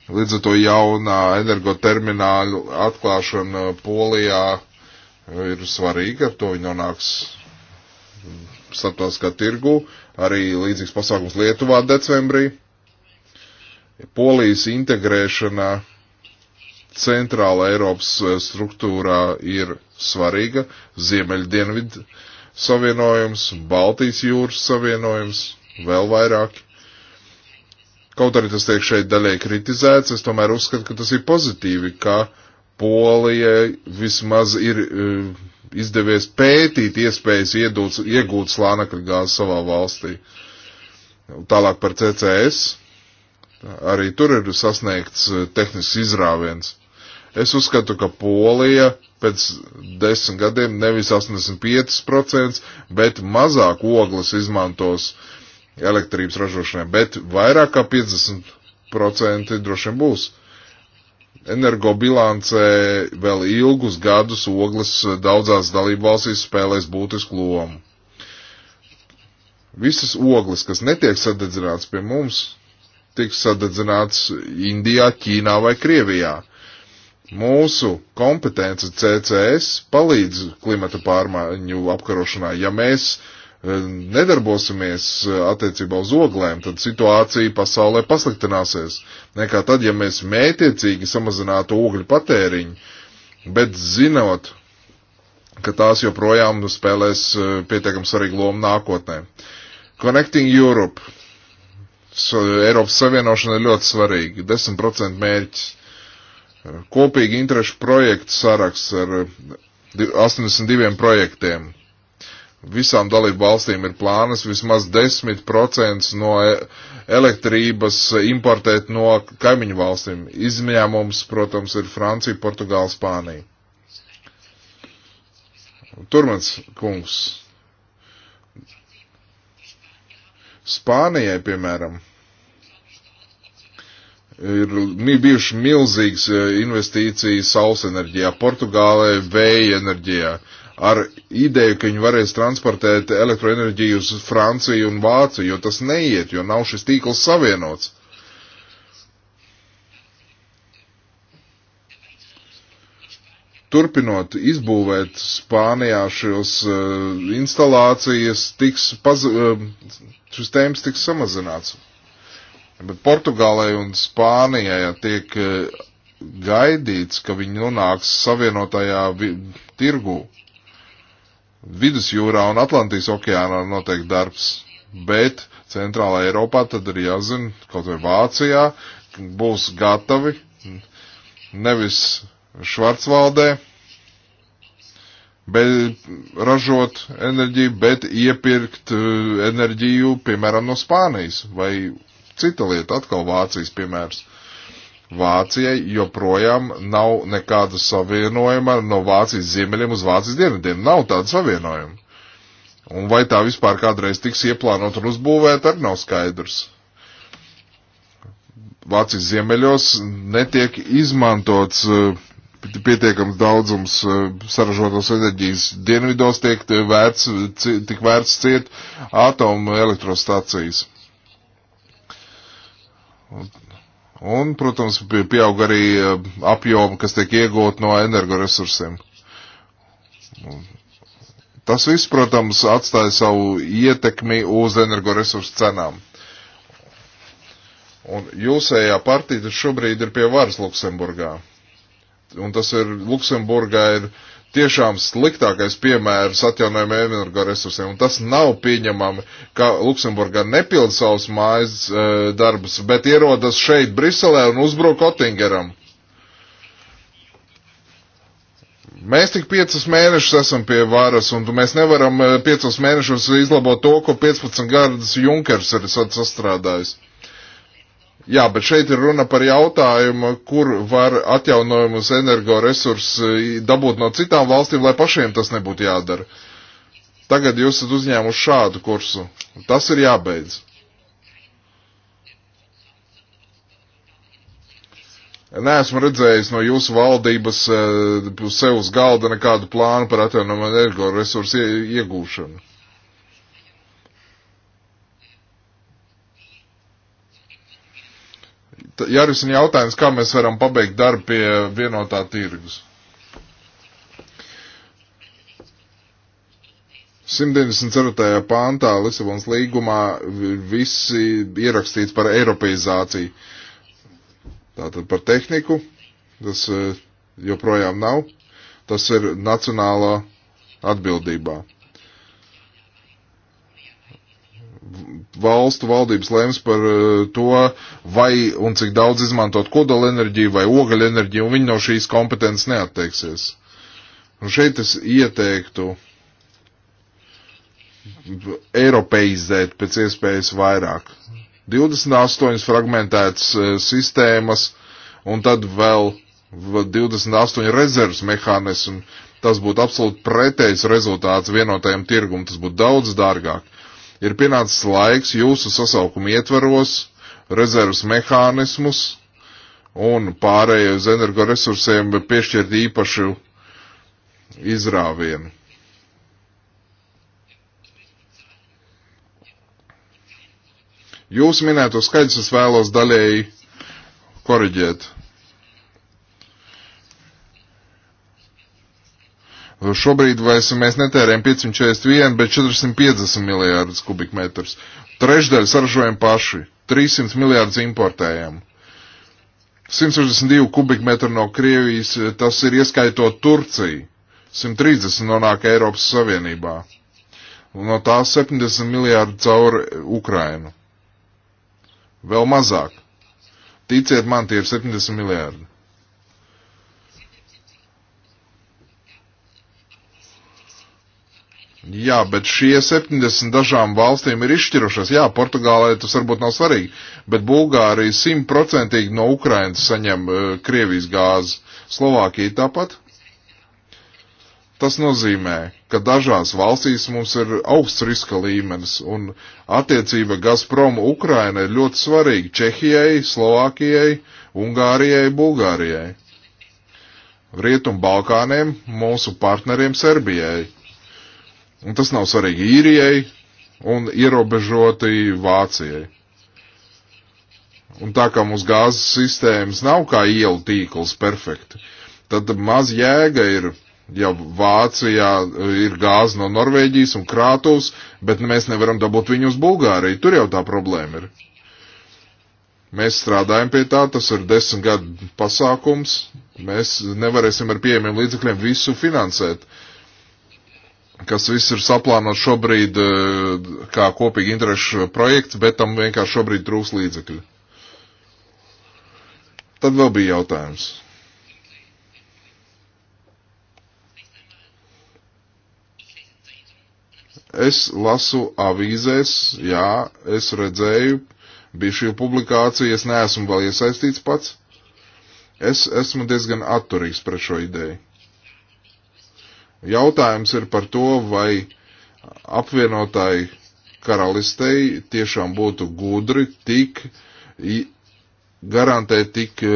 Līdz ar to jaunā energotermināļu atklāšana Polijā eh, ir svarīga, ar to viņi nonāks starptautiskā tirgu, arī līdzīgs pasākums Lietuvā decembrī. Polijas integrēšana centrāla Eiropas e, struktūrā ir svarīga, Ziemeļdienvidu savienojums, Baltijas jūras savienojums, vēl vairāk. Kaut arī tas tiek šeit daļai kritizēts, es tomēr uzskatu, ka tas ir pozitīvi, ka Polija vismaz ir uh, izdevies pētīt iespējas iedūt, iegūt slānekļa gāzi savā valstī. Tālāk par CCS. Arī tur ir sasniegts eh, tehnisks izrāviens. Es uzskatu, ka Polija pēc desmit gadiem nevis 85%, bet mazāk ogles izmantos elektrības ražošanai, bet vairāk kā 50% droši vien būs. Uh, energobilancē vēl ilgus gadus ogles daudzās dalībvalstīs spēlēs būtisku lomu. Visas ogles, kas netiek sadedzināts pie mums, tiks sadedzināts Indijā, Ķīnā vai Krievijā. Mūsu kompetence CCS palīdz klimata pārmaiņu apkarošanā, ja mēs uh, nedarbosimies eh, attiecībā uz oglēm, tad situācija pasaulē pasliktināsies. Nekā tad, ja mēs mētiecīgi samazinātu ogļu patēriņu, bet zinot, ka tās joprojām nu, spēlēs eh, pietiekami svarīgu lomu nākotnē. Connecting Europe. So, Eiropas Savienošana ir ļoti svarīga. 10% mērķis. Kopīgi interešu projektu saraksts ar 82 eh, projektiem Visām dalību valstīm ir plānas vismaz 10% no e, elektrības importēt no kaimiņu valstīm. Izņēmums, protams, ir Francija, Portugāla, Spānija. Turmans kungs. Spānijai, piemēram, ir bijušas milzīgas e, investīcijas saules enerģijā, Portugālē vēja enerģijā. Uh, ar ideju, ka viņi varēs transportēt elektroenerģiju uz Franciju un Vāciju, jo tas neiet, jo nav šis tīkls savienots. Turpinot izbūvēt Spānijā šos uh, instalācijas, tiks paz, uh, šis tēmas tiks samazināts. Bet Portugālei un Spānijai ja tiek uh, gaidīts, ka viņi nonāks savienotajā tirgū. Vidusjūrā un Atlantijas okeānā notiek darbs, bet Centrālā Eiropā tad ir jāzina, kaut vai Vācijā būs gatavi, nevis Švarcvaldē, bet ražot enerģiju, bet iepirkt uh, enerģiju, piemēram, no Spānijas vai cita lieta, atkal Vācijas piemērs. Vācijai joprojām nav nekāda savienojuma no Vācijas ziemeļiem uz Vācijas dienvidiem. Nav tāda savienojuma. Un vai tā vispār kādreiz tiks ieplānot un uzbūvēt, arī nav skaidrs. Vācijas ziemeļos netiek izmantots eh, pietiekams daudzums eh, saražotos enerģijas. Dienvidos tiek eh, vērts, tik vērts ciet atomu elektrostacijas. Un, protams, pieaug arī eh, apjoma, kas tiek iegūt no energoresursiem. Tas viss, protams, atstāja savu ietekmi uz energoresursu cenām. Un jūsējā partija šobrīd ir pie varas Luksemburgā. Un tas ir, Luksemburgā ir uh, tiešām sliktākais piemērs atjaunojumiem energoresursiem, un tas nav pieņemami, ka Luksemburga nepild savus mājas e, darbus, bet ierodas šeit Briselē un uzbruk Otingeram. Mēs tik piecus mēnešus esam pie varas, un mēs nevaram e, piecus mēnešus izlabot to, ko 15 gadus Junkers ir sastrādājis. Jā, bet šeit ir runa par jautājumu, kur var atjaunojumus energoresursus dabūt no citām valstīm, lai pašiem tas nebūtu jādara. Tagad jūs esat uzņēmuši šādu kursu. Tas ir jābeidz. Neesmu redzējis no jūsu valdības eh, sev uz galda nekādu plānu par atjaunojumu energoresursu iegūšanu. jārisina jautājums, kā mēs varam pabeigt darbu pie vienotā tirgus. 194. pāntā Lisabonas līgumā visi ierakstīts par eiropeizāciju. Tātad par tehniku tas eh, joprojām nav. Tas ir nacionālā atbildībā. valstu valdības lems par uh, to, vai un cik daudz izmantot kodolenerģiju vai ogaļenerģiju, un viņi no šīs kompetences neatteiksies. Un šeit es ieteiktu eiropeizēt pēc iespējas vairāk. 28 fragmentētas uh, sistēmas un tad vēl 28 rezerves mehānismi. Tas būtu absolūti pretējs rezultāts vienotajam tirgum, tas būtu daudz dārgāk ir pienācis laiks jūsu sasaukumu ietvaros, rezervas mehānismus un pārējo uz energoresursiem piešķirt īpašu izrāvienu. Jūs minēto skaidrs es vēlos daļēji koriģēt. Šobrīd vairs mēs netērējam 541, bet 450 miljārdus kubikmetrus. Trešdaļu saražojam paši, 300 miljārdus importējam. 162 kubikmetri no Krievijas, eh, tas ir ieskaitot Turciju. 130 nonāk Eiropas Savienībā. Un no tā 70 miljārdu caur Ukrainu. Vēl mazāk. Ticiet man, tie ir 70 miljārdi. Jā, bet šie 70 dažām valstīm ir izšķirušas. Jā, Portugālē tas varbūt nav svarīgi, bet Bulgārija simtprocentīgi no Ukrainas saņem uh, Krievijas gāzi. Slovākija tāpat. Tas nozīmē, ka dažās valstīs mums ir augsts riska līmenis, un attiecība Gazprom Ukraina ir ļoti svarīga Čehijai, Slovākijai, Ungārijai, Bulgārijai. Rietum Balkāniem, mūsu partneriem Serbijai. Un tas nav svarīgi īrijai un ierobežoti Vācijai. Un tā kā mūsu gāzes sistēmas nav kā ielu tīkls perfekti, tad maz jēga ir, ja Vācijā uh, ir gāze no Norvēģijas un Krātuvs, bet mēs nevaram dabūt viņu uz Bulgāriju. Tur jau tā problēma ir. Mēs strādājam pie tā, tas ir desmit gadu pasākums. Mēs nevarēsim ar pieejamiem līdzekļiem visu finansēt. Uh, kas viss ir saplānots šobrīd eh, kā kopīgi interešu projekts, bet tam vienkārši šobrīd trūks līdzekļu. Tad vēl bija jautājums. Es lasu avīzēs, jā, es redzēju, bija šī publikācija, es neesmu vēl iesaistīts pats. Es esmu diezgan atturīgs pret šo ideju. Jautājums ir par to, vai apvienotāji karalistei tiešām būtu gudri tik garantēt tik e,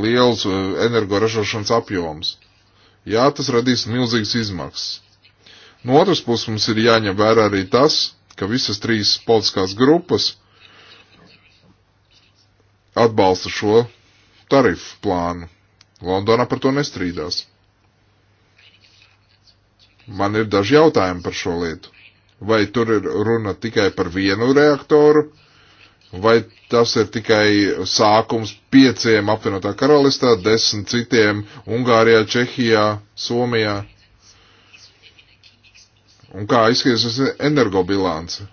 liels e, energoražošanas apjoms. Jā, tas radīs milzīgas izmaksas. No otras puses mums ir jāņem vērā arī tas, ka visas trīs politiskās grupas atbalsta šo tarifu plānu. Londonā par to nestrīdās. Man ir daži jautājumi par šo lietu. Vai tur ir runa tikai par vienu reaktoru, vai tas ir tikai sākums pieciem apvienotā karalistā, desmit citiem Ungārijā, Čehijā, Somijā? Un kā izskatīsies energobilance?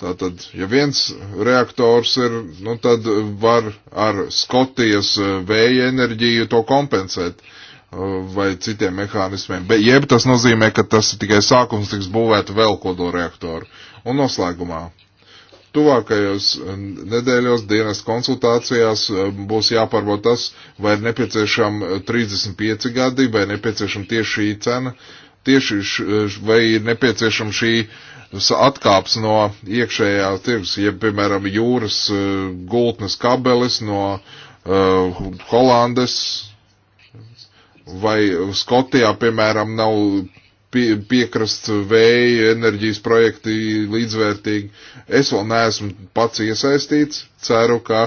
Tātad, ja viens reaktors ir, nu tad var ar Skotijas vēja enerģiju to kompensēt. Uh, vai citiem mehānismiem. Bet jeb tas nozīmē, ka tas ir tikai sākums tiks būvēt vēl kodolreaktoru. Un noslēgumā. Tuvākajos eh, nedēļos dienas konsultācijās eh, būs jāpārbaud tas, vai ir nepieciešama 35 eh, gadi, vai ir nepieciešama tieši šī cena, tieši š, vai ir nepieciešama šī atkāps no iekšējā tirgus, ja, piemēram, jūras gultnes kabelis no uh, Holandes, Vai Skotijā, piemēram, nav pie, piekrasts vēja enerģijas projekti līdzvērtīgi. Es vēl neesmu pats iesaistīts. Ceru, ka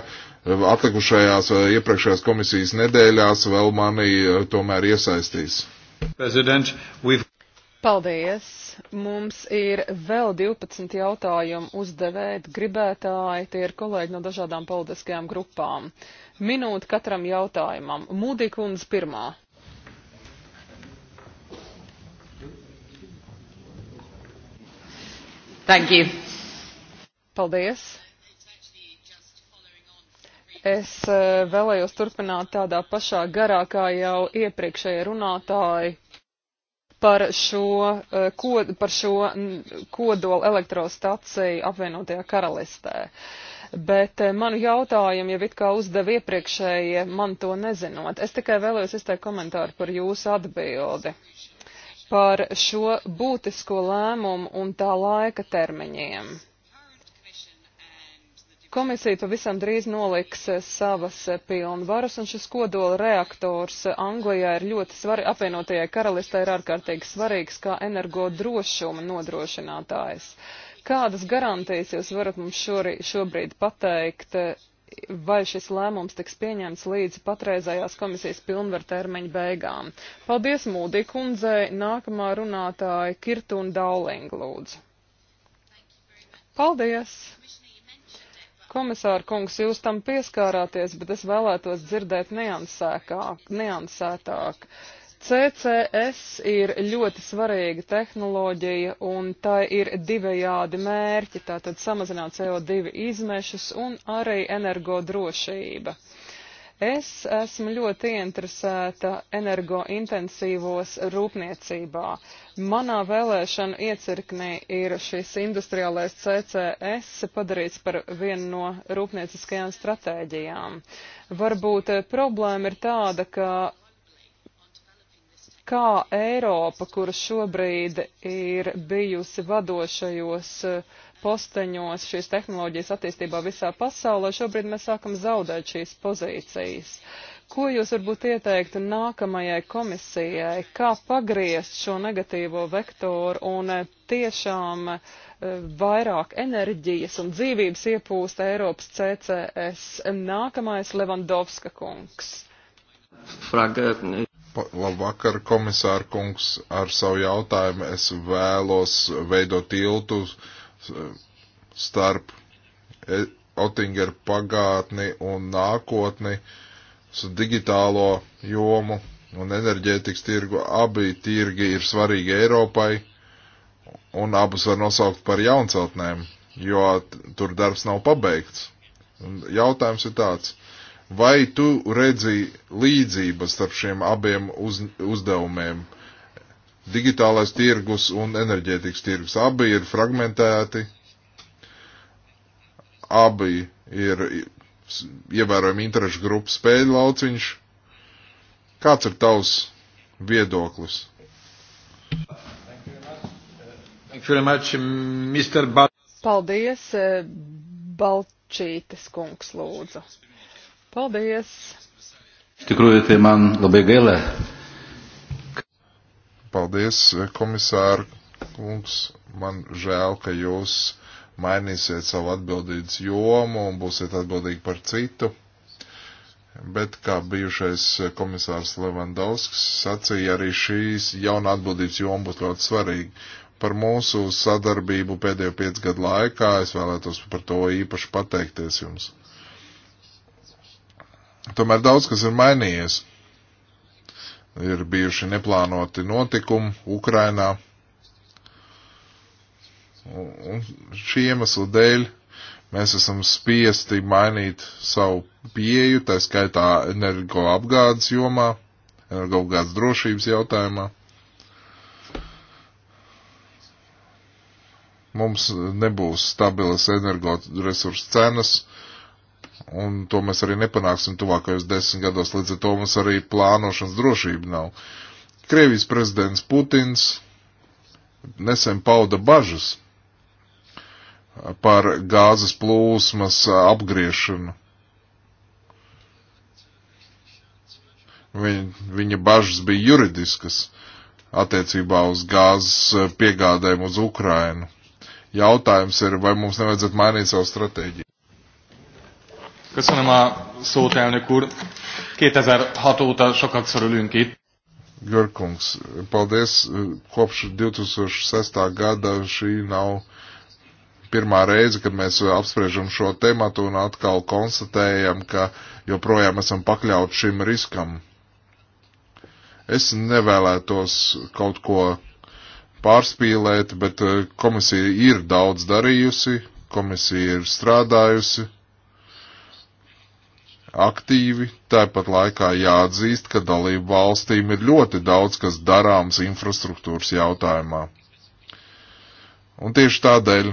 atlikušajās iepriekšējās komisijas nedēļās vēl mani eh, tomēr iesaistīs. Paldies! Mums ir vēl 12 jautājumu uzdevēt gribētāji, tie ir kolēģi no dažādām politiskajām grupām. Minūte katram jautājumam. Mūdīkundze pirmā. Thank you. Paldies. Es eh, vēlējos turpināt tādā pašā garā, kā jau iepriekšēja runātāji par šo, eh, ko, par šo kodolu elektrostaciju apvienotajā karalistē. Bet eh, manu jautājumu jau it kā uzdev iepriekšējie, man to nezinot. Es tikai vēlējos izteikt komentāru par jūsu atbildi par šo būtisko lēmumu un tā laika termiņiem. Komisija pavisam drīz noliks savas pilnvaras, un šis kodola reaktors Anglijā ir ļoti svarīgs, apvienotajai karalistē ir ārkārtīgi svarīgs kā energo drošuma nodrošinātājs. Kādas garantijas jūs varat mums šorī, šobrīd pateikt vai šis lēmums tiks pieņemts līdz patreizējās komisijas pilnvaru termiņa beigām. Paldies Mūdī kundzei, nākamā runātāja Kirtun Dauling lūdzu. Paldies! Komisāra kungs, jūs tam pieskārāties, bet es vēlētos dzirdēt neansēkāk, neansētāk. Uh, CCS ir ļoti svarīga tehnoloģija un tā ir divējādi mērķi, tātad samazināt CO2 izmešus un arī energodrošība. Es esmu ļoti interesēta energointensīvos rūpniecībā. Manā vēlēšana iecirknī ir šis industriālais CCS padarīts par vienu no rūpnieciskajām stratēģijām. Varbūt problēma ir tāda, ka kā Eiropa, kura šobrīd ir bijusi vadošajos eh, posteņos šīs tehnoloģijas attīstībā visā pasaulē, šobrīd mēs sākam zaudēt šīs pozīcijas. Ko jūs varbūt ieteiktu nākamajai komisijai, kā pagriezt šo negatīvo vektoru un eh, tiešām eh, vairāk enerģijas un dzīvības iepūst Eiropas CCS? Nākamais Levandovska kungs. Frage, Labvakar, komisāra kungs, ar savu jautājumu es vēlos veidot tiltu starp e, Otingeru pagātni un nākotni, digitālo jomu un enerģētikas tirgu. Abi tirgi ir svarīgi Eiropai un abus var nosaukt par jaunceltnēm, jo tur darbs nav pabeigts. Jautājums ir tāds Vai tu redzi līdzības starp šiem abiem uz, uzdevumiem? Digitālais tirgus un enerģētikas tirgus abi ir fragmentēti, abi ir ievērojami interešu grupu spēļu lauciņš. Kāds ir tavs viedoklis? Uh, Paldies, uh, Balčītis kungs, lūdzu. Paldies! Iš tikrųjų, tai man labai gaila. Paldies, komisār kungs. Man žēl, ka jūs mainīsiet savu atbildības jomu un būsiet atbildīgi par citu. Bet, kā bijušais komisārs Levandovskis sacīja, arī šīs jauna atbildības joma būs ļoti svarīga. Par mūsu sadarbību pēdējo piecu gadu laikā es vēlētos par to īpaši pateikties jums. Tomēr daudz kas ir mainījies. Ir bijuši neplānoti notikumi Ukrainā. Un šī iemesla dēļ mēs esam spiesti mainīt savu pieju, tā skaitā energoapgādes jomā, energoapgādes drošības jautājumā. Mums nebūs stabilas energoresursu cenas, un to mēs arī nepanāksim tuvākajos desmit gados, līdz ar to mums arī plānošanas drošība nav. Krievijas prezidents Putins nesen pauda bažas par gāzes plūsmas apgriešanu. Viņa, viņa bažas bija juridiskas attiecībā uz gāzes piegādēm uz Ukrainu. Jautājums ir, vai mums nevajadzētu mainīt savu stratēģiju. Köszönöm a szót, elnök úr. 2006 óta sokat szorulunk itt. Görkungs, paldies. Kopš 2006. gada šī nav pirmā reize, kad mēs apspriežam šo tematu un atkal konstatējam, ka joprojām esam pakļaut šim riskam. Es nevēlētos kaut ko pārspīlēt, bet eh, komisija ir daudz darījusi, komisija ir strādājusi aktīvi, tāpat laikā jāatzīst, ka dalību valstīm ir ļoti daudz, kas darāms infrastruktūras jautājumā. Un tieši tādēļ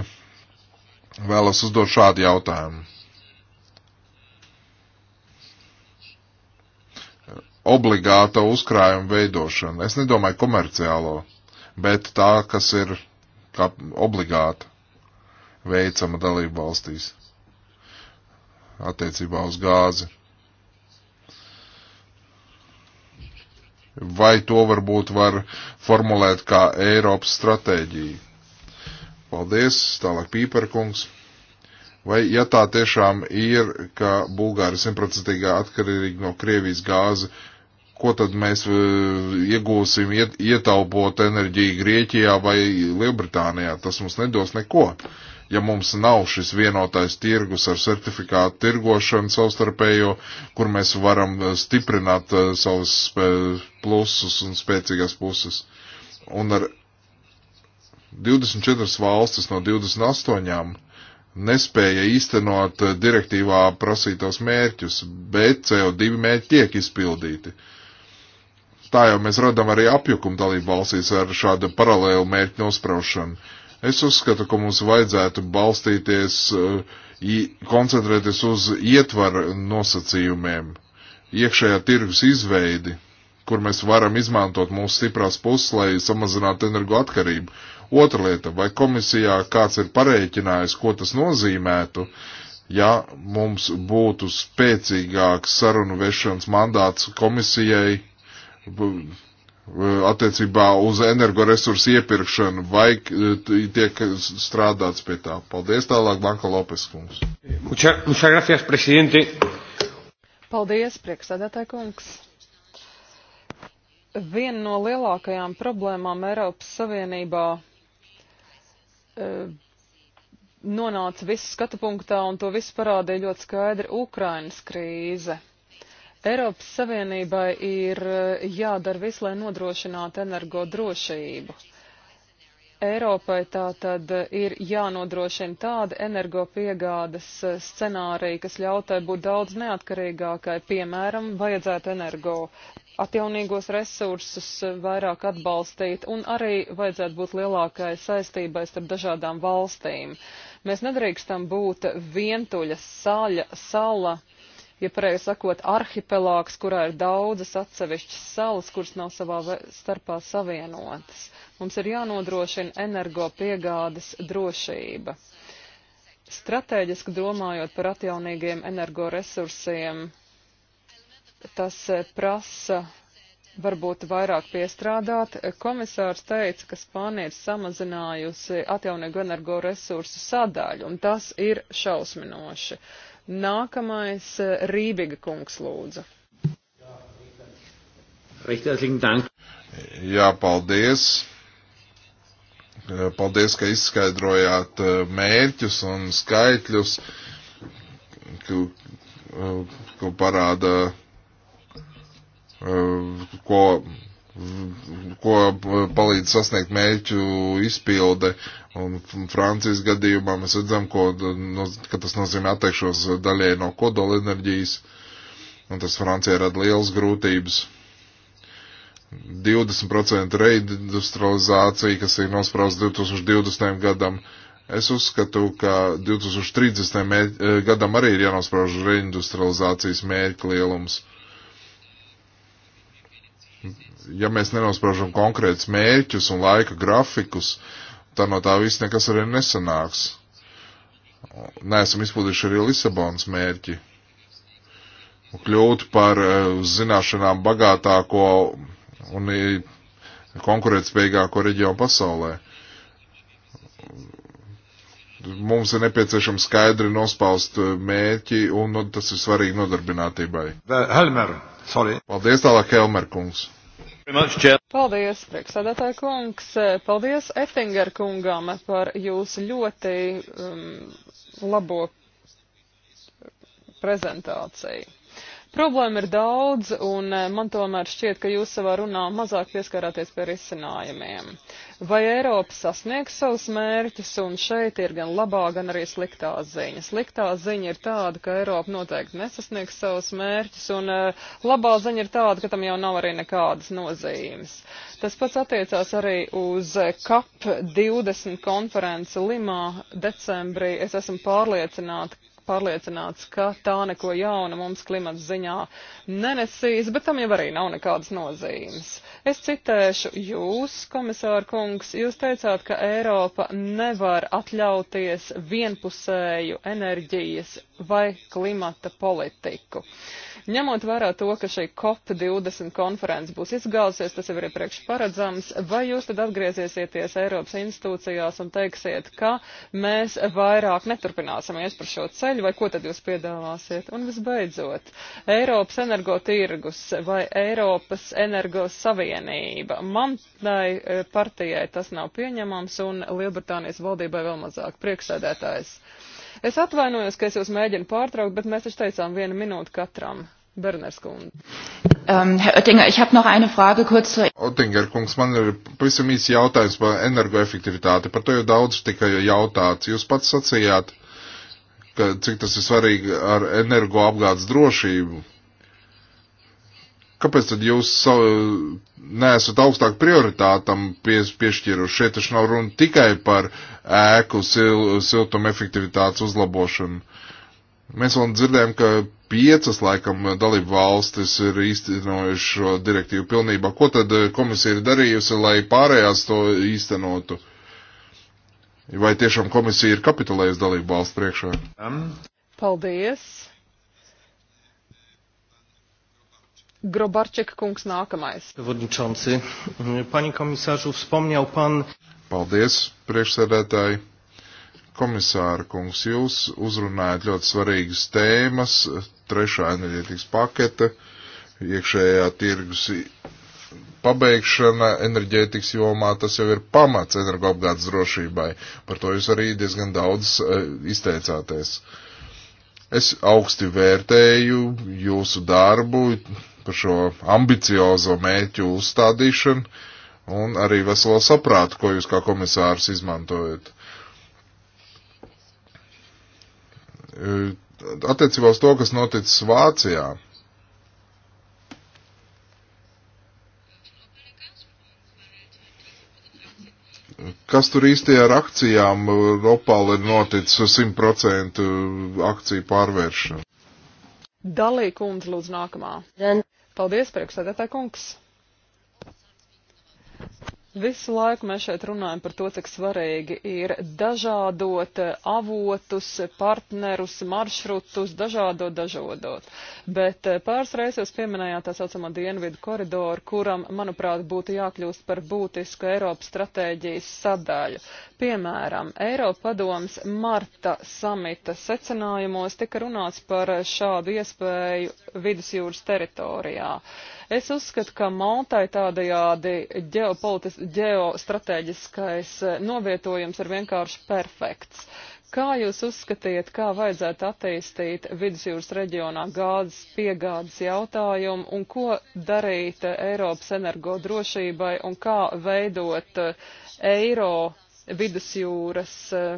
vēlas uzdot šādu jautājumu. Obligāta uzkrājuma veidošana. Es nedomāju komerciālo, bet tā, kas ir kā obligāta veicama dalību valstīs attiecībā uz gāzi. Vai to varbūt var formulēt kā Eiropas stratēģiju? Paldies, tālāk Pīperkungs. Vai, ja tā tiešām ir, ka Bulgāri simtprocentīgā atkarīgi no Krievijas gāzi, ko tad mēs e, iegūsim ietaupot enerģiju Grieķijā vai Lielbritānijā? Tas mums nedos neko. Uh, ja mums nav šis vienotais tirgus ar certifikātu tirgošanu savstarpējo, kur mēs varam eh, stiprināt eh, savus eh, plusus un spēcīgās puses. Un ar 24 valstis no 28 nespēja īstenot direktīvā prasītos mērķus, bet CO2 mērķi tiek izpildīti. Tā jau mēs radām arī apjukumu dalību valstīs ar šādu paralēlu mērķu nospraušanu Es uzskatu, ka mums vajadzētu balstīties, uh, koncentrēties uz ietvaru nosacījumiem, iekšējā tirgus izveidi, kur mēs varam izmantot mūsu stiprās puses, lai samazinātu energoatkarību. Otra lieta, vai komisijā kāds ir pareiķinājis, ko tas nozīmētu, ja mums būtu spēcīgāks sarunu vešanas mandāts komisijai Eh, attiecībā uz energoresursu iepirkšanu, vai eh, tiek strādāts pie tā. Paldies tālāk, Blanka Lopes kungs. Mucha, mucha gracias, presidente. Paldies, priekšsēdētāji kungs. Viena no lielākajām problēmām Eiropas Savienībā e, nonāca visu skatu punktā, un to visu parādīja ļoti skaidri Ukrainas krīze. Eiropas Savienībai ir eh, jādara viss, lai nodrošinātu energodrošību. Eiropai tā tad eh, ir jānodrošina tāda energopiegādes eh, scenārija, kas ļautai būt daudz neatkarīgākai, piemēram, vajadzētu energo atjaunīgos resursus vairāk atbalstīt un arī vajadzētu būt lielākai saistībai starp dažādām valstīm. Mēs nedrīkstam būt vientuļa saļa, sala, sala ja pareizi sakot, arhipelāgs, kurā ir daudzas atsevišķas salas, kuras nav savā starpā savienotas. Mums ir jānodrošina energo piegādes drošība. Stratēģiski domājot par atjaunīgiem energoresursiem, tas eh, prasa varbūt vairāk piestrādāt. Komisārs teica, ka Spānija ir samazinājusi atjaunīgo energoresursu sadaļu, un tas ir šausminoši. Uh, Nākamais eh, Rībiga kungs lūdzu. Jā, paldies. Eh, paldies, ka izskaidrojāt eh, mērķus un skaitļus, ko, ko parāda, ko, ko palīdz sasniegt mērķu izpilde Un Francijas gadījumā mēs redzam, ko, no, ka tas nozīmē atteikšos daļai no kodola enerģijas, un tas Francijai rada lielas grūtības. 20% reindustrializācija, kas ir nospraust 2020. gadam, es uzskatu, ka 2030. Mēģ, e, gadam arī ir jānosprauž reindustrializācijas mērķa lielums ja mēs nenospraužam konkrētus mērķus un laika grafikus, tā no tā viss nekas arī nesanāks. Neesam izpildījuši arī Lisabonas mērķi. Kļūt par eh, zināšanām bagātāko un konkurētspējīgāko reģionu pasaulē. Mums ir nepieciešams skaidri nospaust eh, mērķi, un no, nu, tas ir svarīgi nodarbinātībai. Helmer, sorry. Paldies tālāk, Helmer kungs. Much, Paldies, priekšsēdētāja kungs. Paldies Ettinger kungam par jūsu ļoti um, labo prezentāciju. Problēma ir daudz, un eh, man tomēr šķiet, ka jūs savā runā mazāk pieskarāties pie risinājumiem. Uh, Vai Eiropa sasniegs savus mērķus, un šeit ir gan labā, gan arī sliktā ziņa. Sliktā ziņa ir tāda, ka Eiropa noteikti nesasniegs savus mērķus, un uh, labā ziņa ir tāda, ka tam jau nav arī nekādas nozīmes. Tas pats attiecās arī uz CAP eh, 20 konferenci Limā decembrī. Es esmu pārliecināta, pārliecināts, ka tā neko jauna mums klimats ziņā nenesīs, bet tam jau arī nav nekādas nozīmes. Es citēšu jūs, komisāra kungs, jūs teicāt, ka Eiropa nevar atļauties vienpusēju enerģijas vai klimata politiku. Ņemot vērā to, ka šī COP20 konferences būs izgāzusies, tas jau ir iepriekš paredzams, vai jūs tad atgriezīsieties Eiropas institūcijās un teiksiet, ka mēs vairāk neturpināsimies par šo ceļu, vai ko tad jūs piedāvāsiet? Un visbeidzot, Eiropas energotīrgus vai Eiropas energosavienības Savienība. Manai eh, partijai tas nav pieņemams un Lielbritānijas valdībai vēl mazāk. Priekšsēdētājs. Es atvainojos, ka es jūs mēģinu pārtraukt, bet mēs taču teicām vienu minūtu katram. Berners Kunde. Um, Herr Oettinger, ich habe noch eine Frage kurz zur... Oettinger, kungs, man ir pavisam īsts jautājums par energoefektivitāti. Par to jau daudz tika jautāts. Jūs pats sacījāt, ka cik tas ir svarīgi ar energoapgādes drošību Kāpēc tad jūs neesat augstāk prioritātam piešķīruši? Šeit taču nav runa tikai par ēku sil siltuma efektivitātes uzlabošanu. Mēs vēl dzirdējam, ka piecas, laikam, dalību valstis ir īstenojuši šo direktīvu pilnībā. Ko tad komisija ir darījusi, lai pārējās to īstenotu? Vai tiešām komisija ir kapitulējusi dalību valstu priekšā? Paldies! Grobarczyk kungs nākamais. Vodničonci, pani komisāžu, wspomniał pan. Paldies, priekšsēdētāji. Komisāra kungs, jūs uzrunājat ļoti svarīgas tēmas, trešā enerģētikas pakete, iekšējā tirgus pabeigšana enerģētikas jomā, tas jau ir pamats energoapgādes drošībai. Par to jūs arī diezgan daudz eh, izteicāties. Es augsti vērtēju jūsu darbu, par šo ambiciozo mēķu uzstādīšanu un arī veselo saprātu, ko jūs kā komisārs izmantojat. E, attiecībā uz to, kas noticis Vācijā. Kas tur īsti ar akcijām Opal ir noticis 100% akciju pārvēršana? Dalīkums lūdzu nākamā. Paldies, priekšsēdētāji kungs! Visu laiku mēs šeit runājam par to, cik svarīgi ir dažādot avotus, partnerus, maršrutus, dažādot, dažādot. Bet pāris reizes jūs pieminējāt tā saucamā dienvidu koridoru, kuram, manuprāt, būtu jākļūst par būtisku Eiropas stratēģijas sadaļu. Piemēram, Eiropadomas Marta samita secinājumos tika runāts par šādu iespēju vidusjūras teritorijā. Es uzskatu, ka Maltai tādajādi ģeostrateģiskais novietojums ir vienkārši perfekts. Kā jūs uzskatiet, kā vajadzētu attīstīt vidusjūras reģionā gāzes piegādes jautājumu un ko darīt Eiropas energodrošībai un kā veidot eiro vidusjūras eh,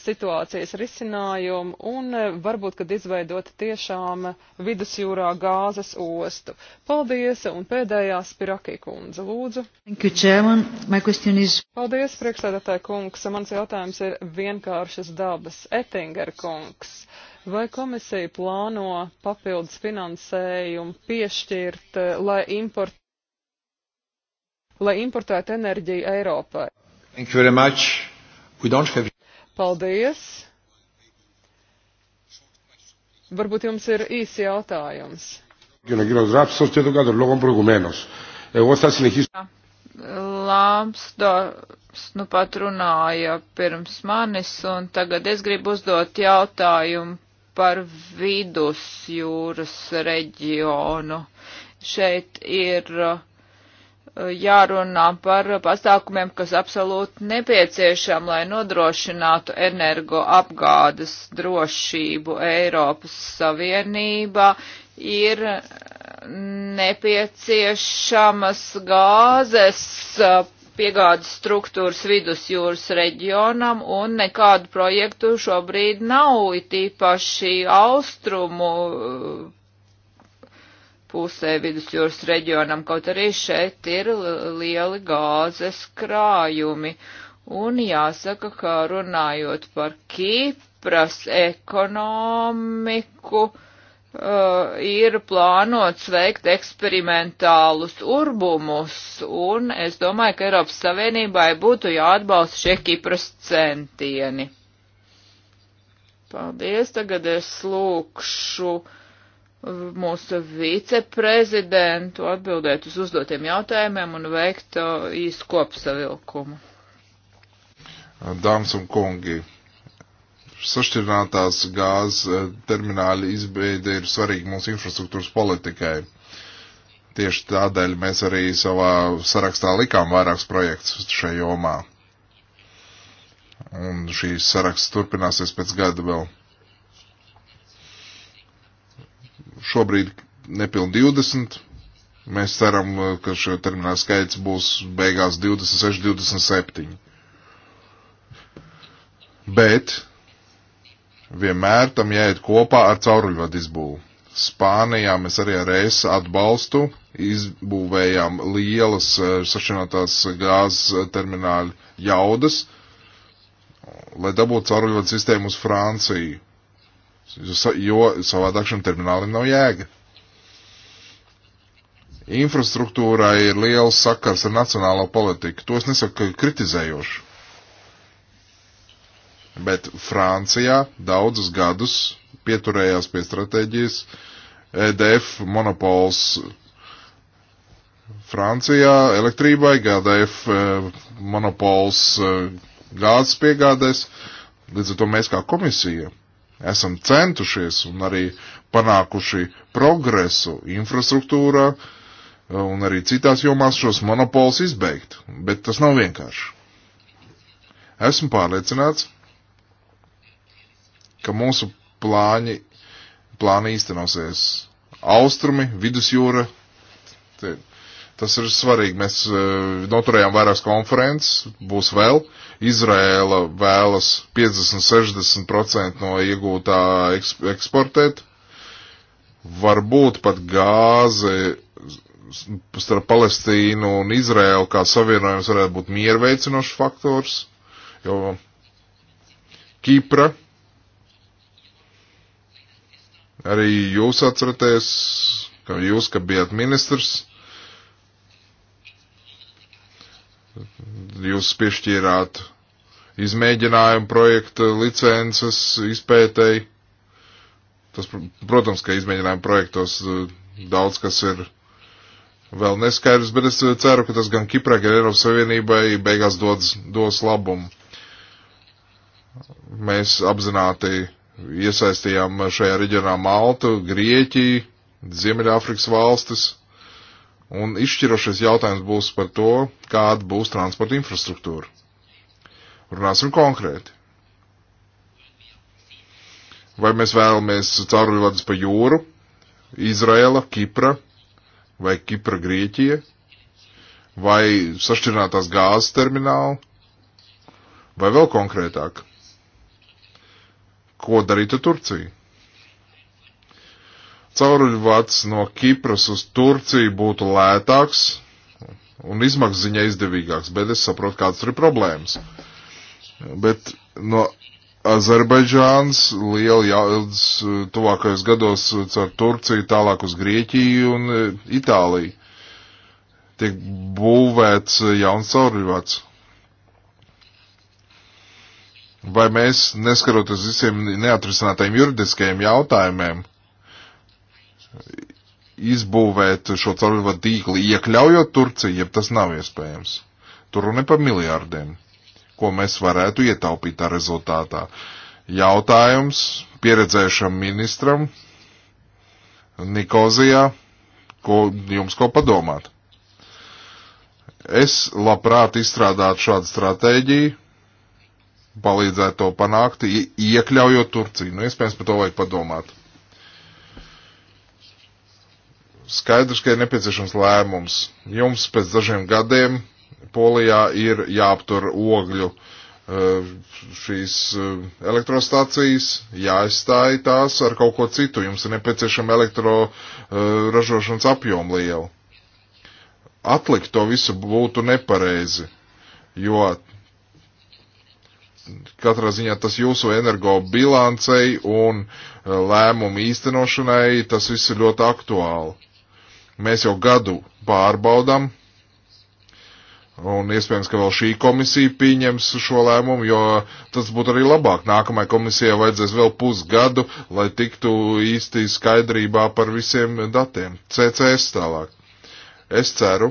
situācijas risinājumu un eh, varbūt, kad izveidot tiešām vidusjūrā gāzes ostu. Paldies, un pēdējā Spirakī kundze, lūdzu. You, is... Paldies, priekšsēdētāji kungs. Mans jautājums ir vienkāršas dabas. Ettinger kungs, vai komisija plāno papildus finansējumu piešķirt, eh, lai, import... lai importētu enerģiju Eiropai? Thank you very much. We don't have... Paldies. Varbūt jums ir īsi jautājums. Lāmsdors nu pat runāja pirms manis, un tagad es gribu uzdot jautājumu par vidusjūras reģionu. Šeit ir uh, jārunā par pasākumiem, kas absolūti nepieciešami, lai nodrošinātu energoapgādes drošību Eiropas Savienībā, ir nepieciešamas gāzes piegādes struktūras vidusjūras reģionam un nekādu projektu šobrīd nav, it īpaši austrumu pusē vidusjūras reģionam, kaut arī šeit ir lieli gāzes krājumi. Un jāsaka, kā runājot par Kīpras ekonomiku, uh, ir plānots veikt eksperimentālus urbumus, un es domāju, ka Eiropas Savienībai būtu jāatbalsta šie Kīpras centieni. Paldies, tagad es lūkšu mūsu viceprezidentu atbildēt uz uzdotiem jautājumiem un veikt īsu kopsavilkumu. Dāmas un kungi, sašķirinātās gāzes e, termināļa izbeide ir svarīga mūsu infrastruktūras politikai. Tieši tādēļ mēs arī savā sarakstā likām vairākus projektus šajā jomā. Un šīs saraksts turpināsies pēc gada vēl. šobrīd nepiln 20. Mēs ceram, uh, ka šo terminālu skaits būs beigās 26, 27. Bet vienmēr tam jāiet kopā ar cauruļvadu izbūvu. Spānijā mēs arī ar ES atbalstu izbūvējām lielas uh, sašķinātās gāzes uh, termināļu jaudas, lai dabūtu cauruļvadu sistēmu uz Franciju jo savādāk šim terminālim nav jēga. Infrastruktūrai ir liels sakars ar nacionālo politiku. To es nesaku kritizējošu. Bet Francijā daudzus gadus pieturējās pie stratēģijas EDF monopols Francijā elektrībai, GDF e, monopols e, gāzes piegādēs. Līdz ar to mēs kā komisija esam centušies un arī panākuši progresu infrastruktūrā uh, un arī citās jomās šos monopols izbeigt, bet tas nav vienkārši. Esmu pārliecināts, ka mūsu plāņi, plāni īstenosies austrumi, vidusjūra, Tas ir svarīgi. Mēs eh, noturējām vairākas konferences, būs vēl. Izrēla vēlas 50-60% no iegūtā eksportēt. Varbūt pat gāze starp Palestīnu un Izrēlu kā savienojums varētu būt mierveicinošs faktors, jo Kipra arī jūs atceraties, ka jūs, ka bijat ministrs, jūs piešķīrāt izmēģinājumu projektu licences izpētēji. Tas, protams, ka izmēģinājumu projektos eh, daudz kas ir vēl neskaidrs, bet es eh, ceru, ka tas gan Kiprai, gan Eiropas Savienībai beigās dods, dos labumu. Mēs apzināti iesaistījām šajā reģionā Maltu, Grieķiju, Ziemeļāfrikas valstis. Un izšķirošais jautājums būs par to, kāda būs transporta infrastruktūra. Runāsim konkrēti. Vai mēs vēlamies caurvīvadus pa jūru, Izraela, Kipra vai Kipra Grieķija, vai sašķirinātās gāzes termināli, vai vēl konkrētāk, ko darītu Turcija? Cauruļvats no Kipras uz Turciju būtu lētāks un izmaksas ziņā izdevīgāks, bet es saprotu, kādas ir problēmas. Bet no Azerbaidžāns liela jaudas eh, tuvākajos gados caur Turciju, tālāk uz Grieķiju un eh, Itāliju. Tiek būvēts eh, jauns cauruļvats. Vai mēs, neskaroties visiem neatrisinātajiem juridiskajiem jautājumiem, izbūvēt šo caurvadu tīkli, iekļaujot Turciju, ja tas nav iespējams. Tur runa par miljārdiem, ko mēs varētu ietaupīt tā rezultātā. Jautājums pieredzējušam ministram Nikozijā, ko jums ko padomāt? Es labprāt izstrādātu šādu stratēģiju, palīdzētu to panākt, iekļaujot Turciju. Nu, iespējams, par to vajag padomāt. skaidrs, ka ir nepieciešams lēmums. Jums pēc dažiem gadiem Polijā ir jāaptur ogļu eh, šīs eh, elektrostācijas, jāizstāj tās ar kaut ko citu. Jums ir nepieciešama elektroražošanas eh, apjoma liela. Atlikt to visu būtu nepareizi, jo katrā ziņā tas jūsu energo bilancei un lēmumu īstenošanai tas viss ir ļoti aktuāli. Mēs jau gadu pārbaudam, un iespējams, ka vēl šī komisija pieņems šo lēmumu, jo tas būtu arī labāk. Nākamajai komisijai vajadzēs vēl pusgadu, lai tiktu īsti skaidrībā par visiem datiem. CCS tālāk. Es ceru,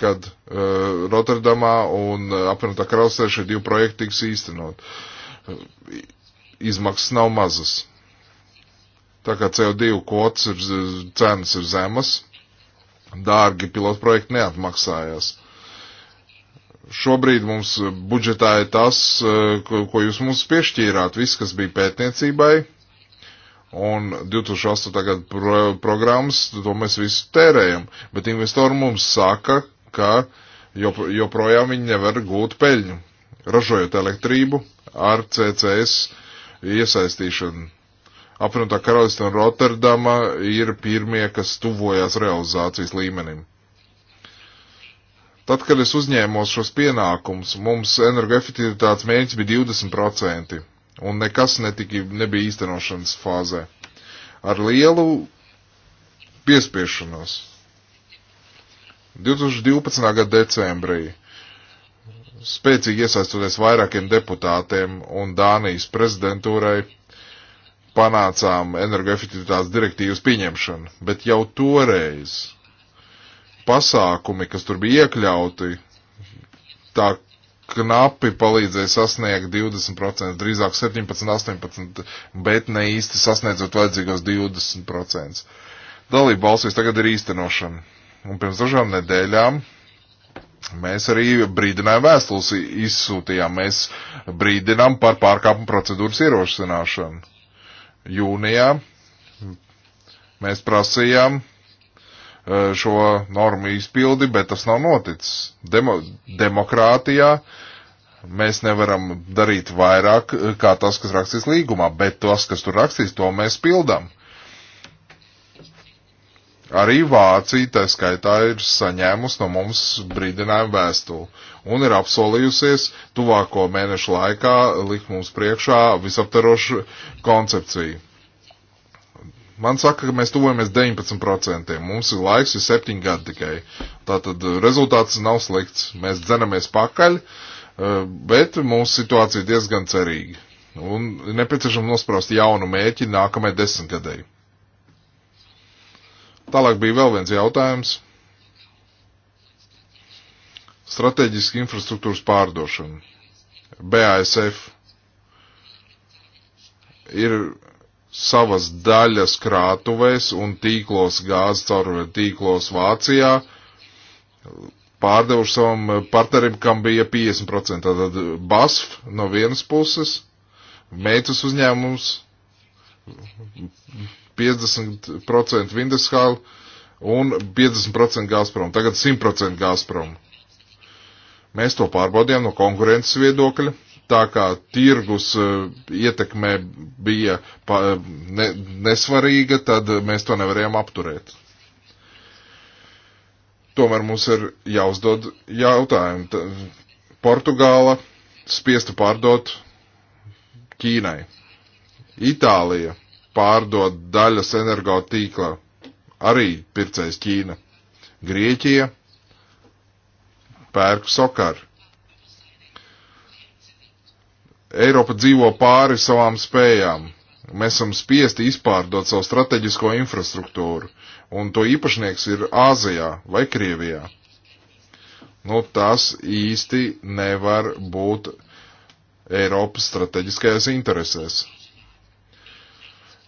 kad uh, Rotterdamā un eh, apvienotā karalistē šie divi projekti tiks īstenot. Uh, izmaksas nav mazas. Tā kā CO2 kvots ir, cenas ir zemas, dārgi pilotprojekti neatmaksājās. Šobrīd mums budžetā ir tas, ko, ko jūs mums piešķīrāt, viss, kas bija pētniecībai, un 2008. gada pro, programmas, to mēs visu tērējam, bet investori mums saka, ka joprojām viņi nevar gūt peļņu, ražojot elektrību ar CCS iesaistīšanu apvienotā karalista un Rotterdama ir pirmie, kas tuvojās realizācijas līmenim. Tad, kad es uzņēmos šos pienākumus, mums energoefektivitātes mērķis bija 20%, un nekas netika, nebija īstenošanas fāzē. Ar lielu piespiešanos. 2012. gada decembrī, spēcīgi iesaistoties vairākiem deputātiem un Dānijas prezidentūrai, panācām energoefektivitātes direktīvas pieņemšanu, bet jau toreiz pasākumi, kas tur bija iekļauti, tā knapi palīdzēja sasniegt 20%, drīzāk 17, 18, bet ne īsti sasniedzot vajadzīgos 20%. Dalība balsīs tagad ir īstenošana. Un pirms dažām nedēļām mēs arī brīdinājumu vēstules izsūtījām. Mēs brīdinām par pārkāpumu procedūras ierošināšanu jūnijā mēs prasījām e, šo normu izpildi, bet tas nav noticis. Demo, demokrātijā mēs nevaram darīt vairāk e, kā tas, kas rakstīts līgumā, bet tas, kas tur rakstīts, to mēs pildām. Uh, Arī Vācija, tā skaitā, ir saņēmusi no mums brīdinājumu vēstuli un ir apsolījusies tuvāko mēnešu laikā likt mums priekšā visaptarošu koncepciju. Man saka, ka mēs tuvojamies 19%. Mums ir laiks, ir 7 gadi tikai. Tātad rezultāts nav slikts. Mēs dzenamies pakaļ, eh, bet mūsu situācija diezgan cerīga. Un nepieciešams nospraust jaunu mēķi nākamajai desmitgadēji. Tālāk bija vēl viens jautājums. Strateģiski infrastruktūras pārdošana. BASF ir savas daļas krātuvēs un tīklos gāzes caurvē tīklos Vācijā pārdevuši savam partnerim, kam bija 50%. Tātad BASF no vienas puses, meitas uzņēmums 50% Vindeshal un 50% Gazprom. Tagad 100% Gazprom. Mēs to pārbaudījām no konkurences viedokļa. Tā kā tirgus eh, ietekmē bija eh, ne, nesvarīga, tad mēs to nevarējām apturēt. Tomēr mums ir jāuzdod jautājumu. Portugāla spiestu pārdot Ķīnai. Itālija pārdod daļas energotīklā. Arī pircējs Ķīna. Grieķija pērk sokaru. Eiropa dzīvo pāri savām spējām. Mēs esam spiesti izpārdot savu strateģisko infrastruktūru, un to īpašnieks ir Āzijā vai Krievijā. Nu, tas īsti nevar būt Eiropas strateģiskajās interesēs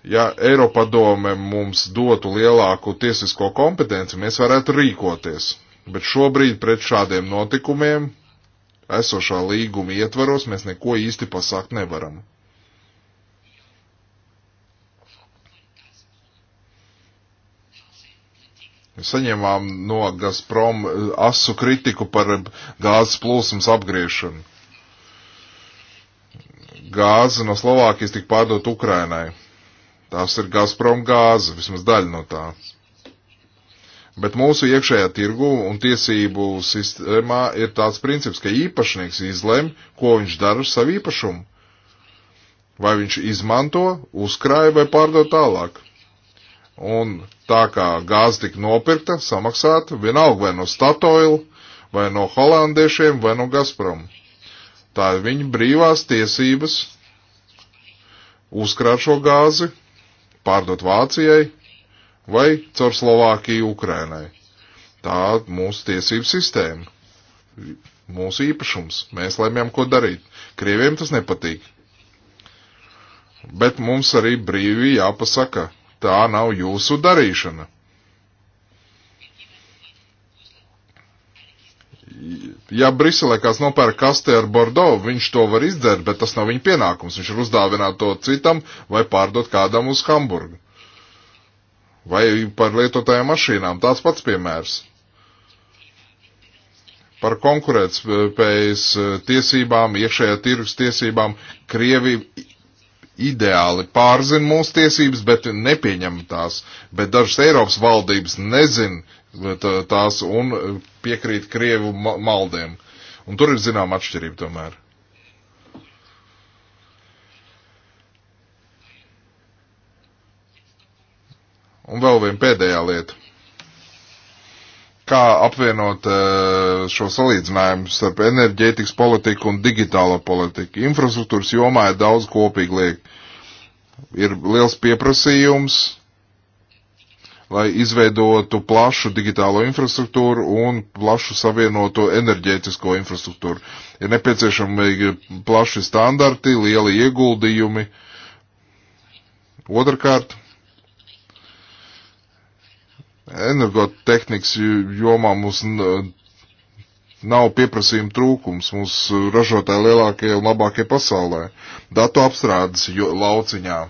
ja Eiropadome mums dotu lielāku tiesisko kompetenci, mēs varētu rīkoties. Bet šobrīd pret šādiem notikumiem esošā līguma ietvaros mēs neko īsti pasākt nevaram. Saņēmām no Gazprom eh, asu kritiku par gāzes plūsmas apgriešanu. Gāze no Slovākijas tika pārdot Ukrainai Tās ir Gazprom gāze, vismaz daļa no tā. Bet mūsu iekšējā tirgu un tiesību sistēmā ir tāds princips, ka īpašnieks izlem, ko viņš dara ar savu īpašumu. Vai viņš izmanto, uzkrāja vai pārdod tālāk. Un tā kā gāze tika nopirkta, samaksāta vienalga vai no Statoil, vai no holandiešiem, vai no Gazprom. Tā ir viņa brīvās tiesības uzkrāt šo gāzi pārdot Vācijai vai caur Slovākiju Ukrainai. Tā mūsu tiesību sistēma, mūsu īpašums. Mēs lēmjam, ko darīt. Krieviem tas nepatīk. Bet mums arī brīvi jāpasaka, tā nav jūsu darīšana. Ja Briselē kāds nopērk kastē ar Bordeaux, viņš to var izdzert, bet tas nav viņa pienākums. Viņš ir uzdāvināt to citam vai pārdot kādam uz Hamburgu. Vai par lietotājām mašīnām. Tāds pats piemērs. Par konkurētspējas eh, tiesībām, iekšējā tirgus tiesībām, Krievi ideāli pārzina mūsu tiesības, bet nepieņem tās. Bet dažas Eiropas valdības nezin Eh, tās un eh, piekrīt Krievu maldiem. Un tur ir zināma atšķirība tomēr. Un vēl viena pēdējā lieta. Kā apvienot eh, šo salīdzinājumu starp enerģētikas politiku un digitālo politiku? Infrastruktūras jomā ir daudz kopīgi liek. Ir liels pieprasījums, lai izveidotu plašu digitālo infrastruktūru un plašu savienoto enerģētisko infrastruktūru. Ir nepieciešami plaši standarti, lieli ieguldījumi. Otrakārt, energotehnikas jomā mums nav pieprasījuma trūkums, mums ražotāji lielākie un labākie pasaulē, datu apstrādes lauciņā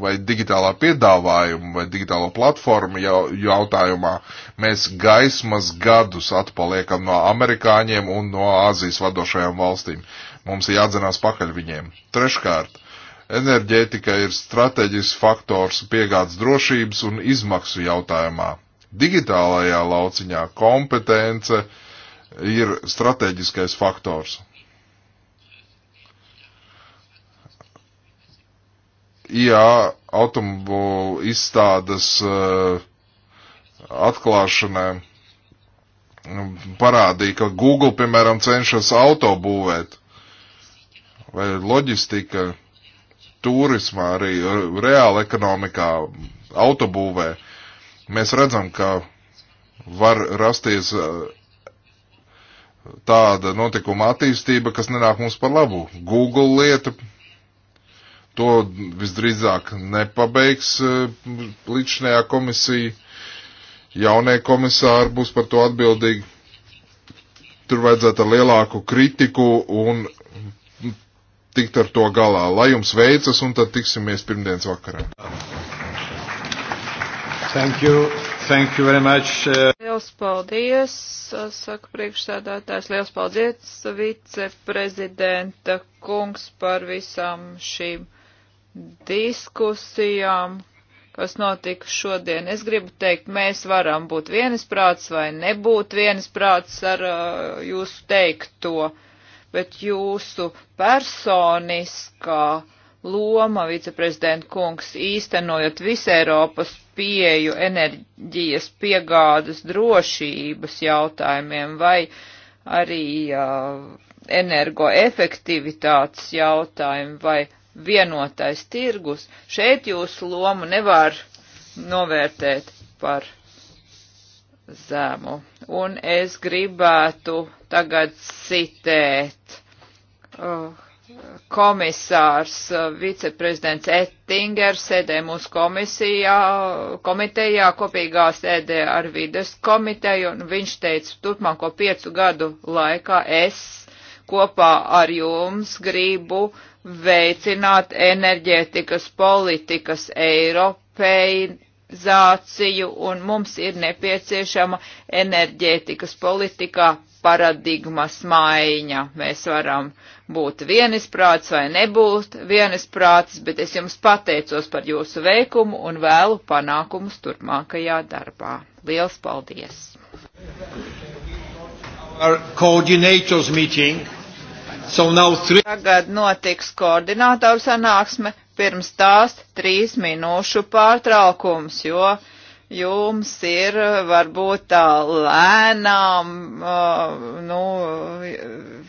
vai digitālā piedāvājuma vai digitālo platformu jautājumā mēs gaismas gadus atpaliekam no amerikāņiem un no Āzijas vadošajām valstīm. Mums ir jādzenās pakaļ viņiem. Treškārt, enerģētika ir strateģisks faktors piegādes drošības un izmaksu jautājumā. Digitālajā lauciņā kompetence ir strateģiskais faktors. IA automobilu izstādes eh, atklāšanai nu, parādīja, ka Google, piemēram, cenšas auto būvēt vai loģistika, turismā, arī reāla ekonomikā, autobūvē. Mēs redzam, ka var rasties eh, tāda notikuma attīstība, kas nenāk mums par labu. Google lieta To visdrīzāk nepabeigs e, līdšanējā komisija. Jaunie komisāri būs par to atbildīgi. Tur vajadzētu ar lielāku kritiku un tikt ar to galā. Lai jums veicas un tad tiksimies pirmdienas vakarā. Thank you. Thank you very much. E. Liels paldies, saka priekšsēdētājs, liels paldies viceprezidenta kungs par visām šīm diskusijām, kas notika šodien. Es gribu teikt, mēs varam būt vienisprāts vai nebūt vienisprāts ar uh, jūsu teikto, bet jūsu personiskā loma, viceprezidenta kungs, īstenojot visu Eiropas pieju enerģijas piegādes drošības jautājumiem vai arī uh, energoefektivitātes jautājumu vai vienotais tirgus. Šeit jūsu lomu nevar novērtēt par zemu. Un es gribētu tagad citēt uh, komisārs uh, viceprezidents Ettinger sēdē mūsu komisijā, komitejā, kopīgā sēdē ar vides komiteju, un viņš teica, turpmāko piecu gadu laikā es kopā ar jums gribu uh, veicināt enerģētikas politikas eiropeizāciju, un mums ir nepieciešama enerģētikas politikā paradigmas maiņa. Mēs varam būt vienisprāts vai nebūt vienisprāts, bet es jums pateicos par jūsu veikumu un vēlu panākumus turpmākajā darbā. Liels paldies! Our coordinators meeting So three... Tagad notiks koordinātoru sanāksme, pirms tās trīs minūšu pārtraukums, jo jums ir uh, varbūt tā lēnām, uh, nu,